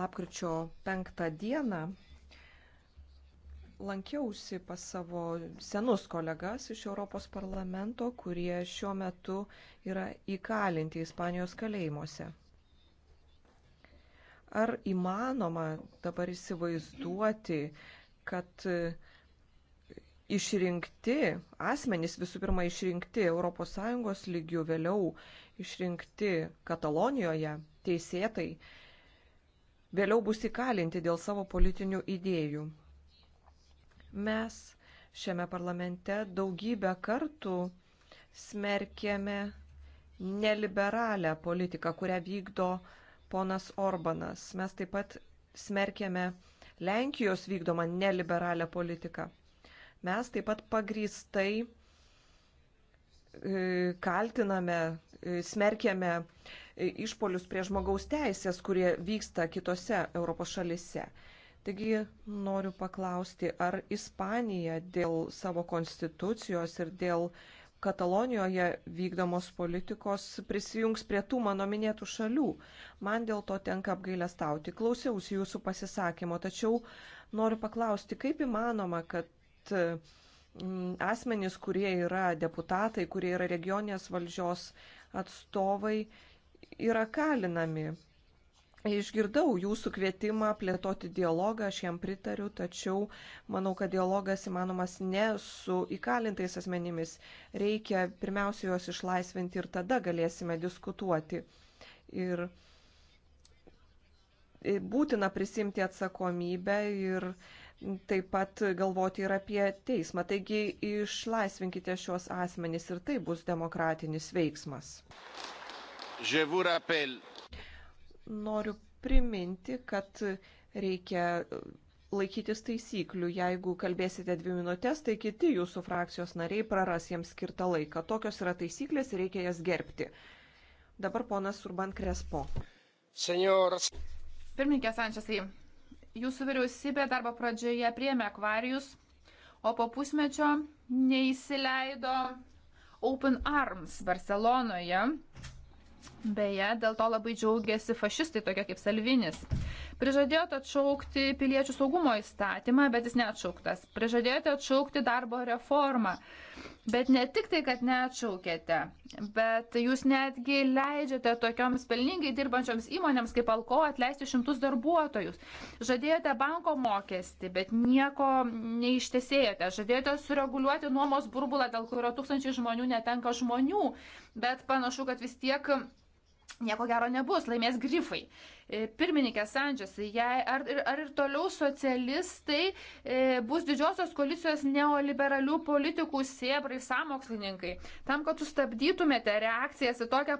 Speaker 4: lapkričio penktą dieną lankiausi pas savo senus kolegas iš Europos parlamento, kurie šiuo metu yra įkalinti Ispanijos kalėjimuose. Ar įmanoma dabar įsivaizduoti, kad išrinkti asmenys, visų pirma išrinkti ES lygių, vėliau išrinkti Katalonijoje teisėtai, vėliau bus įkalinti dėl savo politinių idėjų? Mes šiame parlamente daugybę kartų smerkėme neliberalią politiką, kurią vykdo ponas Orbanas. Mes taip pat smerkėme Lenkijos vykdomą neliberalią politiką. Mes taip pat pagristai e, kaltiname, e, smerkėme e, išpolius prie žmogaus teisės, kurie vyksta kitose Europos šalise. Taigi noriu paklausti, ar Ispanija dėl savo konstitucijos ir dėl Katalonijoje vykdomos politikos prisijungs prie tų mano minėtų šalių. Man dėl to tenka apgailestauti. Klausiausi jūsų pasisakymo, tačiau noriu paklausti, kaip įmanoma, kad mm, asmenys, kurie yra deputatai, kurie yra regioninės valdžios atstovai, yra kalinami. Išgirdau jūsų kvietimą plėtoti dialogą, aš jam pritariu, tačiau manau, kad dialogas įmanomas ne su įkalintais asmenimis. Reikia pirmiausia juos išlaisvinti ir tada galėsime diskutuoti. Ir būtina prisimti atsakomybę ir taip pat galvoti ir apie teismą. Taigi išlaisvinkite šios asmenys ir tai bus demokratinis veiksmas.
Speaker 1: Je vous rappelle
Speaker 4: noriu priminti, kad reikia laikytis taisyklių. Jeigu kalbėsite dvi minutės, tai kiti jūsų frakcijos nariai praras jiems skirtą laiką. Tokios yra taisyklės ir reikia jas gerbti. Dabar ponas Urban Krespo. Senioras.
Speaker 3: Pirmininkė Sančiasai, jūsų vyriausybė darbo pradžioje priemė akvarijus, o po pusmečio neįsileido Open Arms Barcelonoje Beje, dėl to labai džiaugiasi fašistai tokie kaip Salvinis. Prižadėjote atšaukti piliečių saugumo įstatymą, bet jis neatšauktas. Prižadėjote atšaukti darbo reformą. Bet ne tik tai, kad neatšaukėte, bet jūs netgi leidžiate tokioms pelningai dirbančioms įmonėms kaip Alko atleisti šimtus darbuotojus. Žadėjote banko mokestį, bet nieko neištesėjote. Žadėjote sureguliuoti nuomos burbulą, dėl kurio tūkstančiai žmonių netenka žmonių, bet panašu, kad vis tiek nieko gero nebus, laimės grifai. E, pirmininkė Sandžias, jei, ar, ar ir toliau socialistai e, bus didžiosios koalicijos neoliberalių politikų siebrai, samokslininkai, tam, kad sustabdytumėte reakcijas į tokią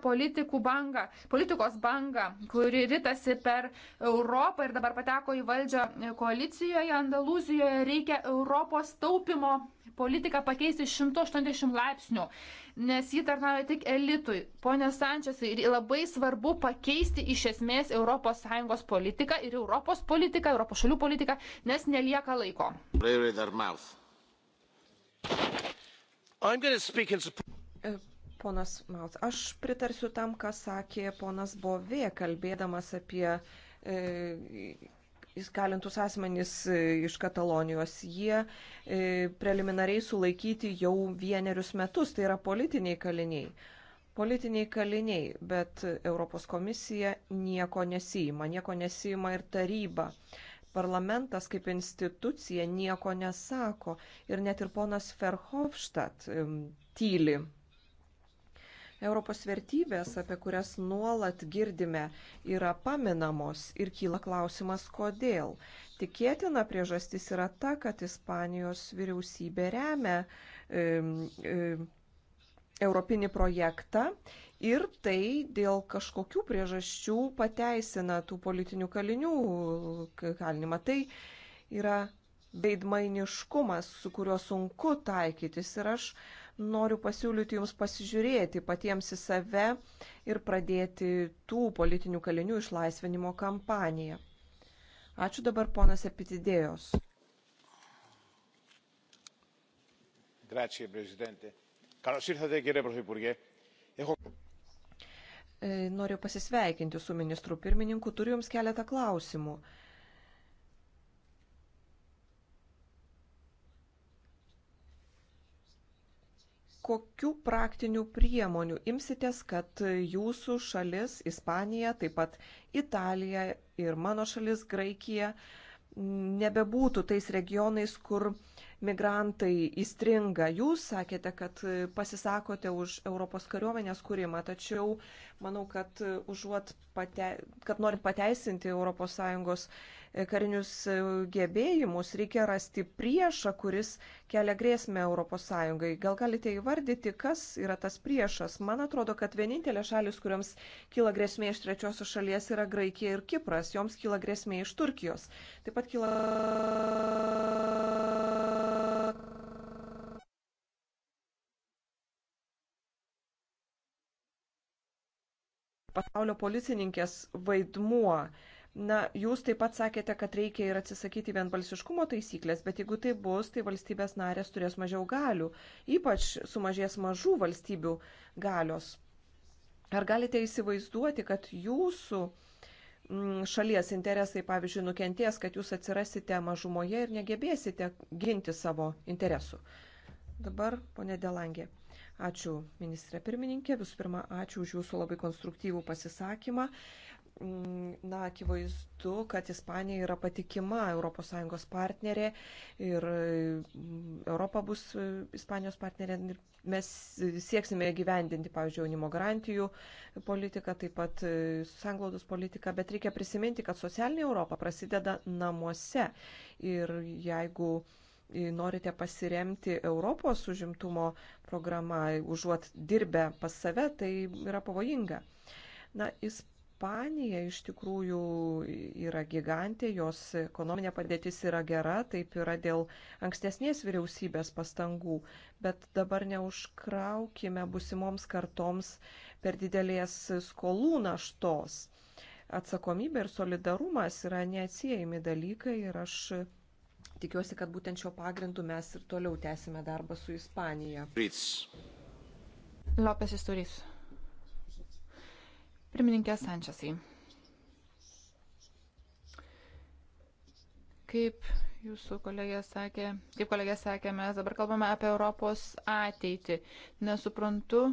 Speaker 3: bangą, politikos bangą, kuri ritasi per Europą ir dabar pateko į valdžią koalicijoje Andalūzijoje, reikia Europos taupimo politiką pakeisti 180 laipsnių, nes jį tarnauja tik elitui. Pone Sančiasai, labai svarbu pakeisti iš esmės Europos. ES politiką ir Europos politiką, Europos šalių politiką, nes nelieka laiko.
Speaker 1: E,
Speaker 4: ponas Maut, aš pritarsiu tam, ką sakė ponas Bovė, kalbėdamas apie e, įskalintus asmenys e, iš Katalonijos. Jie e, preliminariai sulaikyti jau vienerius metus, tai yra politiniai kaliniai politiniai kaliniai, bet Europos komisija nieko nesijima, nieko nesijima ir taryba. Parlamentas kaip institucija nieko nesako ir net ir ponas Ferhofštat tyli. Europos vertybės, apie kurias nuolat girdime, yra paminamos ir kyla klausimas, kodėl. Tikėtina priežastis yra ta, kad Ispanijos vyriausybė remia e, e, europinį projektą ir tai dėl kažkokių priežasčių pateisina tų politinių kalinių kalinimą. Tai yra veidmainiškumas, su kuriuo sunku taikytis ir aš noriu pasiūlyti jums pasižiūrėti patiems į save ir pradėti tų politinių kalinių išlaisvinimo kampaniją. Ačiū dabar ponas Epitidėjos.
Speaker 1: Grazie, prezidente. Καλώς ήρθατε κύριε Πρωθυπουργέ. Έχω...
Speaker 4: Noriu pasisveikinti su ministru pirmininku, turiu Jums keletą klausimų. kokių praktinių priemonių imsitės, kad jūsų šalis, Ispanija, taip pat Italija ir mano šalis, Graikija, nebebūtų tais regionais, kur migrantai įstringa. Jūs sakėte, kad pasisakote už Europos kariuomenės kūrimą, tačiau manau, kad, pate, kad norint pateisinti ES e, karinius e, gebėjimus, reikia rasti priešą, kuris kelia grėsmę ES. Gal galite įvardyti, kas yra tas priešas? Man atrodo, kad vienintelė šalis, kuriams kyla grėsmė iš trečiosios šalies, yra Graikija ir Kipras. Joms kyla grėsmė iš Turkijos. Taip pat kyla pasaulio policininkės vaidmuo. Na, jūs taip pat sakėte, kad reikia ir atsisakyti vienbalsiškumo taisyklės, bet jeigu tai bus, tai valstybės narės turės mažiau galių, ypač sumažės mažų valstybių galios. Ar galite įsivaizduoti, kad jūsų mm, šalies interesai, pavyzdžiui, nukenties, kad jūs atsirasite mažumoje ir negebėsite ginti savo interesų? Dabar, ponė Delangė. Ačiū, ministrė pirmininkė. Visų pirma, ačiū už jūsų labai konstruktyvų pasisakymą. Mm, na, akivaizdu, kad Ispanija yra patikima ES partnerė ir mm, Europa bus e, Ispanijos partnerė. Mes sieksime gyvendinti, pavyzdžiui, jaunimo garantijų politiką, taip pat e, sanglaudos politiką, bet reikia prisiminti, kad socialinė Europa prasideda namuose. Ir jeigu uh, norite pasiremti Europos užimtumo programą, užuot dirbę pas save, tai yra pavojinga. Na, Ispanija iš tikrųjų yra gigantė, jos ekonominė padėtis yra gera, taip yra dėl ankstesnės vyriausybės pastangų, bet dabar neužkraukime busimoms kartoms per didelės skolų naštos atsakomybė ir solidarumas yra neatsiejami dalykai ir aš Tikiuosi, kad būtent šio pagrindu mes ir toliau tęsime darbą su Ispanija. Prits. Lopes Isturys.
Speaker 3: Pirmininkė Sančiasai. Kaip jūsų kolegė sakė, kaip kolegė sakė, mes dabar kalbame apie Europos ateitį. Nesuprantu,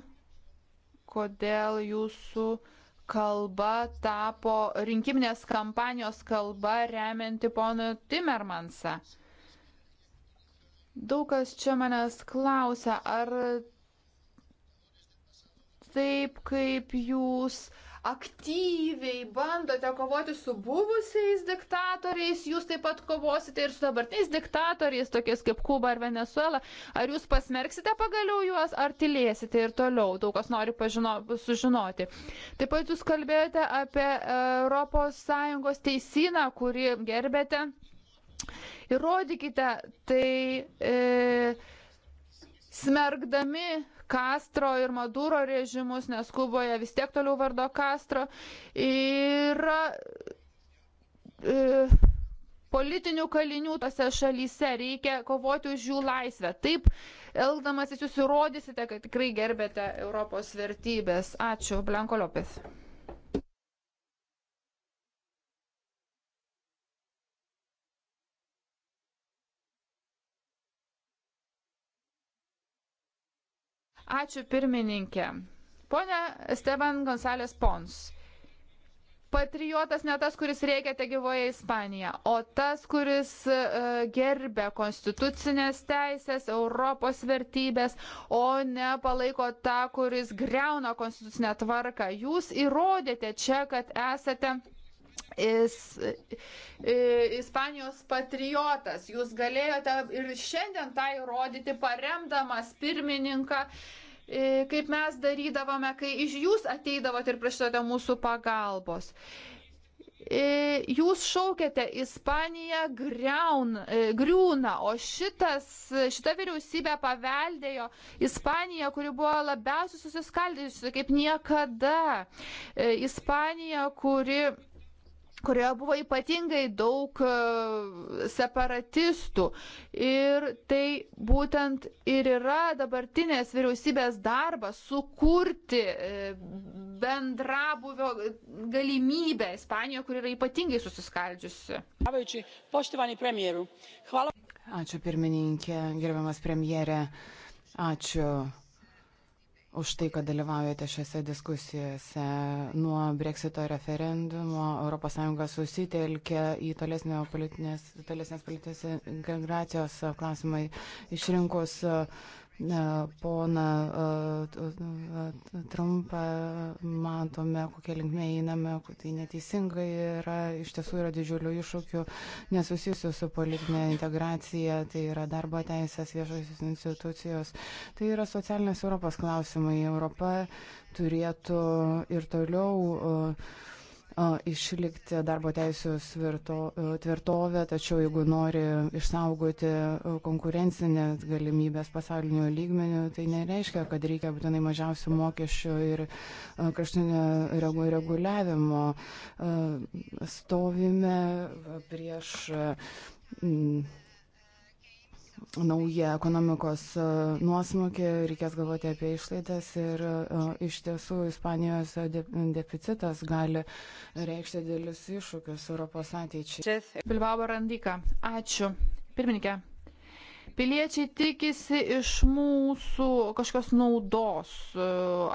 Speaker 3: kodėl jūsų uh, kalba tapo rinkiminės kampanijos kalba remianti poną Timermansą. Daug kas čia manęs klausia, ar taip kaip jūs uh, aktyviai bandote kovoti su buvusiais diktatoriais, jūs taip pat kovosite ir su dabartiniais diktatoriais, tokiais kaip Kuba ar Venezuela. Ar jūs pasmerksite pagaliau juos, ar tylėsite ir toliau? Daug kas nori pažino, sužinoti. Taip pat jūs kalbėjote apie ES teisiną, kurį gerbėte. Įrodykite tai e, smergdami Castro ir Maduro režimus, nes Kuboje vis tiek toliau vardo Castro, yra e, politinių kalinių tose šalyse, reikia kovoti už jų laisvę. Taip, elgdamasis jūs įrodysite, kad tikrai gerbėte Europos vertybės. Ačiū, Blanko Lopės. Ačiū pirmininkė. Pone Esteban Gonzalės Pons. Patriotas ne tas, kuris reikia te gyvoje Ispaniją, o tas, kuris uh, e, gerbė konstitucinės teisės, Europos vertybės, o ne palaiko tą, kuris greuna konstitucinę tvarką. Jūs įrodėte čia, kad esate Is, Ispanijos patriotas. Jūs galėjote ir šiandien tai rodyti, paremdamas pirmininką, kaip mes darydavome, kai iš jūs ateidavote ir prašydavote mūsų pagalbos. Jūs šaukėte, Ispanija greun, griūna, o šitas, šita vyriausybė paveldėjo Ispaniją, kuri buvo labiausiai susiskaldžiusi kaip niekada. Ispanija, kuri kurioje buvo ypatingai daug e, separatistų. Ir tai būtent ir yra dabartinės vyriausybės darbas sukurti e, bendrabuvio galimybę Ispanijoje, kur yra ypatingai susiskaldžiusi.
Speaker 5: Ačiū pirmininkė, gerbiamas premjerė. Ačiū už tai, kad dalyvaujate šiose diskusijose. Nuo breksito referendumo ES susitelkė į tolesnės politinės, tolesnės politinės integracijos klausimai išrinkus. Uh, poną Trumpą, matome, kokia linkme einame, kad tai neteisingai yra, iš tiesų yra didžiulių iššūkių nesusijusių su politinė integracija, tai yra darbo teisės, viešosios institucijos, tai yra socialinės Europos klausimai. Europa turėtų ir toliau uh, išlikti darbo teisų tvirtovę, tačiau jeigu nori išsaugoti konkurencinės galimybės pasaulinio lygmenių, tai nereiškia, kad reikia būtinai mažiausių mokesčių ir kraštinio reguliavimo. Stovime prieš naują ekonomikos e, nuosmukį, reikės galvoti apie išlaidas ir e, iš tiesų Ispanijos
Speaker 3: deficitas gali reikšti dėlis iššūkius Europos ateičiai. Bilbao Barandika, ačiū. Pirmininkė, Piliečiai tikisi iš mūsų kažkokios naudos, e,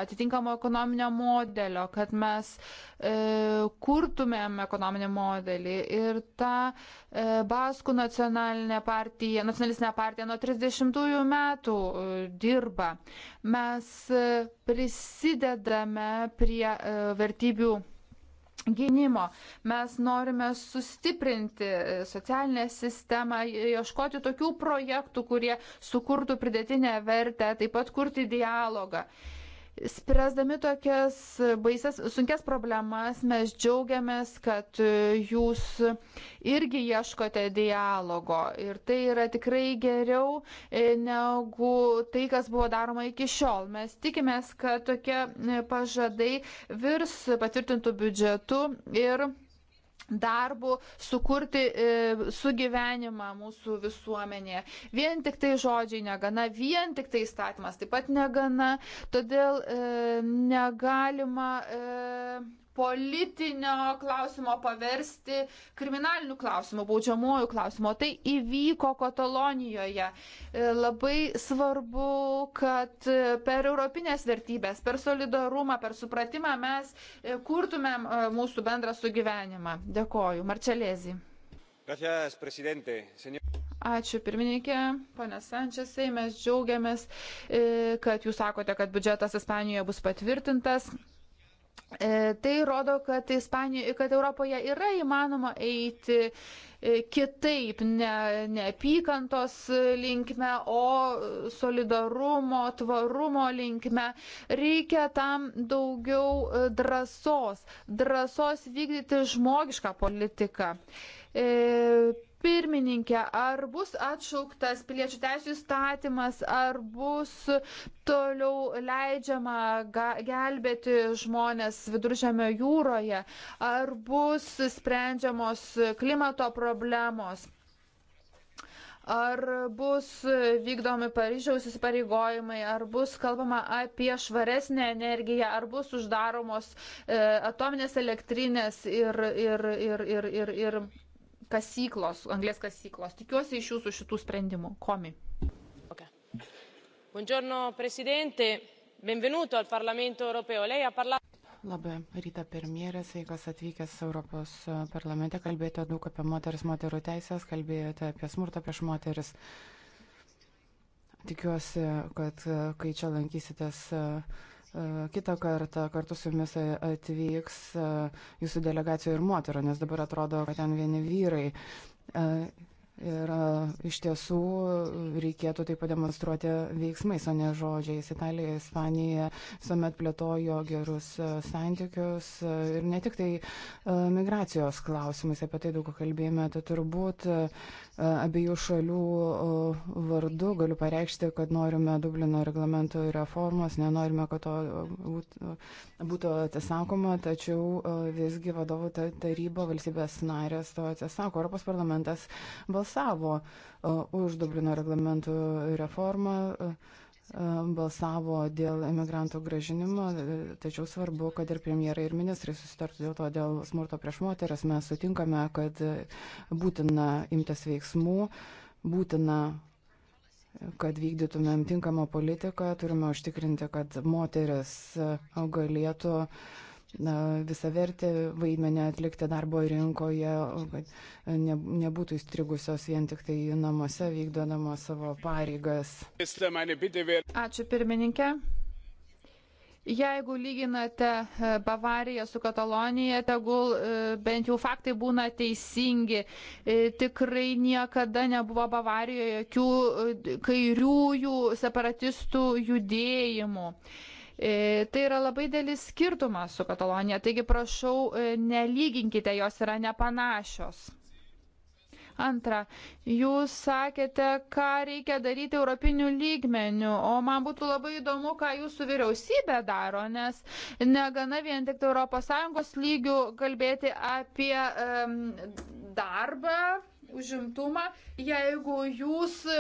Speaker 3: atitinkamo ekonominio modelio, kad mes e, kurtumėm ekonominį modelį. Ir ta e, Baskų nacionalinė partija, nacionalistinė partija nuo 30-ųjų metų e, dirba. Mes e, prisidedame prie e, vertybių gynimo. Mes norime sustiprinti e, socialinę sistemą, ieškoti tokių projektų, kurie sukurtų pridėtinę vertę, taip pat kurti dialogą. Spręsdami tokias baises, sunkes problemas, mes džiaugiamės, kad jūs irgi ieškote dialogo. Ir tai yra tikrai geriau e, negu tai, kas buvo daroma iki šiol. Mes tikimės, kad tokie e, pažadai virs patvirtintų biudžetu ir darbu sukurti e, sugyvenimą mūsų visuomenėje. Vien tik tai žodžiai negana, vien tik tai įstatymas taip pat negana, todėl e, negalima e, politinio klausimo paversti kriminaliniu klausimu, baudžiamuoju klausimu. Tai įvyko Katalonijoje. E, labai svarbu, kad per europinės vertybės, per solidarumą, per supratimą mes e, kurtumėm e, mūsų bendrą sugyvenimą. Dėkoju. Marcelėzi. Ačiū pirmininkė, ponė Sančiasai, mes džiaugiamės, kad jūs sakote, kad biudžetas Ispanijoje bus patvirtintas. E, tai rodo, kad, Ispanijoje, kad Europoje yra įmanoma eiti e, kitaip, ne, ne apykantos linkme, o solidarumo, tvarumo linkme. Reikia tam daugiau e, drąsos, drąsos vykdyti žmogišką politiką pirmininkė, ar bus atšauktas piliečių teisų įstatymas, ar bus toliau leidžiama gelbėti žmonės viduržėmio jūroje, ar bus sprendžiamos klimato problemos. Ar bus vykdomi Paryžiaus įsipareigojimai, ar bus kalbama apie švaresnę energiją, ar bus uždaromos e, atominės elektrinės ir, ir, ir, ir, ir, ir kasyklos, anglės kasyklos. Tikiuosi iš jūsų šitų sprendimų. Komi. Okay. Buongiorno, prezidente. Benvenuto al Parlamento europeo. Lei ha parlato. Labai
Speaker 5: ryta premjerė, sveikas atvykęs Europos e, parlamente, kalbėjote daug apie moteris, moterų teisės, kalbėjote apie smurtą prieš moteris. Tikiuosi, kad e, kai čia lankysitės uh, E, kitą kartą kartu su jumis atvyks e, jūsų delegacija ir moterų, nes dabar atrodo, kad ten vieni vyrai. E, Ir iš tiesų reikėtų tai pademonstruoti veiksmais, o ne žodžiais. Italija, Ispanija visuomet plėtojo gerus santykius ir ne tik tai migracijos klausimais, apie tai daug kalbėjome, tai turbūt abiejų šalių vardu galiu pareikšti, kad norime Dublino reglamento reformos, nenorime, kad to būtų atsisakoma, tačiau visgi vadovų taryba valstybės narės to atsisako. Europos parlamentas balsavo balsavo už Dublino reglamentų reformą, balsavo dėl imigrantų gražinimo, tačiau svarbu, kad ir premjerai, ir ministrai susitartų dėl to, dėl smurto prieš moteris. Mes sutinkame, kad būtina imtis veiksmų, būtina kad vykdytumėm tinkamą politiką, turime užtikrinti, kad moteris galėtų uh, visavertį vaidmenį atlikti darbo rinkoje, kad ne, nebūtų įstrigusios vien tik tai namuose vykdodamos savo pareigas.
Speaker 1: Ačiū
Speaker 3: pirmininkė. Jeigu lyginate e, Bavariją su Katalonija, tegul e, bent jau faktai būna teisingi. E, tikrai niekada nebuvo Bavarijoje jokių kairiųjų separatistų judėjimų. E, tai yra labai dėlis skirtumas su Katalonija, taigi prašau, e, nelyginkite, jos yra nepanašios. Antra, jūs sakėte, ką reikia daryti europinių lygmenių, o man būtų labai įdomu, ką jūsų vyriausybė daro, nes negana vien tik tai ES lygių kalbėti apie um, darbą užimtumą, jeigu jūs e,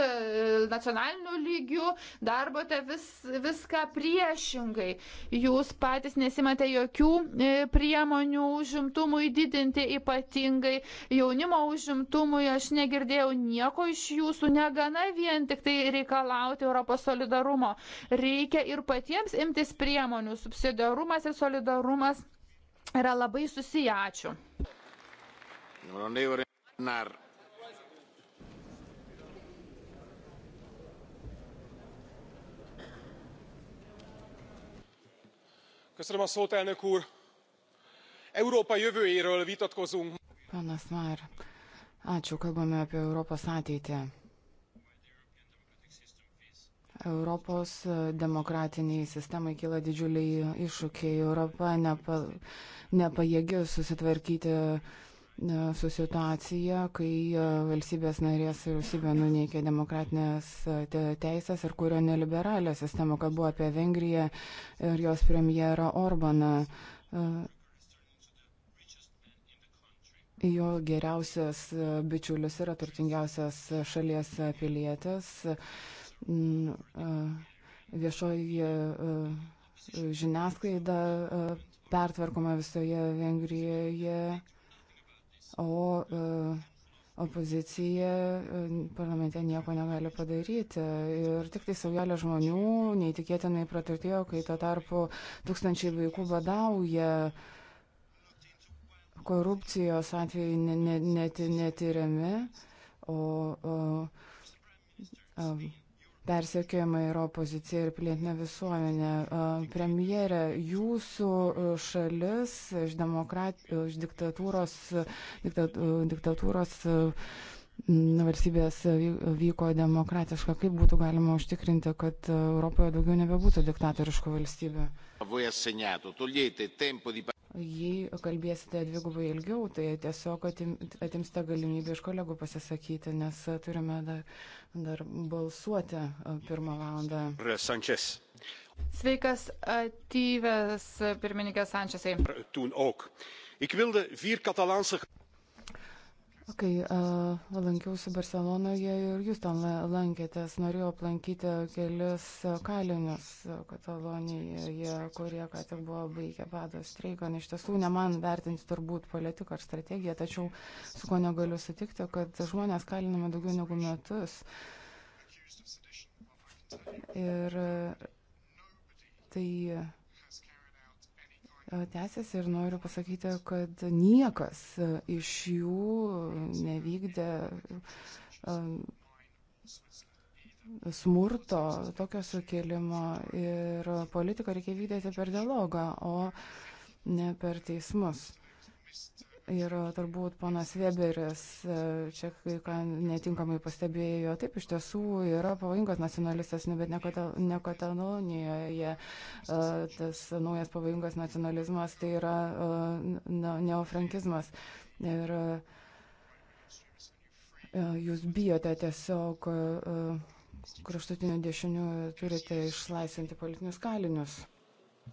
Speaker 3: nacionaliniu lygiu darbote vis, viską priešingai. Jūs patys nesimate jokių e, priemonių užimtumui didinti, ypatingai jaunimo užimtumui. Aš negirdėjau nieko iš jūsų, negana vien tik tai reikalauti Europos solidarumo. Reikia ir patiems imtis priemonių. Subsidiarumas ir solidarumas yra labai susiję. Ačiū.
Speaker 1: Onorevole Nar.
Speaker 2: elnök úr! európa jövőjéről vitatkozunk.
Speaker 5: ponas maer ačiū kalbame apie europos ateitį. Europos demokratiniai sistemai kyla didžiuliai iššūkiai. Europa nepa, nepajėgi susitvarkyti uh, E, su situacija, kai e, valstybės narės vyriausybė nuneikia demokratinės e, teisės ir kurio neliberalią sistemą, kad buvo apie Vengriją ir jos premjerą Orbaną. Jo geriausias bičiulis yra turtingiausias šalies pilietis. Mm, viešoji žiniasklaida pertvarkoma visoje Vengrijoje o e, opozicija e, parlamente nieko negali padaryti. Ir tik tai saujelė žmonių neįtikėtinai praturtėjo, kai tuo tarpu tūkstančiai vaikų badauja. Korupcijos atvejai net, net, net, netiriami, o, o, o persekiojama yra opozicija ir pilietinė visuomenė. Premjerė, jūsų šalis iš, demokrat, iš diktatūros, diktat, diktatūros valstybės vyko demokratiška. Kaip būtų galima užtikrinti, kad Europoje daugiau nebebūtų diktatoriškų valstybių? Jei kalbėsite dvigubai ilgiau, tai tiesiog atim, atimsta galimybę iš kolegų pasisakyti, nes turime dar, dar balsuoti pirmą valandą. Sančias.
Speaker 3: Sveikas atyvės pirmininkė Sančiasai.
Speaker 5: Toen ook. Ik wilde vier Catalaanse.
Speaker 3: Kai uh,
Speaker 5: lankiausi Barcelonoje ir jūs ten lankėtės, norėjau aplankyti kelius kalinius Katalonijoje, kurie ką tik buvo baigę bado streiką. Iš tiesų, ne man vertinti turbūt politiką ar strategiją, tačiau su ko negaliu sutikti, kad žmonės kalinami daugiau negu metus. Ir tai E, tęsiasi ir noriu pasakyti, kad niekas e, iš jų nevykdė e, smurto, tokio sukėlimo ir politiką reikia vykdyti per dialogą, o ne per teismus. Ir turbūt ponas Weberis e, čia ką netinkamai pastebėjo, taip iš tiesų yra pavojingas nacionalistas, nu, bet ne Katalonijoje. E, tas naujas pavojingas nacionalizmas tai yra e, neofrankizmas. Ir jūs bijote tiesiog kraštutinių dešinių, turite išlaisvinti politinius kalinius.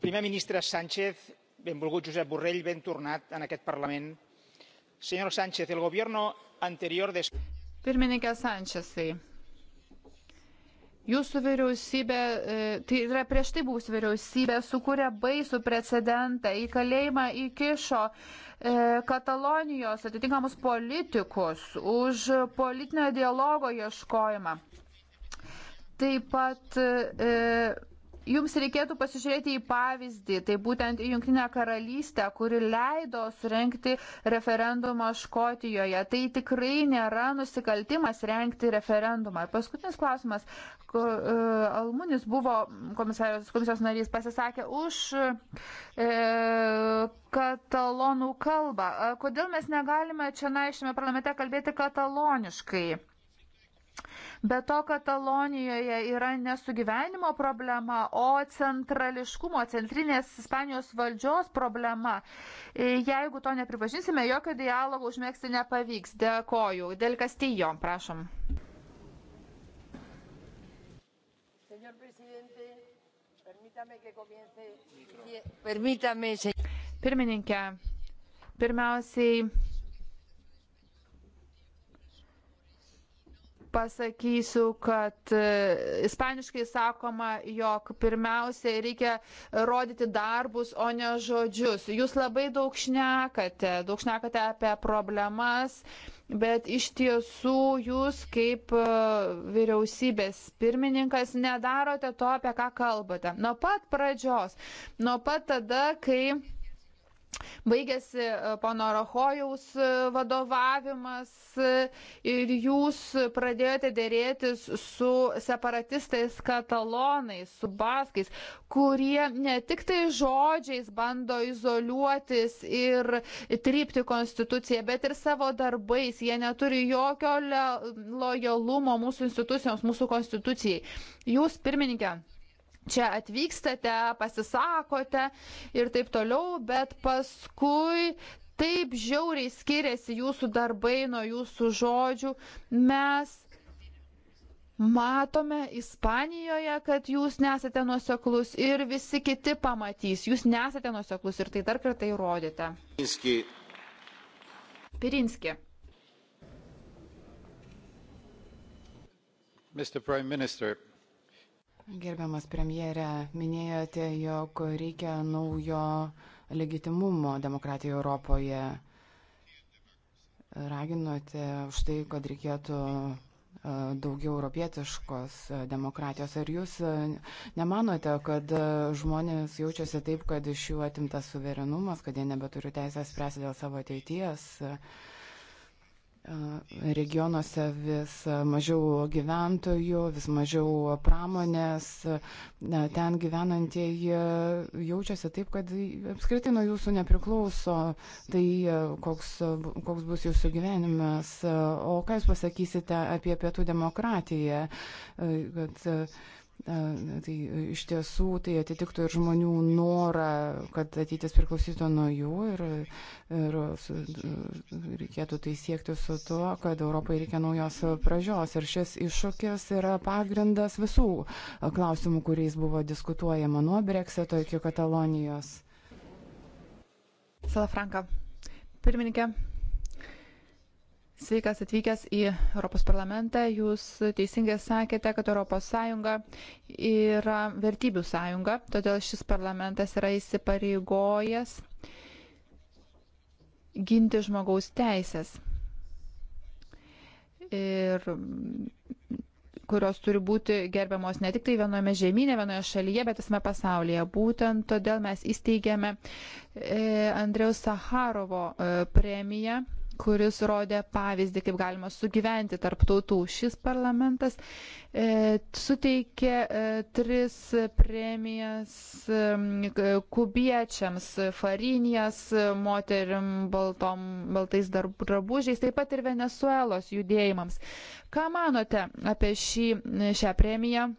Speaker 2: Primer ministras Sánchez, benvolgut Josep Borrell, ben tornat en aquest Parlament Señor Sánchez, el gobierno anterior de.
Speaker 3: Pirmininkė Sančesai, Jūsų vyriausybė, e, tai yra prieš tai buvusi vyriausybė, sukūrė baisų precedentą. Į kalėjimą įkišo e, Katalonijos atitinkamus politikus už politinio dialogo ieškojimą. Taip pat e, Jums reikėtų pasižiūrėti į pavyzdį, tai būtent į Junktinę karalystę, kuri leido surenkti referendumą Škotijoje. Tai tikrai nėra nusikaltimas renkti referendumą. Paskutinis klausimas. E, Almunis buvo komisijos, komisijos narys, pasisakė už e, katalonų kalbą. Kodėl mes negalime čia na, šiame parlamente kalbėti kataloniškai? Be to, Katalonijoje yra nesugyvenimo problema, o centrališkumo, centrinės Ispanijos valdžios problema. E, jeigu to nepripažinsime, jokio dialogo užmėgsti nepavyks. Dėkoju. Dėl Kastijo, prašom. Pirmininkė, pirmiausiai pasakysiu, kad e, ispaniškai sakoma, jog pirmiausia reikia rodyti darbus, o ne žodžius. Jūs labai daug šnekate, daug šnekate apie problemas, bet iš tiesų jūs kaip e, vyriausybės pirmininkas nedarote to, apie ką kalbate. Nuo pat pradžios, nuo pat tada, kai Baigėsi e, pono Rohojaus e, vadovavimas e, ir jūs pradėjote dėrėtis su separatistais katalonais, su baskais, kurie ne tik tai žodžiais bando izoliuotis ir trypti konstituciją, bet ir savo darbais. Jie neturi jokio lojalumo mūsų institucijoms, mūsų konstitucijai. Jūs, pirmininkė, čia atvykstate, pasisakote ir taip toliau, bet paskui taip žiauriai skiriasi jūsų darbai nuo jūsų žodžių. Mes matome Ispanijoje, kad jūs nesate nuoseklus ir visi kiti pamatys, jūs nesate nuoseklus ir tai dar kartą įrodėte. Pirinski. Pirinski.
Speaker 1: Mr. Prime Minister,
Speaker 3: Gerbiamas
Speaker 5: premjerė, minėjote, jog reikia naujo legitimumo demokratijoje Europoje. Raginote už tai, kad reikėtų e, daugiau europietiškos e, demokratijos. Ar jūs e, nemanote, kad žmonės jaučiasi taip, kad iš jų atimtas suverenumas, kad jie nebeturi teisę spręsti dėl savo ateities? Uh, regionuose vis mažiau gyventojų, vis mažiau pramonės, ten gyvenantieji jaučiasi taip, kad apskritai nuo jūsų nepriklauso tai, koks, koks bus jūsų gyvenimas. O ką jūs pasakysite apie pietų demokratiją? Kad, Tai iš tiesų tai atitiktų ir žmonių norą, kad ateitis priklausytų nuo jų ir, ir su, reikėtų tai siekti su tuo, kad Europai reikia naujos pražios. Ir šis iššūkis yra pagrindas visų klausimų, kuriais buvo diskutuojama nuo Brexito iki Katalonijos.
Speaker 3: Salafranka. Pirmininkė. Sveikas atvykęs į Europos parlamentą. Jūs teisingai sakėte, kad ES yra vertybių sąjunga, todėl šis parlamentas yra įsipareigojęs ginti žmogaus teisės. Ir kurios turi būti gerbiamos ne tik tai vienoje žemynė, vienoje šalyje, bet visame pasaulyje. Būtent todėl mes įsteigėme e, Andriaus Saharovo e, premiją kuris rodė pavyzdį, kaip galima sugyventi tarp tautų. Šis parlamentas e, suteikė e, tris premijas e, kubiečiams, farinijas, moterim baltom, baltais drabužiais, taip pat ir Venezuelos judėjimams. Ką manote apie šį, šią premiją?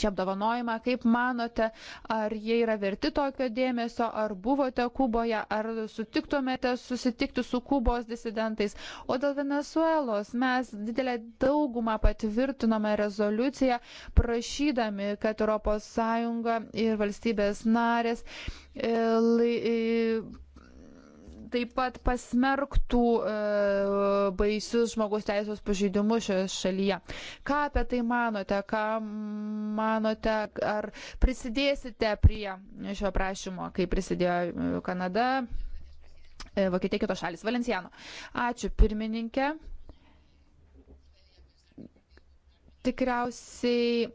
Speaker 3: šį apdovanojimą. Kaip manote, ar jie yra verti tokio dėmesio, ar buvote Kuboje, ar sutiktumėte susitikti su Kubos disidentais? O dėl Venezuelos mes didelę daugumą patvirtinome rezoliuciją, prašydami, kad ES ir valstybės narės e, e, taip pat pasmerktų e, baisius žmogaus teisės pažeidimus šioje šalyje. Ką apie tai manote, ką manote, ar prisidėsite prie šio prašymo, kai prisidėjo e, Kanada, e, Vokietija, kitos šalis, Valenciano. Ačiū pirmininkė. Tikriausiai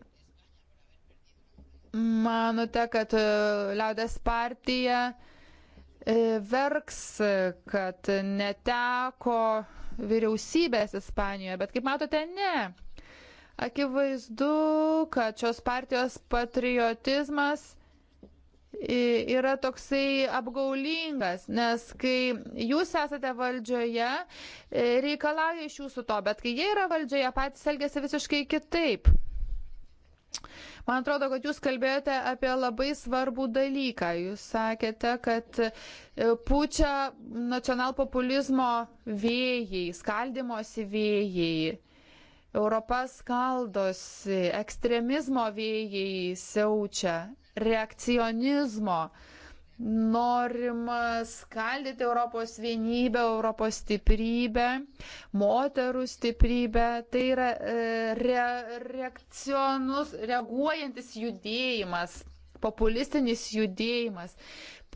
Speaker 3: manote, kad e, liaudės partija E, verks, kad neteko vyriausybės Ispanijoje, bet kaip matote, ne. Akivaizdu, kad šios partijos patriotizmas yra toksai apgaulingas, nes kai jūs esate valdžioje, e, reikalauja iš jūsų to, bet kai jie yra valdžioje, patys elgesi visiškai kitaip. Man atrodo, kad jūs kalbėjote apie labai svarbų dalyką. Jūs sakėte, kad e, pučia nacionalpopulizmo vėjai, skaldimosi vėjai. Europa skaldosi, ekstremizmo vėjai siaučia, reakcionizmo vėjai norima skaldyti Europos vienybę, Europos stiprybę, moterų stiprybę. Tai yra e, re, reakcionus, reaguojantis judėjimas, populistinis judėjimas.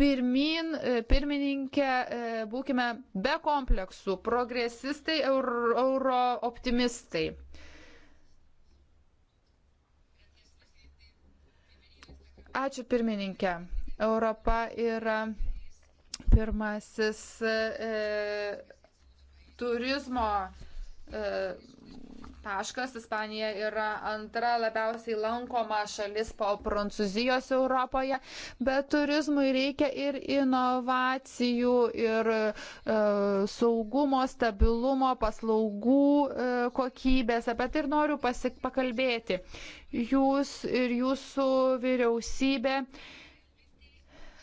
Speaker 3: Pirmin, e, pirmininkė, e, būkime be kompleksų, progresistai, euro, euro optimistai. Ačiū pirmininkė. Europa yra pirmasis e, turizmo e, taškas. Ispanija yra antra labiausiai lankoma šalis po Prancūzijos Europoje, bet turizmui reikia ir inovacijų, ir e, saugumo, stabilumo, paslaugų e, kokybės. Apie tai ir noriu pasik pakalbėti. Jūs ir jūsų vyriausybė. E,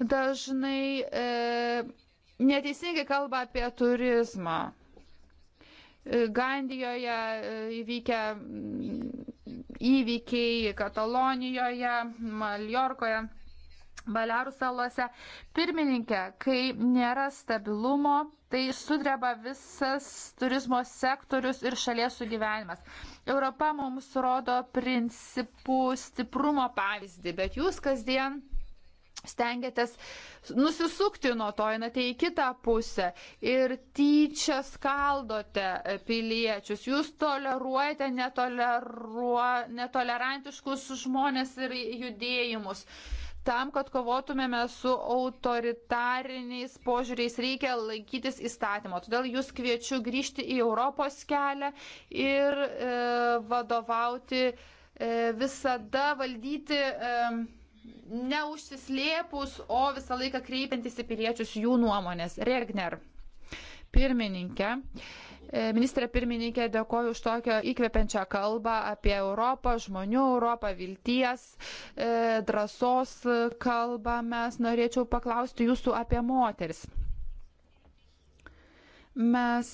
Speaker 3: dažnai e, neteisingai kalba apie turizmą. E, Gandijoje e, įvykę įvykiai, Katalonijoje, Maljorkoje, Balearų salose. Pirmininkė, kai nėra stabilumo, tai sudreba visas turizmo sektorius ir šalies sugyvenimas. Europa mums rodo principų stiprumo pavyzdį, bet jūs kasdien stengiatės nusisukti nuo to, einate į kitą pusę ir tyčia skaldote piliečius, jūs toleruojate netoleruo, netolerantiškus žmonės ir judėjimus. Tam, kad kovotumėme su autoritariniais požiūriais, reikia laikytis įstatymo. Todėl jūs kviečiu grįžti į Europos kelią ir e, vadovauti e, visada valdyti. E, neužsislėpus, o visą laiką kreipiantis į piliečius jų nuomonės. Regner, pirmininkė. E, ministrė pirmininkė, dėkoju už tokią įkvepiančią kalbą apie Europą, žmonių Europą, vilties, e, drąsos kalbą. Mes norėčiau paklausti jūsų apie moteris. Mes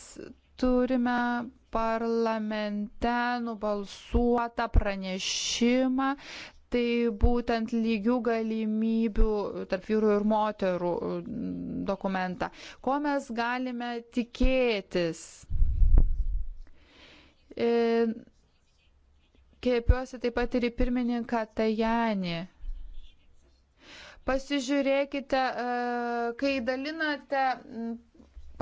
Speaker 3: turime parlamente nubalsuotą pranešimą tai būtent lygių galimybių tarp vyrų ir moterų mm, dokumentą. Ko mes galime tikėtis? E, kreipiuosi taip pat ir į pirmininką Tajanį. Pasižiūrėkite, e, kai dalinate mm,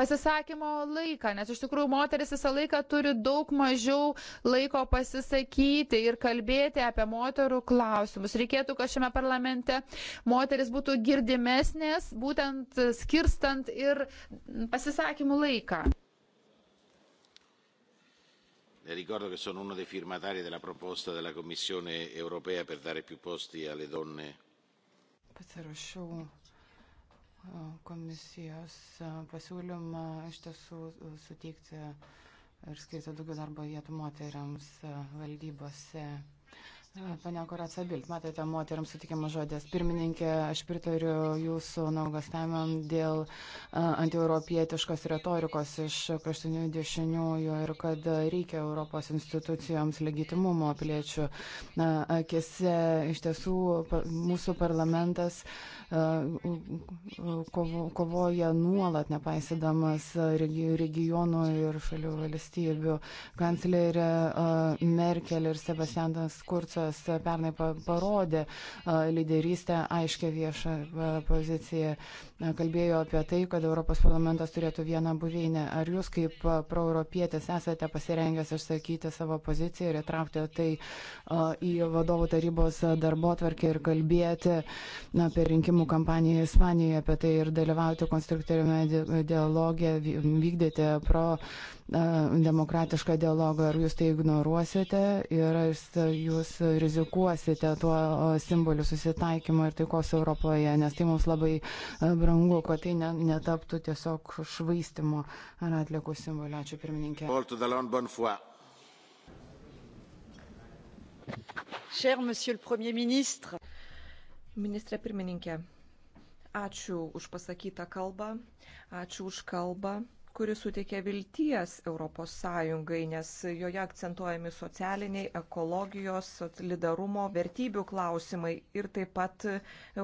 Speaker 3: pasisakymo laiką, nes iš tikrųjų moteris visą laiką turi daug mažiau laiko pasisakyti ir kalbėti apie moterų klausimus. Reikėtų, kad šiame parlamente moteris būtų girdimesnės, būtent skirstant ir pasisakymų laiką.
Speaker 1: Le ricordo che sono uno dei firmatari della proposta della Commissione europea per dare più posti alle donne.
Speaker 5: Pasirašiau komisijos e, pasiūlymą iš tiesų e, suteikti ir skirti daugiau darbo vietų moteriams e, valdybose Pane Koracabilt, matote, moteriams sutikimas žodės. Pirmininkė, aš pritariu jūsų naugastamėm dėl antieuropietiškos retorikos iš kraštinių dešiniųjų ir kad reikia Europos institucijoms legitimumo piliečių akise. Iš tiesų, mūsų parlamentas kovoja nuolat, nepaisydamas regionų ir šalių valstybių. Kanclerė Merkel ir Sebastianas Kurcas parlamentas pernai parodė lyderystę, aiškę viešą poziciją kalbėjo apie tai, kad Europos parlamentas turėtų vieną buveinę. Ar jūs kaip proeuropietis esate pasirengęs išsakyti savo poziciją ir įtraukti tai į vadovų tarybos darbo atvarkį ir kalbėti na, per rinkimų kampaniją Ispanijoje apie tai ir dalyvauti konstruktoriume dialogė, vykdyti pro demokratišką dialogą, ar jūs tai ignoruosite ir jūs rizikuosite tuo simboliu susitaikymo ir taikos Europoje, nes tai mums labai brangu brangu, kad tai ne, netaptų tiesiog švaistimo ar atliekų simboliu. Ačiū pirmininkė.
Speaker 4: Cher Monsieur le Premier ministre. Ministrė pirmininkė, ačiū už pasakytą kalbą, ačiū už kalbą kuris suteikia vilties ES, nes joje akcentuojami socialiniai, ekologijos, solidarumo, vertybių klausimai ir taip pat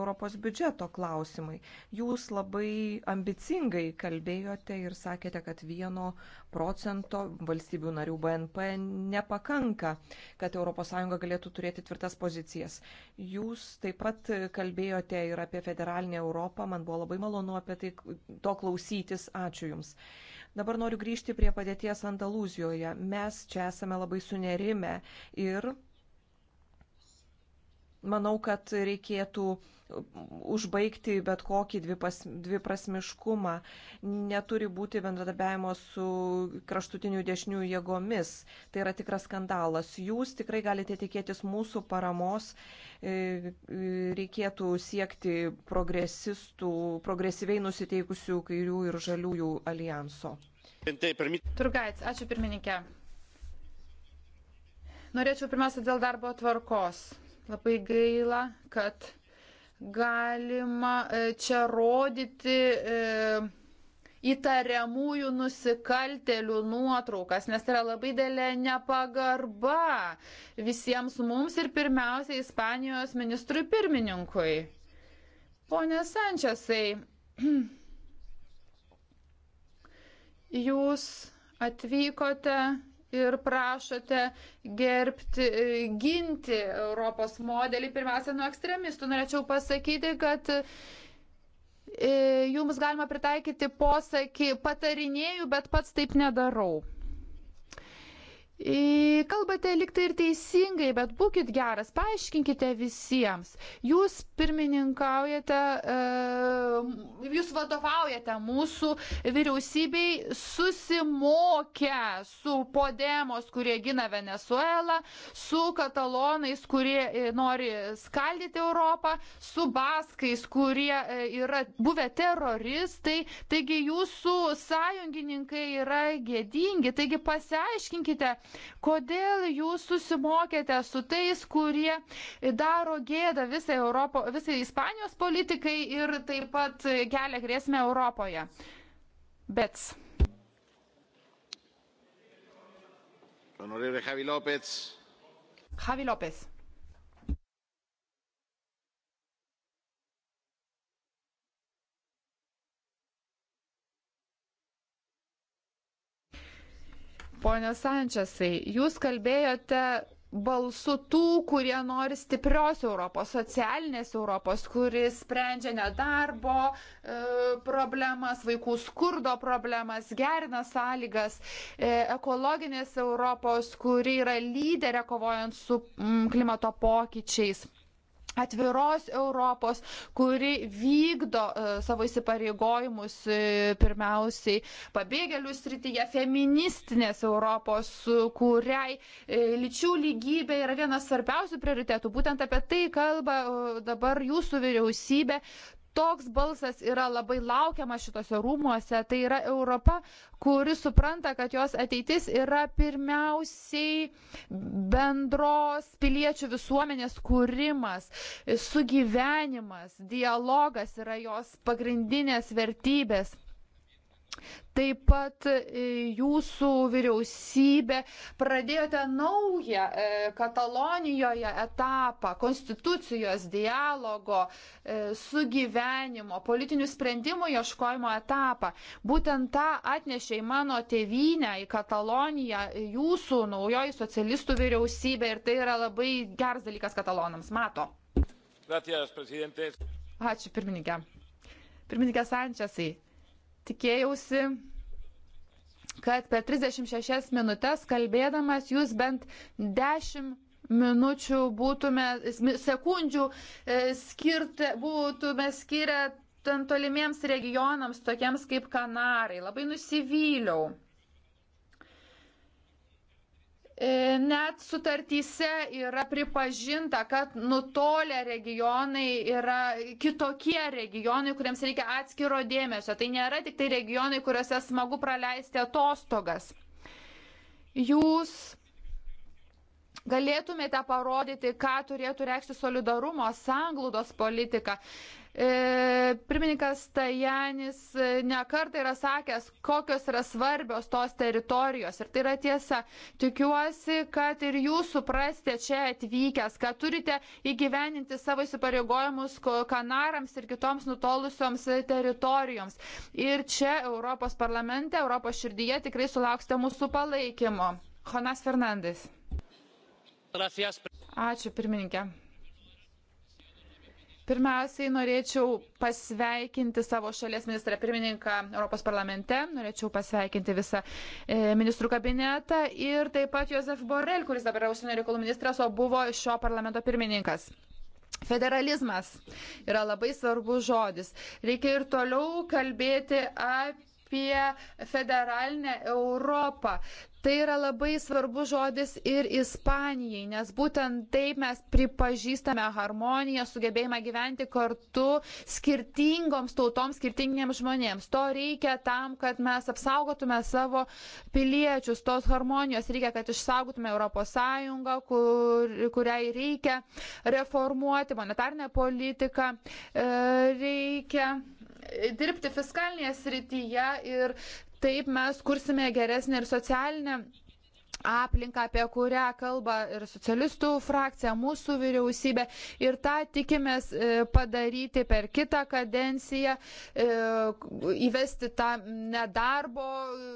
Speaker 4: Europos biudžeto klausimai. Jūs labai ambicingai kalbėjote ir sakėte, kad vieno procento valstybių narių BNP nepakanka, kad ES galėtų turėti tvirtas pozicijas. Jūs taip pat kalbėjote ir apie federalinę Europą. Man buvo labai malonu apie tai to klausytis. Ačiū Jums. Dabar noriu grįžti prie padėties Andalūzijoje. Mes čia esame labai sunerime ir manau, kad reikėtų užbaigti bet kokį dvipas, dviprasmiškumą. Neturi būti bendradarbiavimo su kraštutinių dešinių jėgomis. Tai yra tikras skandalas. Jūs tikrai galite tikėtis mūsų paramos. E, e, reikėtų siekti progresistų, progresyviai nusiteikusių kairių ir žaliųjų alijanso. Turgaits, ačiū pirmininkė.
Speaker 3: Norėčiau pirmiausia dėl darbo tvarkos. Labai gaila, kad galima e, čia rodyti e, įtariamųjų nusikaltelių nuotraukas, nes tai yra labai dėlė nepagarba visiems mums ir pirmiausia Ispanijos ministrui pirmininkui. Pone Sančiasai, jūs atvykote ir prašote gerbti, ginti Europos modelį pirmiausia nuo ekstremistų. Norėčiau pasakyti, kad e, jums galima pritaikyti posakį patarinėjau, bet pats taip nedarau. Kalbate liktai ir teisingai, bet būkite geras, paaiškinkite visiems. Jūs pirmininkaujate, e, jūs vadovaujate mūsų vyriausybei susimokę su Podemos, kurie gina Venezuelą, su katalonais, kurie e, nori skaldyti Europą, su baskais, kurie e, yra buvę teroristai. Taigi jūsų sąjungininkai yra gėdingi. Taigi pasiaiškinkite, Kodėl jūs susimokėte su tais, kurie daro gėdą visai, Europo, visai Ispanijos politikai ir taip pat kelia grėsmę Europoje? Bet.
Speaker 1: Honorable Javi López.
Speaker 3: Javi López. Pone Sančiasai, jūs kalbėjote balsu tų, kurie nori stiprios Europos, socialinės Europos, kuris sprendžia nedarbo e, problemas, vaikų skurdo problemas, gerina sąlygas, e, ekologinės Europos, kuri yra lyderė kovojant su mm, klimato pokyčiais atviros Europos, kuri vykdo e, savo įsipareigojimus e, pirmiausiai pabėgėlių srityje, feministinės Europos, kuriai e, lyčių lygybė yra vienas svarbiausių prioritetų. Būtent apie tai kalba dabar jūsų vyriausybė, toks balsas yra labai laukiamas šitose rūmuose. Tai yra Europa, kuri supranta, kad jos ateitis yra pirmiausiai bendros piliečių visuomenės kūrimas, sugyvenimas, dialogas yra jos pagrindinės vertybės. Taip pat e, jūsų vyriausybė pradėjote naują e, Katalonijoje etapą konstitucijos dialogo, e, sugyvenimo, politinių sprendimų ieškojimo etapą. Būtent tą atnešė į mano tėvynę, į Kataloniją, jūsų naujoji socialistų vyriausybė ir tai yra labai geras dalykas katalonams. Mato. Gracias, Ačiū, pirmininkė. Pirmininkė Sančiasai, tikėjausi, kad per 36 minutės kalbėdamas jūs bent 10 minučių būtume, sekundžių e, skirti, būtume skirę tolimiems regionams, tokiems kaip Kanarai. Labai nusivyliau. E, net sutartyse yra pripažinta, kad nutolę regionai yra kitokie regionai, kuriems reikia atskiro dėmesio. Tai nėra tik tai regionai, kuriuose smagu praleisti atostogas. Jūs galėtumėte parodyti, ką turėtų reikšti solidarumo, sanglūdos politika. E, pirmininkas Tajanis e, nekartą yra sakęs, kokios yra svarbios tos teritorijos. Ir tai yra tiesa. Tikiuosi, kad ir jūs suprastė čia atvykęs, kad turite įgyveninti savo įsipareigojimus kanarams ir kitoms nutolusioms teritorijoms. Ir čia Europos parlamente, Europos širdyje tikrai sulauksite mūsų palaikymo. Jonas Fernandes. Ačiū pirmininkė. Pirmiausiai norėčiau pasveikinti savo šalies ministrą pirmininką Europos parlamente, norėčiau pasveikinti visą e, ministrų kabinetą ir taip pat Josef Borel, kuris dabar yra užsienio reikalų ministras, o buvo šio parlamento pirmininkas. Federalizmas yra labai svarbus žodis. Reikia ir toliau kalbėti apie apie federalinę Europą. Tai yra labai svarbus žodis ir Ispanijai, nes būtent taip mes pripažįstame harmoniją, sugebėjimą gyventi kartu skirtingoms tautoms, skirtingiems žmonėms. To reikia tam, kad mes apsaugotume savo piliečius, tos harmonijos reikia, kad išsaugotume ES, kur, kuriai reikia reformuoti monetarinę politiką, e, reikia dirbti fiskalinėje srityje ir Taip mes kursime geresnę ir socialinę aplinką, apie kurią kalba ir socialistų frakcija, mūsų vyriausybė. Ir tą tikimės e, padaryti per kitą kadenciją, e, įvesti tą nedarbo e,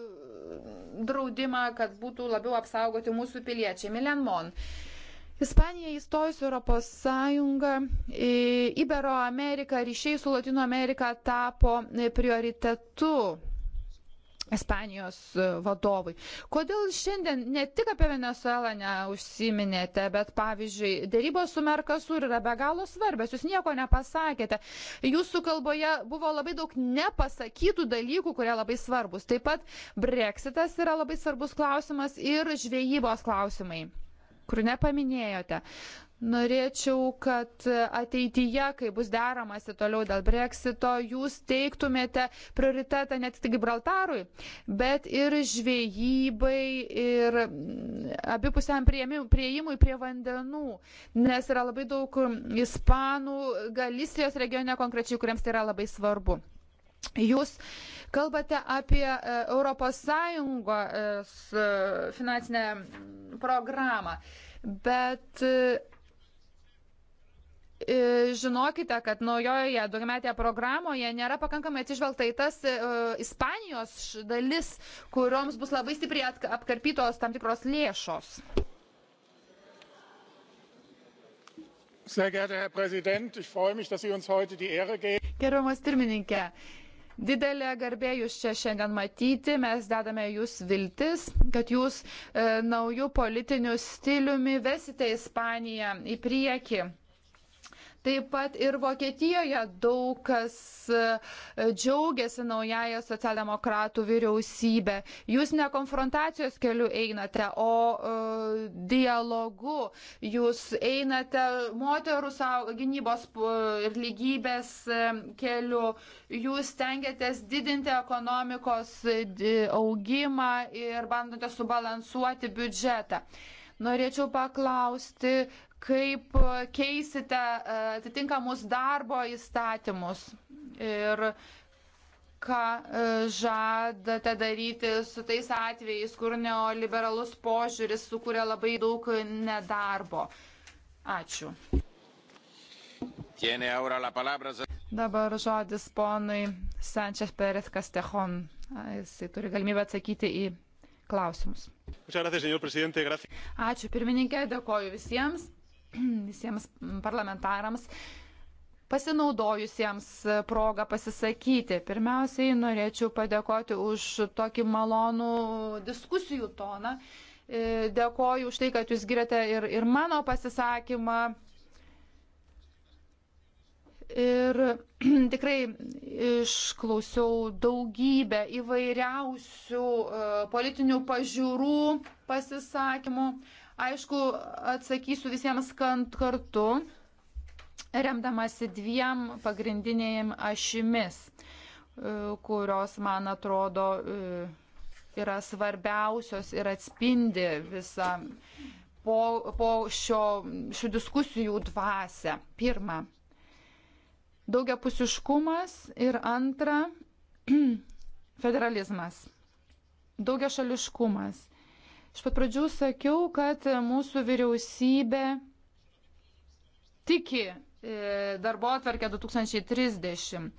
Speaker 3: draudimą, kad būtų labiau apsaugoti mūsų piliečiai. Milenmon. Ispanija įstojus Europos Sąjungą, Ibero Amerika ryšiai su Latino Amerika tapo prioritetu Ispanijos e, vadovui. Kodėl šiandien ne tik apie Venezuelą neužsiminėte, bet pavyzdžiui, dėrybos su Merkasur yra be galo svarbios, jūs nieko nepasakėte. Jūsų kalboje buvo labai daug nepasakytų dalykų, kurie labai svarbus. Taip pat Brexitas yra labai svarbus klausimas ir žvejybos klausimai, kurių nepaminėjote. Norėčiau, kad ateityje, kai bus deramasi toliau dėl breksito, jūs teiktumėte prioritetą ne tik Gibraltarui, bet ir žvėjybai ir mm, abipusiam prieimui prie vandenų, nes yra labai daug ispanų, Galisijos regione konkrečiai, kuriems tai yra labai svarbu. Jūs kalbate apie ES e, finansinę programą, bet e, E, žinokite, kad naujoje daugiametėje programoje nėra pakankamai atsižvelgta į tas uh, Ispanijos dalis, kurioms bus labai stipriai apkarpytos tam tikros lėšos. Gerbiamas pirmininkė, Didelė garbė jūs čia šiandien matyti, mes dedame jūs viltis, kad jūs e, naujų politinių stiliumi vesite Ispaniją į priekį. Taip pat ir Vokietijoje daug kas e, džiaugiasi naująją socialdemokratų vyriausybę. Jūs ne konfrontacijos keliu einate, o e, dialogu. Jūs einate moterų gynybos e, ir lygybės e, keliu. Jūs tengiatės didinti ekonomikos augimą ir bandote subalansuoti biudžetą. Norėčiau paklausti, kaip e, keisite e, atitinkamus darbo įstatymus ir ką e, žadate daryti su tais atvejais, kur neoliberalus požiūris sukuria labai daug nedarbo. Ačiū. Dabar žodis ponui Sančias Perez Kastehon. Jisai turi galimybę atsakyti į klausimus.
Speaker 1: Ačiū
Speaker 3: pirmininkė, dėkoju visiems. visiems parlamentarams pasinaudojusiems progą pasisakyti. Pirmiausiai norėčiau padėkoti už tokį malonų diskusijų toną. E, dėkoju už tai, kad jūs girėte ir, ir mano pasisakymą. Ir tikrai išklausiau daugybę įvairiausių e, politinių pažiūrų pasisakymų. Aišku, atsakysiu visiems kartu, remdamasi dviem pagrindinėjim ašimis, e, kurios, man atrodo, e, yra svarbiausios ir atspindi visą po, po šio, šių diskusijų dvasę. Pirma, daugiapusiškumas ir antra, federalizmas, daugiašališkumas. Iš pat pradžių sakiau, kad mūsų vyriausybė tiki e, darbo atverkę 2030.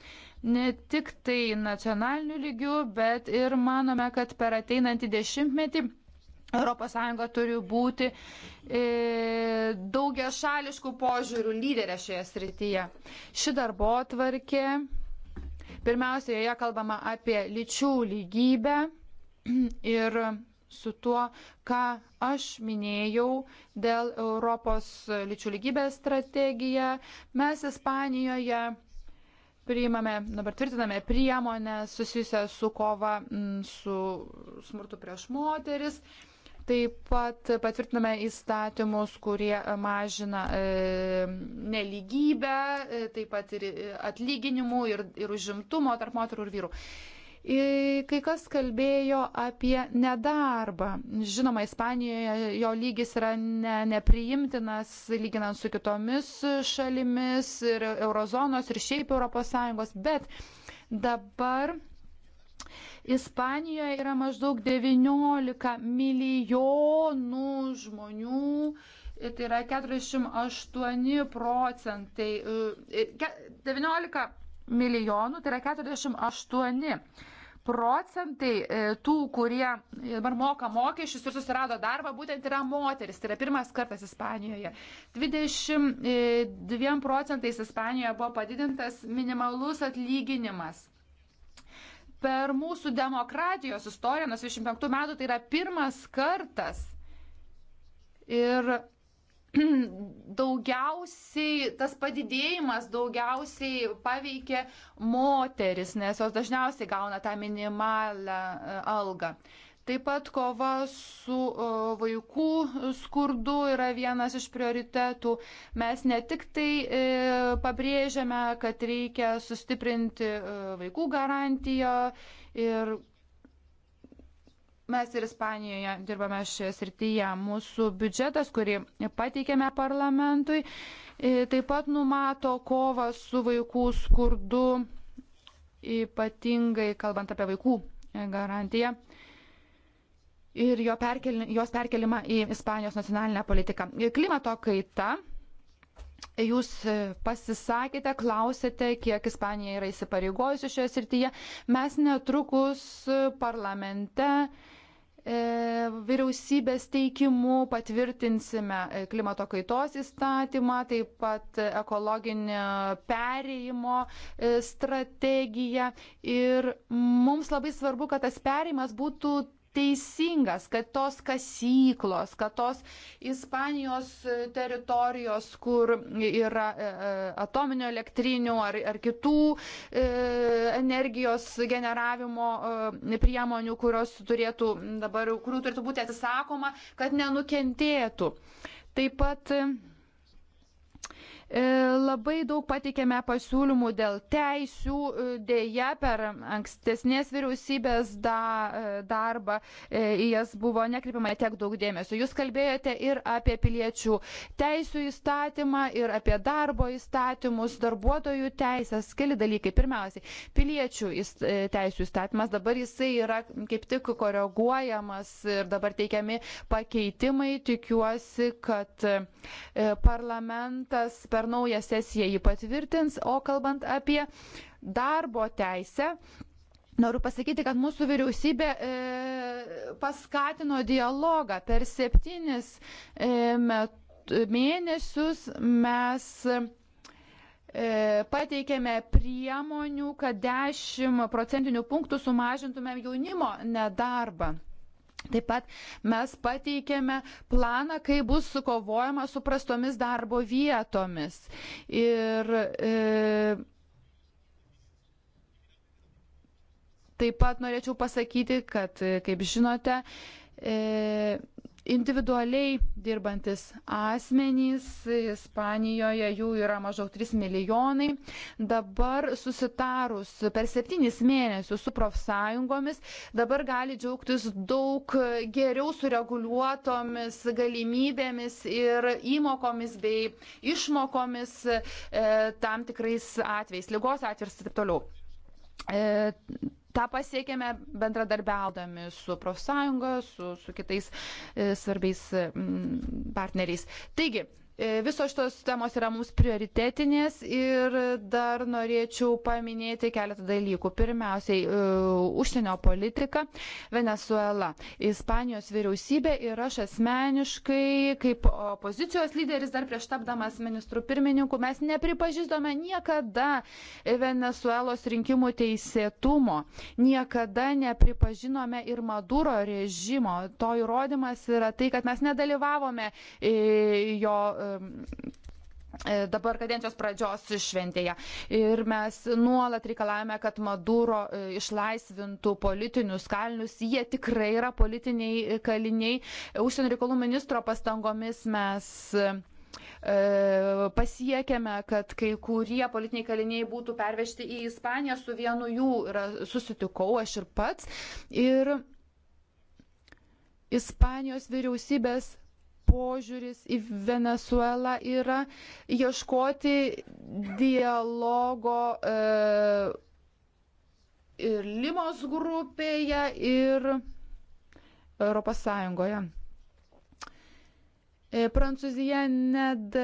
Speaker 3: Ne tik tai nacionaliniu lygiu, bet ir manome, kad per ateinantį dešimtmetį ES turi būti e, daugia šališkų požiūrių lyderė šioje srityje. Ši darbo atvarkė, pirmiausia, joje kalbama apie lyčių lygybę ir su tuo, ką aš minėjau dėl Europos lyčių lygybės strategiją. Mes Ispanijoje priimame, dabar tvirtiname priemonę susijusią su kova su smurtu prieš moteris. Taip pat patvirtiname įstatymus, kurie mažina e, neligybę, e, taip pat ir e, atlyginimų, ir, ir užimtumo tarp moterų ir vyrų. E, Kai kas kalbėjo apie nedarbą. Žinoma, Ispanijoje jo lygis yra ne, nepriimtinas lyginant su kitomis šalimis ir eurozonos ir šiaip ES, bet dabar Ispanijoje yra maždaug 19 milijonų žmonių, tai yra 48 procentai, 19 e, milijonų, tai yra 48 procentai e, tų, kurie dabar moka mokesčius ir susirado darbą, būtent yra moteris. Tai yra pirmas kartas Ispanijoje. 22 e, procentais Ispanijoje buvo padidintas minimalus atlyginimas. Per mūsų demokratijos istoriją nuo 25 metų tai yra pirmas kartas. Ir daugiausiai, tas padidėjimas daugiausiai paveikia moteris, nes jos dažniausiai gauna tą minimalę e, algą. Taip pat kova su e, vaikų skurdu yra vienas iš prioritetų. Mes ne tik tai e, pabrėžiame, kad reikia sustiprinti vaikų garantiją ir Mes ir Ispanijoje dirbame šioje srityje. Mūsų biudžetas, kurį pateikėme parlamentui, e, taip pat numato kovą su vaikų skurdu, ypatingai kalbant apie vaikų e, garantiją ir jo perkel, jos perkelimą į Ispanijos nacionalinę politiką. E, klimato kaita. Jūs pasisakėte, klausėte, kiek Ispanija yra įsipareigojusi šioje srityje. Mes netrukus parlamente uh, E, vyriausybės teikimu patvirtinsime e, klimato kaitos įstatymą, taip pat ekologinio perėjimo e, strategiją. Ir mums labai svarbu, kad tas perėjimas būtų teisingas, kad tos kasyklos, kad tos Ispanijos teritorijos, kur yra e, e, atominio elektrinių ar, ar kitų e, energijos generavimo priemonių, kurios turėtų dabar, kurių turėtų būti atsisakoma, kad nenukentėtų. Taip pat E, labai daug pateikėme pasiūlymų dėl teisių, e, dėja per ankstesnės vyriausybės da, e, darbą į jas buvo nekreipiama tiek daug dėmesio. Jūs kalbėjote ir apie piliečių teisų įstatymą, ir apie darbo įstatymus, darbuotojų teisės, keli dalykai. Pirmiausiai, piliečių teisų įstatymas dabar jisai yra kaip tik koreguojamas ir dabar teikiami pakeitimai. Tikiuosi, kad parlamentas per per naują sesiją jį patvirtins. O kalbant apie darbo teisę. Noriu pasakyti, kad mūsų vyriausybė e, paskatino dialogą per septynis e, met, mėnesius mes e, pateikėme priemonių, kad 10 procentinių punktų sumažintumėm jaunimo nedarbą. Taip pat mes pateikėme planą, kaip bus sukovojama su prastomis darbo vietomis. Ir e, taip pat norėčiau pasakyti, kad, e, kaip žinote, e, Individualiai dirbantis asmenys, Ispanijoje jų yra maždaug 3 milijonai. Dabar susitarus per 7 mėnesius su profsąjungomis, dabar gali džiaugtis daug geriau sureguliuotomis galimybėmis ir įmokomis bei išmokomis e, tam tikrais atvejais, lygos atvejais ir taip toliau. E, tą pasiekėme bendradarbiaudami su profsąjunga, su, su kitais e, svarbiais partneriais. Taigi, E, visos šitos temos yra mums prioritetinės ir dar norėčiau paminėti keletą dalykų. Pirmiausiai, e, užsienio politika Venezuela. Ispanijos vyriausybė ir aš asmeniškai, kaip opozicijos lyderis, dar prieš tapdamas ministrų pirmininku, mes nepripažįstame niekada Venezuelos rinkimų teisėtumo. Niekada nepripažinome ir Maduro režimo. To įrodymas yra tai, kad mes nedalyvavome e, jo Um, e, dabar kadencijos pradžios šventėje. Ir mes nuolat reikalavome, kad Maduro e, išlaisvintų politinius kalinius. Jie tikrai yra politiniai kaliniai. Užsienio reikalų ministro pastangomis mes e, pasiekėme, kad kai kurie politiniai kaliniai būtų pervežti į Ispaniją, su vienu jų yra, susitikau aš ir pats. Ir Ispanijos vyriausybės požiūris į Venezuelą yra ieškoti dialogo e, ir Limos grupėje ir Europos Sąjungoje. E, Prancūzija ned,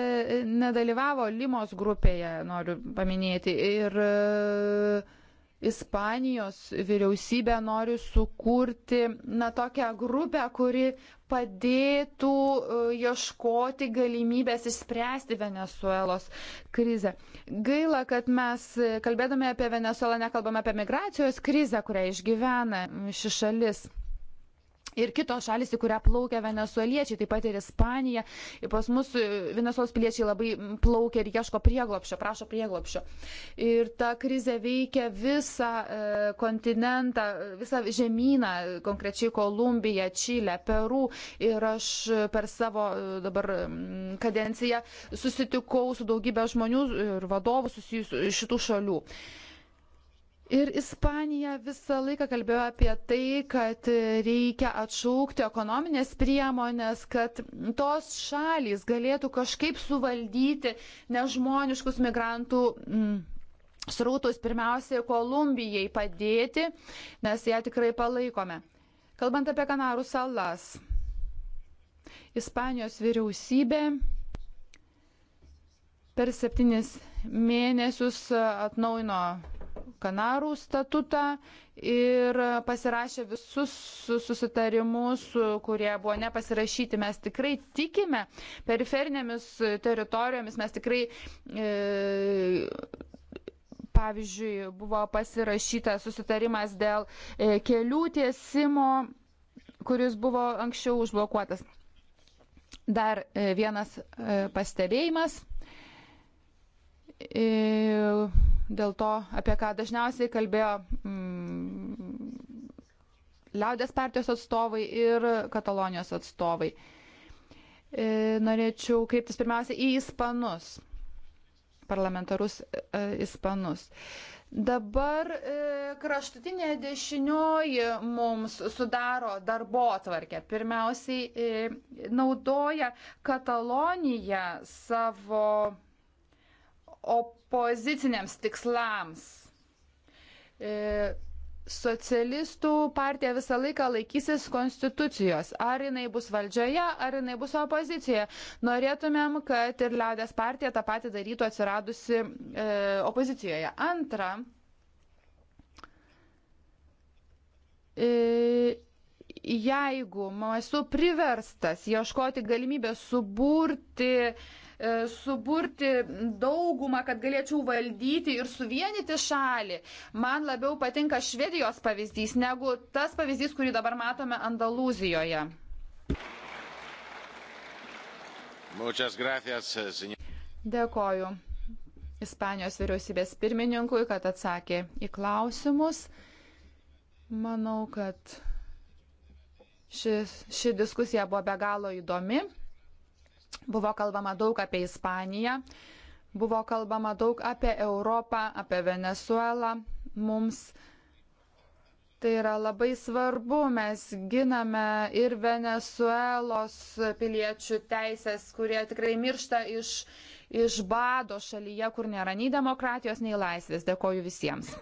Speaker 3: nedalyvavo Limos grupėje, noriu paminėti, ir e, Ispanijos vyriausybė nori sukurti na, tokią grupę, kuri padėtų e, ieškoti galimybės išspręsti Venezuelos krizę. Gaila, kad mes, e, kalbėdami apie Venezuelą, nekalbame apie migracijos krizę, kurią išgyvena ši šalis. Ir kitos šalis, į kurią plaukia venezueliečiai, taip pat ir Ispanija. Ir pas mus e, venezuelos piliečiai labai plaukia ir ieško prieglopšio, prašo prieglopšio. Ir ta krizė veikia visą e, kontinentą, visą žemyną, konkrečiai Kolumbiją, Čilę, Peru. Ir aš per savo e, dabar kadenciją susitikau su daugybė žmonių ir vadovų susijusių iš šitų šalių. Ir Ispanija visą laiką kalbėjo apie tai, kad reikia atšaukti ekonominės priemonės, kad tos šalys galėtų kažkaip suvaldyti nežmoniškus migrantų. Mm, Srautus pirmiausiai Kolumbijai padėti, nes ją tikrai palaikome. Kalbant apie Kanarų salas, Ispanijos vyriausybė per septynis mėnesius atnaujino Kanarų statutą ir pasirašė visus susitarimus, kurie buvo nepasirašyti. Mes tikrai tikime periferinėmis teritorijomis, mes tikrai. E, Pavyzdžiui, buvo pasirašyta susitarimas dėl e, kelių tiesimo, kuris buvo anksčiau užblokuotas. Dar e, vienas e, pastebėjimas. E, dėl to, apie ką dažniausiai kalbėjo mm, liaudės partijos atstovai ir Katalonijos atstovai. E, norėčiau kreiptis pirmiausia į ispanus, parlamentarus e, ispanus. Dabar e, kraštutinė dešinioji mums sudaro darbo atvarkę. Pirmiausiai e, naudoja Kataloniją savo op poziciniams tikslams. E, socialistų partija visą laiką laikysis konstitucijos. Ar jinai bus valdžioje, ar jinai bus opozicijoje. Norėtumėm, kad ir liaudės partija tą patį darytų atsiradusi e, opozicijoje. Antra. E, jeigu esu priverstas ieškoti galimybę suburti e, E, suburti daugumą, kad galėčiau valdyti ir suvienyti šalį. Man labiau patinka Švedijos pavyzdys negu tas pavyzdys, kurį dabar matome Andalūzijoje. Dėkoju Ispanijos vyriausybės pirmininkui, kad atsakė į klausimus. Manau, kad ši, ši diskusija buvo be galo įdomi. Buvo kalbama daug apie Ispaniją, buvo kalbama daug apie Europą, apie Venezuelą. Mums Tai yra labai svarbu, mes giname ir Venezuelos piliečių teisės, kurie tikrai miršta iš, iš bado šalyje, kur nėra nei demokratijos, nei laisvės. Dėkoju visiems.